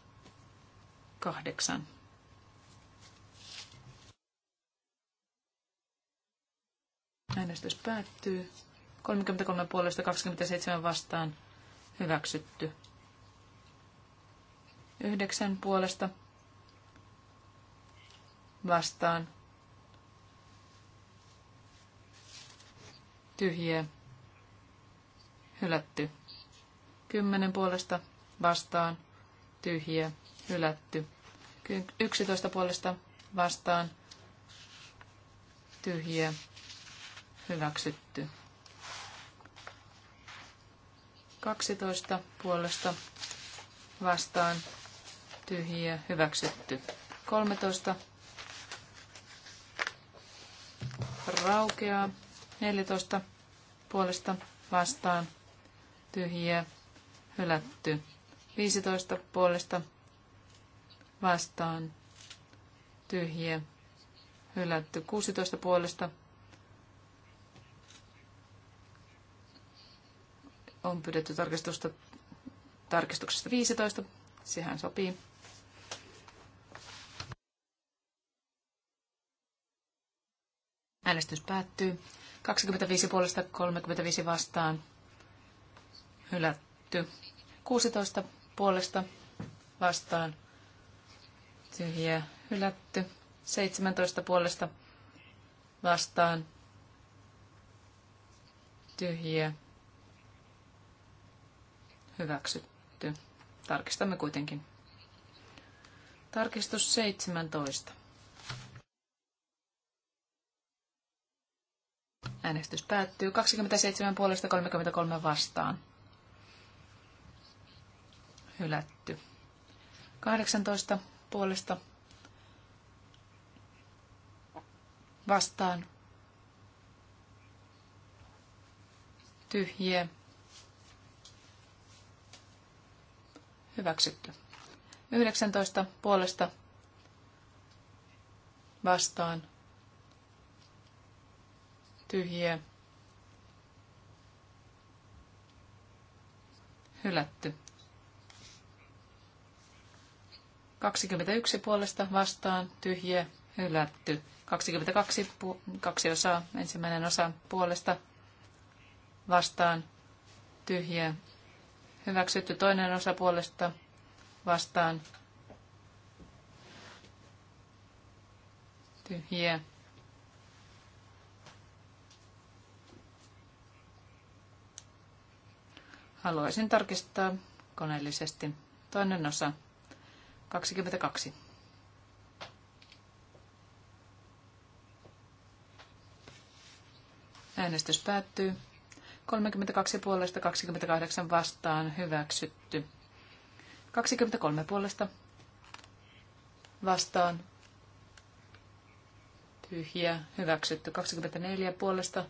kahdeksan. Äänestys päättyy. 33 puolesta 27 vastaan hyväksytty. 9 puolesta vastaan. Tyhjiä. Hylätty. Kymmenen puolesta vastaan. Tyhjiä. Hylätty. Yksitoista puolesta vastaan. Tyhjiä. Hyväksytty. 12 puolesta vastaan tyhjiä hyväksytty. 13 raukeaa. 14 puolesta vastaan tyhjiä hylätty. 15 puolesta vastaan tyhjiä hylätty. 16 puolesta on pyydetty tarkistusta tarkistuksesta 15. Sehän sopii. Äänestys päättyy. 25 puolesta 35 vastaan. Hylätty. 16 puolesta vastaan. Tyhjä. Hylätty. 17 puolesta vastaan. Tyhjä. Hyväksytty. Tarkistamme kuitenkin. Tarkistus 17. Äänestys päättyy 27 puolesta 33 vastaan. Hylätty. 18 puolesta vastaan. Tyhjiä. Hyväksytty. 19 puolesta vastaan tyhjiä, hylätty. 21 puolesta vastaan, tyhjiä, hylätty. 22, kaksi osaa, ensimmäinen osa puolesta vastaan, tyhjiä, hyväksytty. Toinen osa puolesta vastaan, tyhjiä, Haluaisin tarkistaa koneellisesti. Toinen osa 22. Äänestys päättyy. 32 puolesta 28 vastaan hyväksytty. 23 puolesta vastaan tyhjä hyväksytty. 24 puolesta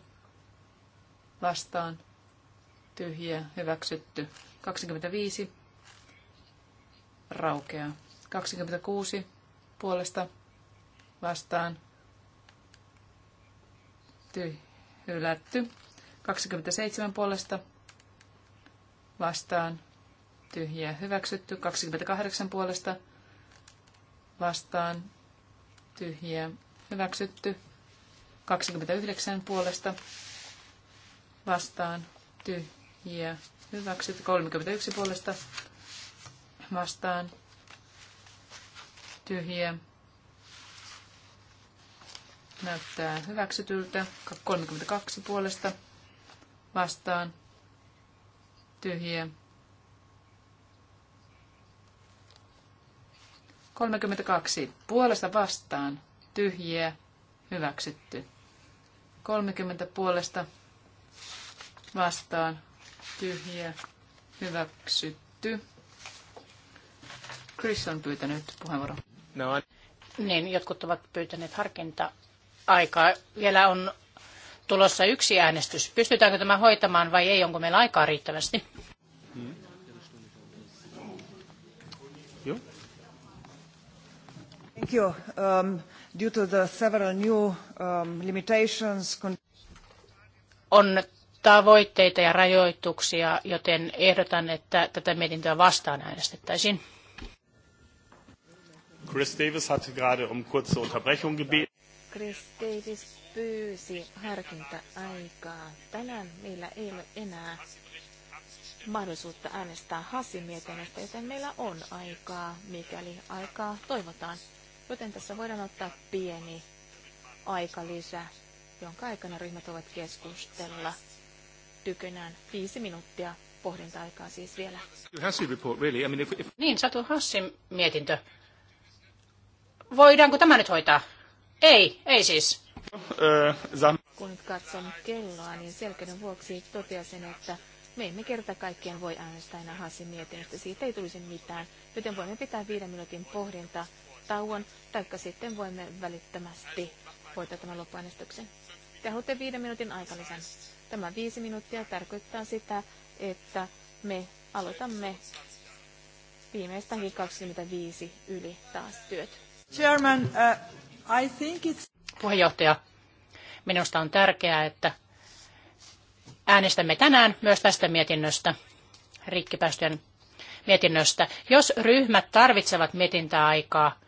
vastaan tyhjä, hyväksytty. 25 raukea. 26 puolesta vastaan ty, hylätty. 27 puolesta vastaan tyhjä, hyväksytty. 28 puolesta vastaan tyhjä, hyväksytty. 29 puolesta vastaan tyhjiä ja hyväksyt 31 puolesta vastaan tyhjiä. Näyttää hyväksytyltä 32 puolesta vastaan tyhjiä. 32 puolesta vastaan tyhjiä hyväksytty. 30 puolesta vastaan tyhjä, hyväksytty. Chris on pyytänyt puheenvuoron. No. Niin, jotkut ovat pyytäneet harkinta-aikaa. Vielä on tulossa yksi äänestys. Pystytäänkö tämä hoitamaan vai ei? Onko meillä aikaa riittävästi? Thank you. Um, due to the several new um, limitations... On tavoitteita ja rajoituksia, joten ehdotan, että tätä mietintöä vastaan äänestettäisiin. Chris Davis hatte gerade um kurze Unterbrechung gebeten. Chris Davis pyysi harkinta-aikaa. Tänään meillä ei ole enää mahdollisuutta äänestää Hassin mietinnöstä, joten meillä on aikaa, mikäli aikaa toivotaan. Joten tässä voidaan ottaa pieni aikalisä, jonka aikana ryhmät voivat keskustella tykönään. Viisi minuuttia pohdinta-aikaa siis vielä. Niin, Satu Hassin mietintö. Voidaanko tämä nyt hoitaa? Ei, ei siis. Eh, Kun nyt katson kelloa, niin selkeän vuoksi totesin, että me emme kerta kaikkien voi äänestää enää Hassin mietinnöstä. Siitä ei tulisi mitään, joten voimme pitää viiden minuutin pohdinta tauon, taikka sitten voimme välittömästi hoitaa tämän loppuäänestyksen. Te haluatte viiden minuutin aikalisen. Tämä viisi minuuttia tarkoittaa sitä, että me aloitamme viimeistäänkin 25 yli taas työt. Chairman, uh, I think it's... Puheenjohtaja, minusta on tärkeää, että äänestämme tänään myös tästä mietinnöstä, rikkipäästöjen mietinnöstä. Jos ryhmät tarvitsevat mietintäaikaa,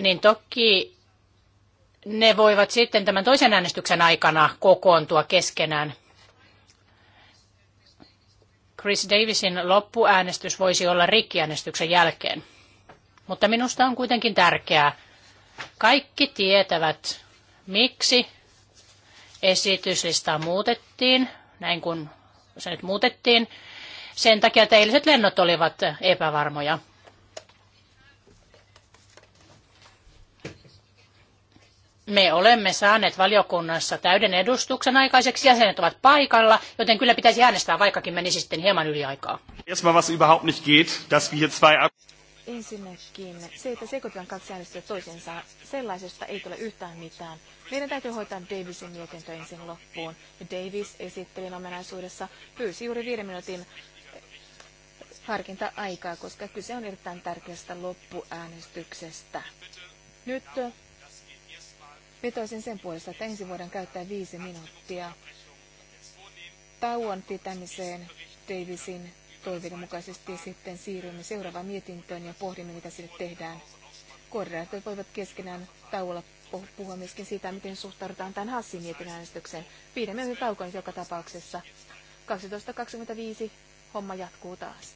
niin toki ne voivat sitten tämän toisen äänestyksen aikana kokoontua keskenään. Chris Davisin loppuäänestys voisi olla rikkiäänestyksen jälkeen. Mutta minusta on kuitenkin tärkeää. Kaikki tietävät, miksi esityslistaa muutettiin, näin kuin se nyt muutettiin. Sen takia, että eiliset lennot olivat epävarmoja. me olemme saaneet valiokunnassa täyden edustuksen aikaiseksi, jäsenet ovat paikalla, joten kyllä pitäisi äänestää, vaikkakin menisi sitten hieman yli aikaa. Ensinnäkin se, että sekoitetaan kaksi äänestystä toisensa, sellaisesta ei tule yhtään mitään. Meidän täytyy hoitaa Davisin mietintö ensin loppuun. Davis esittelin omenaisuudessa pyysi juuri viiden minuutin harkinta-aikaa, koska kyse on erittäin tärkeästä loppuäänestyksestä. Nyt Vetoisin sen puolesta, että ensi voidaan käyttää viisi minuuttia tauon pitämiseen Davisin toiveiden mukaisesti ja sitten siirrymme seuraavaan mietintöön ja pohdimme, mitä sille tehdään. Koordinaattorit voivat keskenään tauolla puhua myöskin siitä, miten suhtaudutaan tämän Hassin mietinnän äänestykseen. Viiden minuutin tauko joka tapauksessa. 12.25 homma jatkuu taas.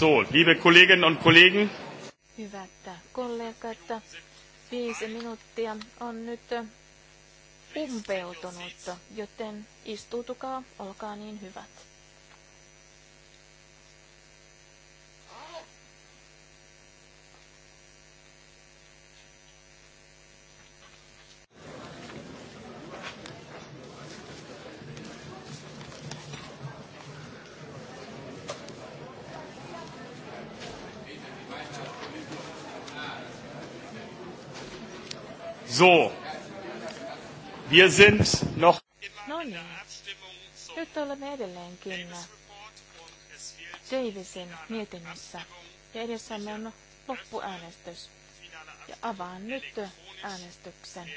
So, liebe Kolleginnen und Kollegen. Hyvät kollegat, viisi minuuttia on nyt umpeutunut, joten istuutukaa, olkaa niin hyvät. Wir sind noch no niin. Nyt olemme edelleenkin Davisin mietinnössä ja edessämme on loppuäänestys. Ja avaan nyt äänestyksen.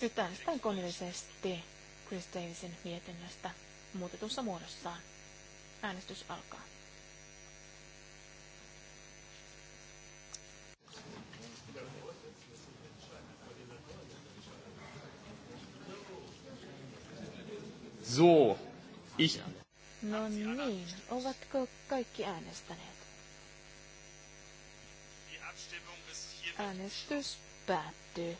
Nyt äänestän koneellisesti Chris Davisin mietinnöstä muutetussa muodossaan. Äänestys alkaa. So, ich... No niin, ovatko kaikki äänestäneet? Äänestys päättyy.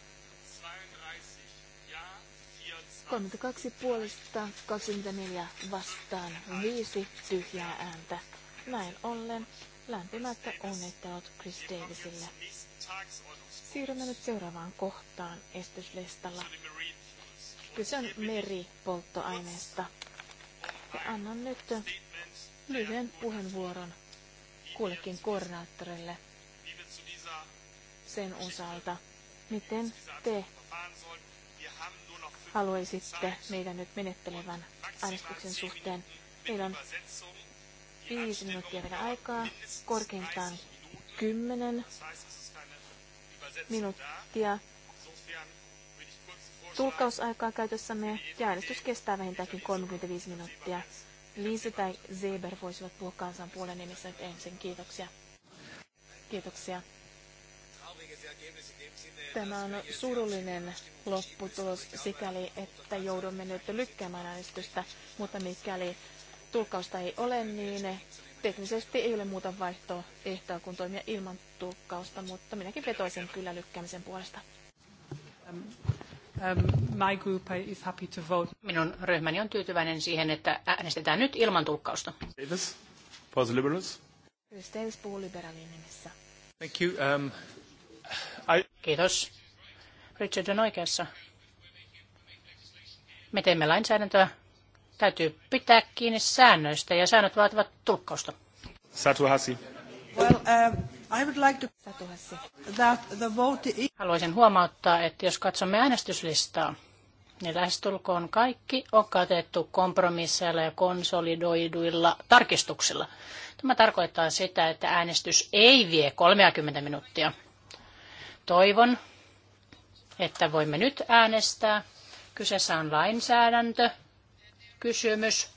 32 puolesta, 24 vastaan, 5 tyhjää ääntä. Näin ollen lämpimättä onnittelut Chris Davisille. Siirrymme nyt seuraavaan kohtaan estyslistalla. Kyse on meripolttoaineesta. Ja annan nyt lyhyen puheenvuoron kullekin koordinaattorille sen osalta, miten te haluaisitte meidän nyt menettelevän äänestyksen suhteen. Meillä on viisi minuuttia vielä aikaa, korkeintaan kymmenen minuuttia tulkkausaikaa käytössämme ja äänestys kestää vähintäänkin 35 minuuttia. Liisi tai Zeber voisivat puhua puolen nimissä nyt ensin. Kiitoksia. Kiitoksia. Tämä on surullinen lopputulos sikäli, että joudumme nyt lykkäämään äänestystä, mutta mikäli tulkkausta ei ole, niin teknisesti ei ole muuta vaihtoehtoa kuin toimia ilman tulkkausta, mutta minäkin vetoisin kyllä lykkäämisen puolesta. Ähm, Um, my group is happy to vote. Minun ryhmäni on tyytyväinen siihen, että äänestetään nyt ilman tulkkausta. Davis, for the liberals. Davis puhuu liberaalien nimissä. Thank you. Um, I... Kiitos. Richard on oikeassa. Me teemme lainsäädäntöä. Täytyy pitää kiinni säännöistä ja säännöt vaativat tulkkausta. Satu Hasi. Well, um, Haluaisin huomauttaa, että jos katsomme äänestyslistaa, niin lähestulkoon kaikki on katettu kompromisseilla ja konsolidoiduilla tarkistuksilla. Tämä tarkoittaa sitä, että äänestys ei vie 30 minuuttia. Toivon, että voimme nyt äänestää. Kyseessä on lainsäädäntö, kysymys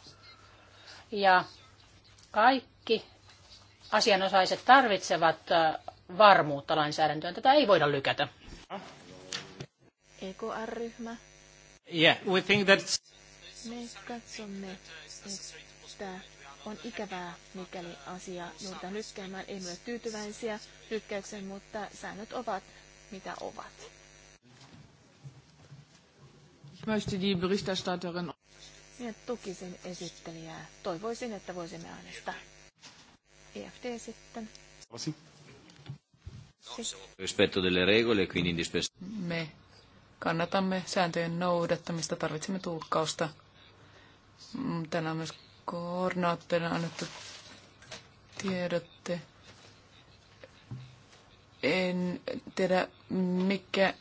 ja kaikki asianosaiset tarvitsevat äh, varmuutta lainsäädäntöön. Tätä ei voida lykätä. EKR-ryhmä. Yeah, we think Me katsomme, että on ikävää, mikäli asia joudutaan lykkäämään. Ei ole tyytyväisiä lykkäykseen, mutta säännöt ovat, mitä ovat. Minä tukisin esittelijää. Toivoisin, että voisimme äänestää. EFT sitten. Me kannatamme sääntöjen noudattamista, tarvitsemme tulkkausta. Mm, Täällä on myös koordinaattorina annettu tiedotte. En tiedä, mikä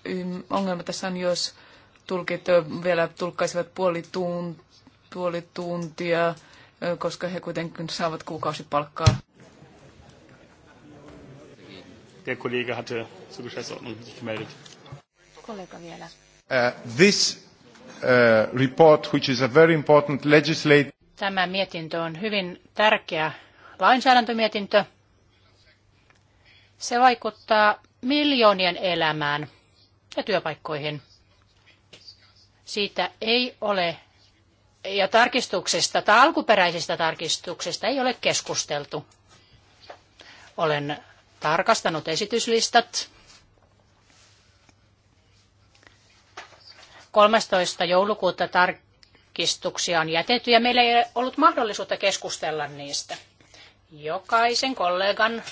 ongelma tässä on, jos tulkit vielä tulkkaisivat puoli, tunt- puoli tuntia, koska he kuitenkin saavat kuukausipalkkaa. Der Kollege hatte zur Geschäftsordnung sich gemeldet. Uh, uh, Tämä mietintö on hyvin tärkeä lainsäädäntömietintö. Se vaikuttaa miljoonien elämään ja työpaikkoihin. Siitä ei ole, ja tarkistuksesta tai alkuperäisestä tarkistuksesta ei ole keskusteltu. Olen tarkastanut esityslistat. 13. joulukuuta tarkistuksia on jätetty ja meillä ei ollut mahdollisuutta keskustella niistä. Jokaisen kollegan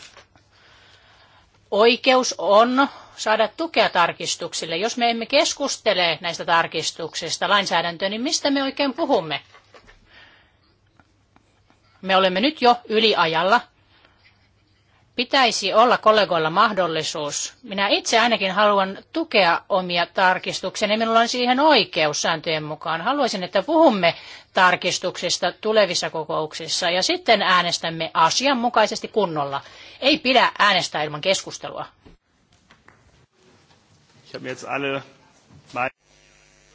oikeus on saada tukea tarkistuksille. Jos me emme keskustele näistä tarkistuksista lainsäädäntöön, niin mistä me oikein puhumme? Me olemme nyt jo yliajalla pitäisi olla kollegoilla mahdollisuus. Minä itse ainakin haluan tukea omia tarkistuksia, niin minulla on siihen oikeus sääntöjen mukaan. Haluaisin, että puhumme tarkistuksista tulevissa kokouksissa ja sitten äänestämme asianmukaisesti kunnolla. Ei pidä äänestää ilman keskustelua.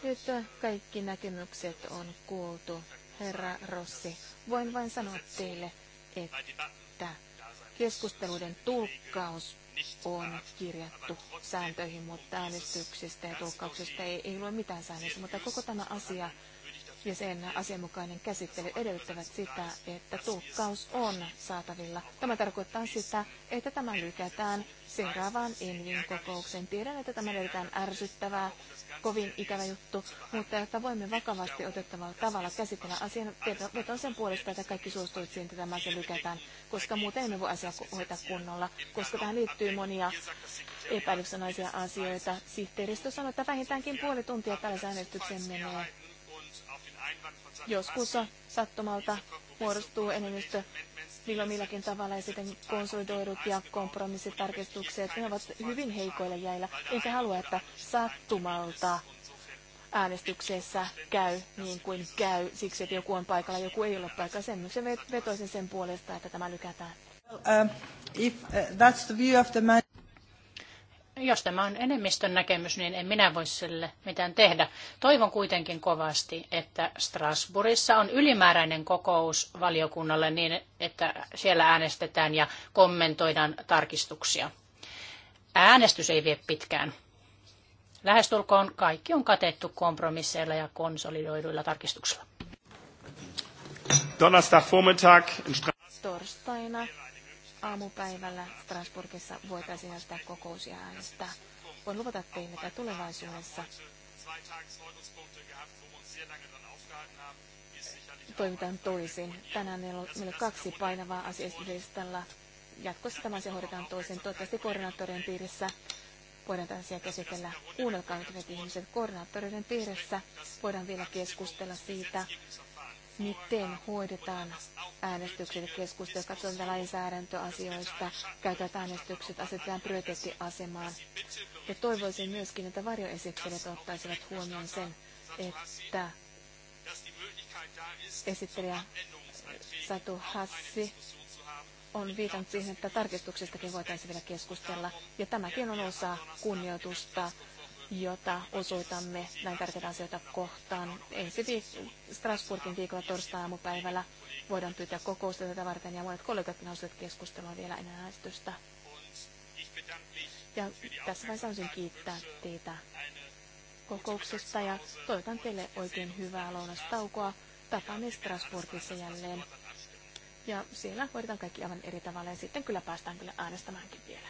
Nyt kaikki näkemykset on kuultu, herra Rossi. Voin vain sanoa teille, että Keskusteluiden tulkkaus on kirjattu sääntöihin, mutta äänestyksistä ja tulkkauksesta ei, ei ole mitään säännöistä, mutta koko tämä asia ja sen asianmukainen käsittely edellyttävät sitä, että tulkkaus on saatavilla. Tämä tarkoittaa sitä, että tämä lykätään seuraavaan Envin kokoukseen. Tiedän, että tämä edetään ärsyttävää kovin ikävä juttu, mutta että voimme vakavasti otettavalla tavalla käsitellä asian, vetoa sen puolesta, että kaikki suostuvat siihen, että tämä asia lykätään, koska muuten emme voi asiaa hoitaa kunnolla, koska tähän liittyy monia epäilyksenaisia asioita. Sihteeristö sanoi, että vähintäänkin puoli tuntia tällaisen äänestykseen menee. Joskus sattumalta muodostuu enemmistö milloin milläkin tavalla ja sitten konsolidoidut ja kompromissitarkistukset, ne ovat hyvin heikoilla jäillä. Enkä halua, että sattumalta äänestyksessä käy niin kuin käy, siksi että joku on paikalla, joku ei ole paikalla. Sen vetoisin sen puolesta, että tämä lykätään. Well, uh, if, uh, that's the view of the man jos tämä on enemmistön näkemys, niin en minä voi sille mitään tehdä. Toivon kuitenkin kovasti, että Strasbourgissa on ylimääräinen kokous valiokunnalle niin, että siellä äänestetään ja kommentoidaan tarkistuksia. Äänestys ei vie pitkään. Lähestulkoon kaikki on katettu kompromisseilla ja konsolidoiduilla tarkistuksilla. Torstaina aamupäivällä Strasbourgissa voitaisiin järjestää kokousia äänestää. Voin luvata teille, että tulevaisuudessa toimitaan toisin. Tänään meillä on, meillä on kaksi painavaa asiasta Jatkossa tämä asia hoidetaan toisin. Toivottavasti koordinaattorien piirissä voidaan tämä asia käsitellä. Kuunnelkaa nyt ihmiset koordinaattoreiden piirissä. Voidaan vielä keskustella siitä, miten hoidetaan äänestykset ja keskustelut, katsotaan lainsäädäntöasioista, käytetään äänestykset, asetetaan prioriteettiasemaan. Ja toivoisin myöskin, että varjoesittelijät ottaisivat huomioon sen, että esittelijä Satu Hassi on viitannut siihen, että tarkistuksestakin voitaisiin vielä keskustella. Ja tämäkin on osa kunnioitusta jota osoitamme näin tärkeitä asioita kohtaan. Ensi viik- Strasbourgin viikolla torstai-aamupäivällä voidaan pyytää kokousta tätä varten ja monet kollegatkin haluaisivat keskustelua vielä ennen äänestystä. Ja tässä vaiheessa haluaisin kiittää teitä kokouksesta ja toivotan teille oikein hyvää lounastaukoa. Tapaamme Strasbourgissa jälleen. Ja siellä hoidetaan kaikki aivan eri tavalla ja sitten kyllä päästään kyllä äänestämäänkin vielä.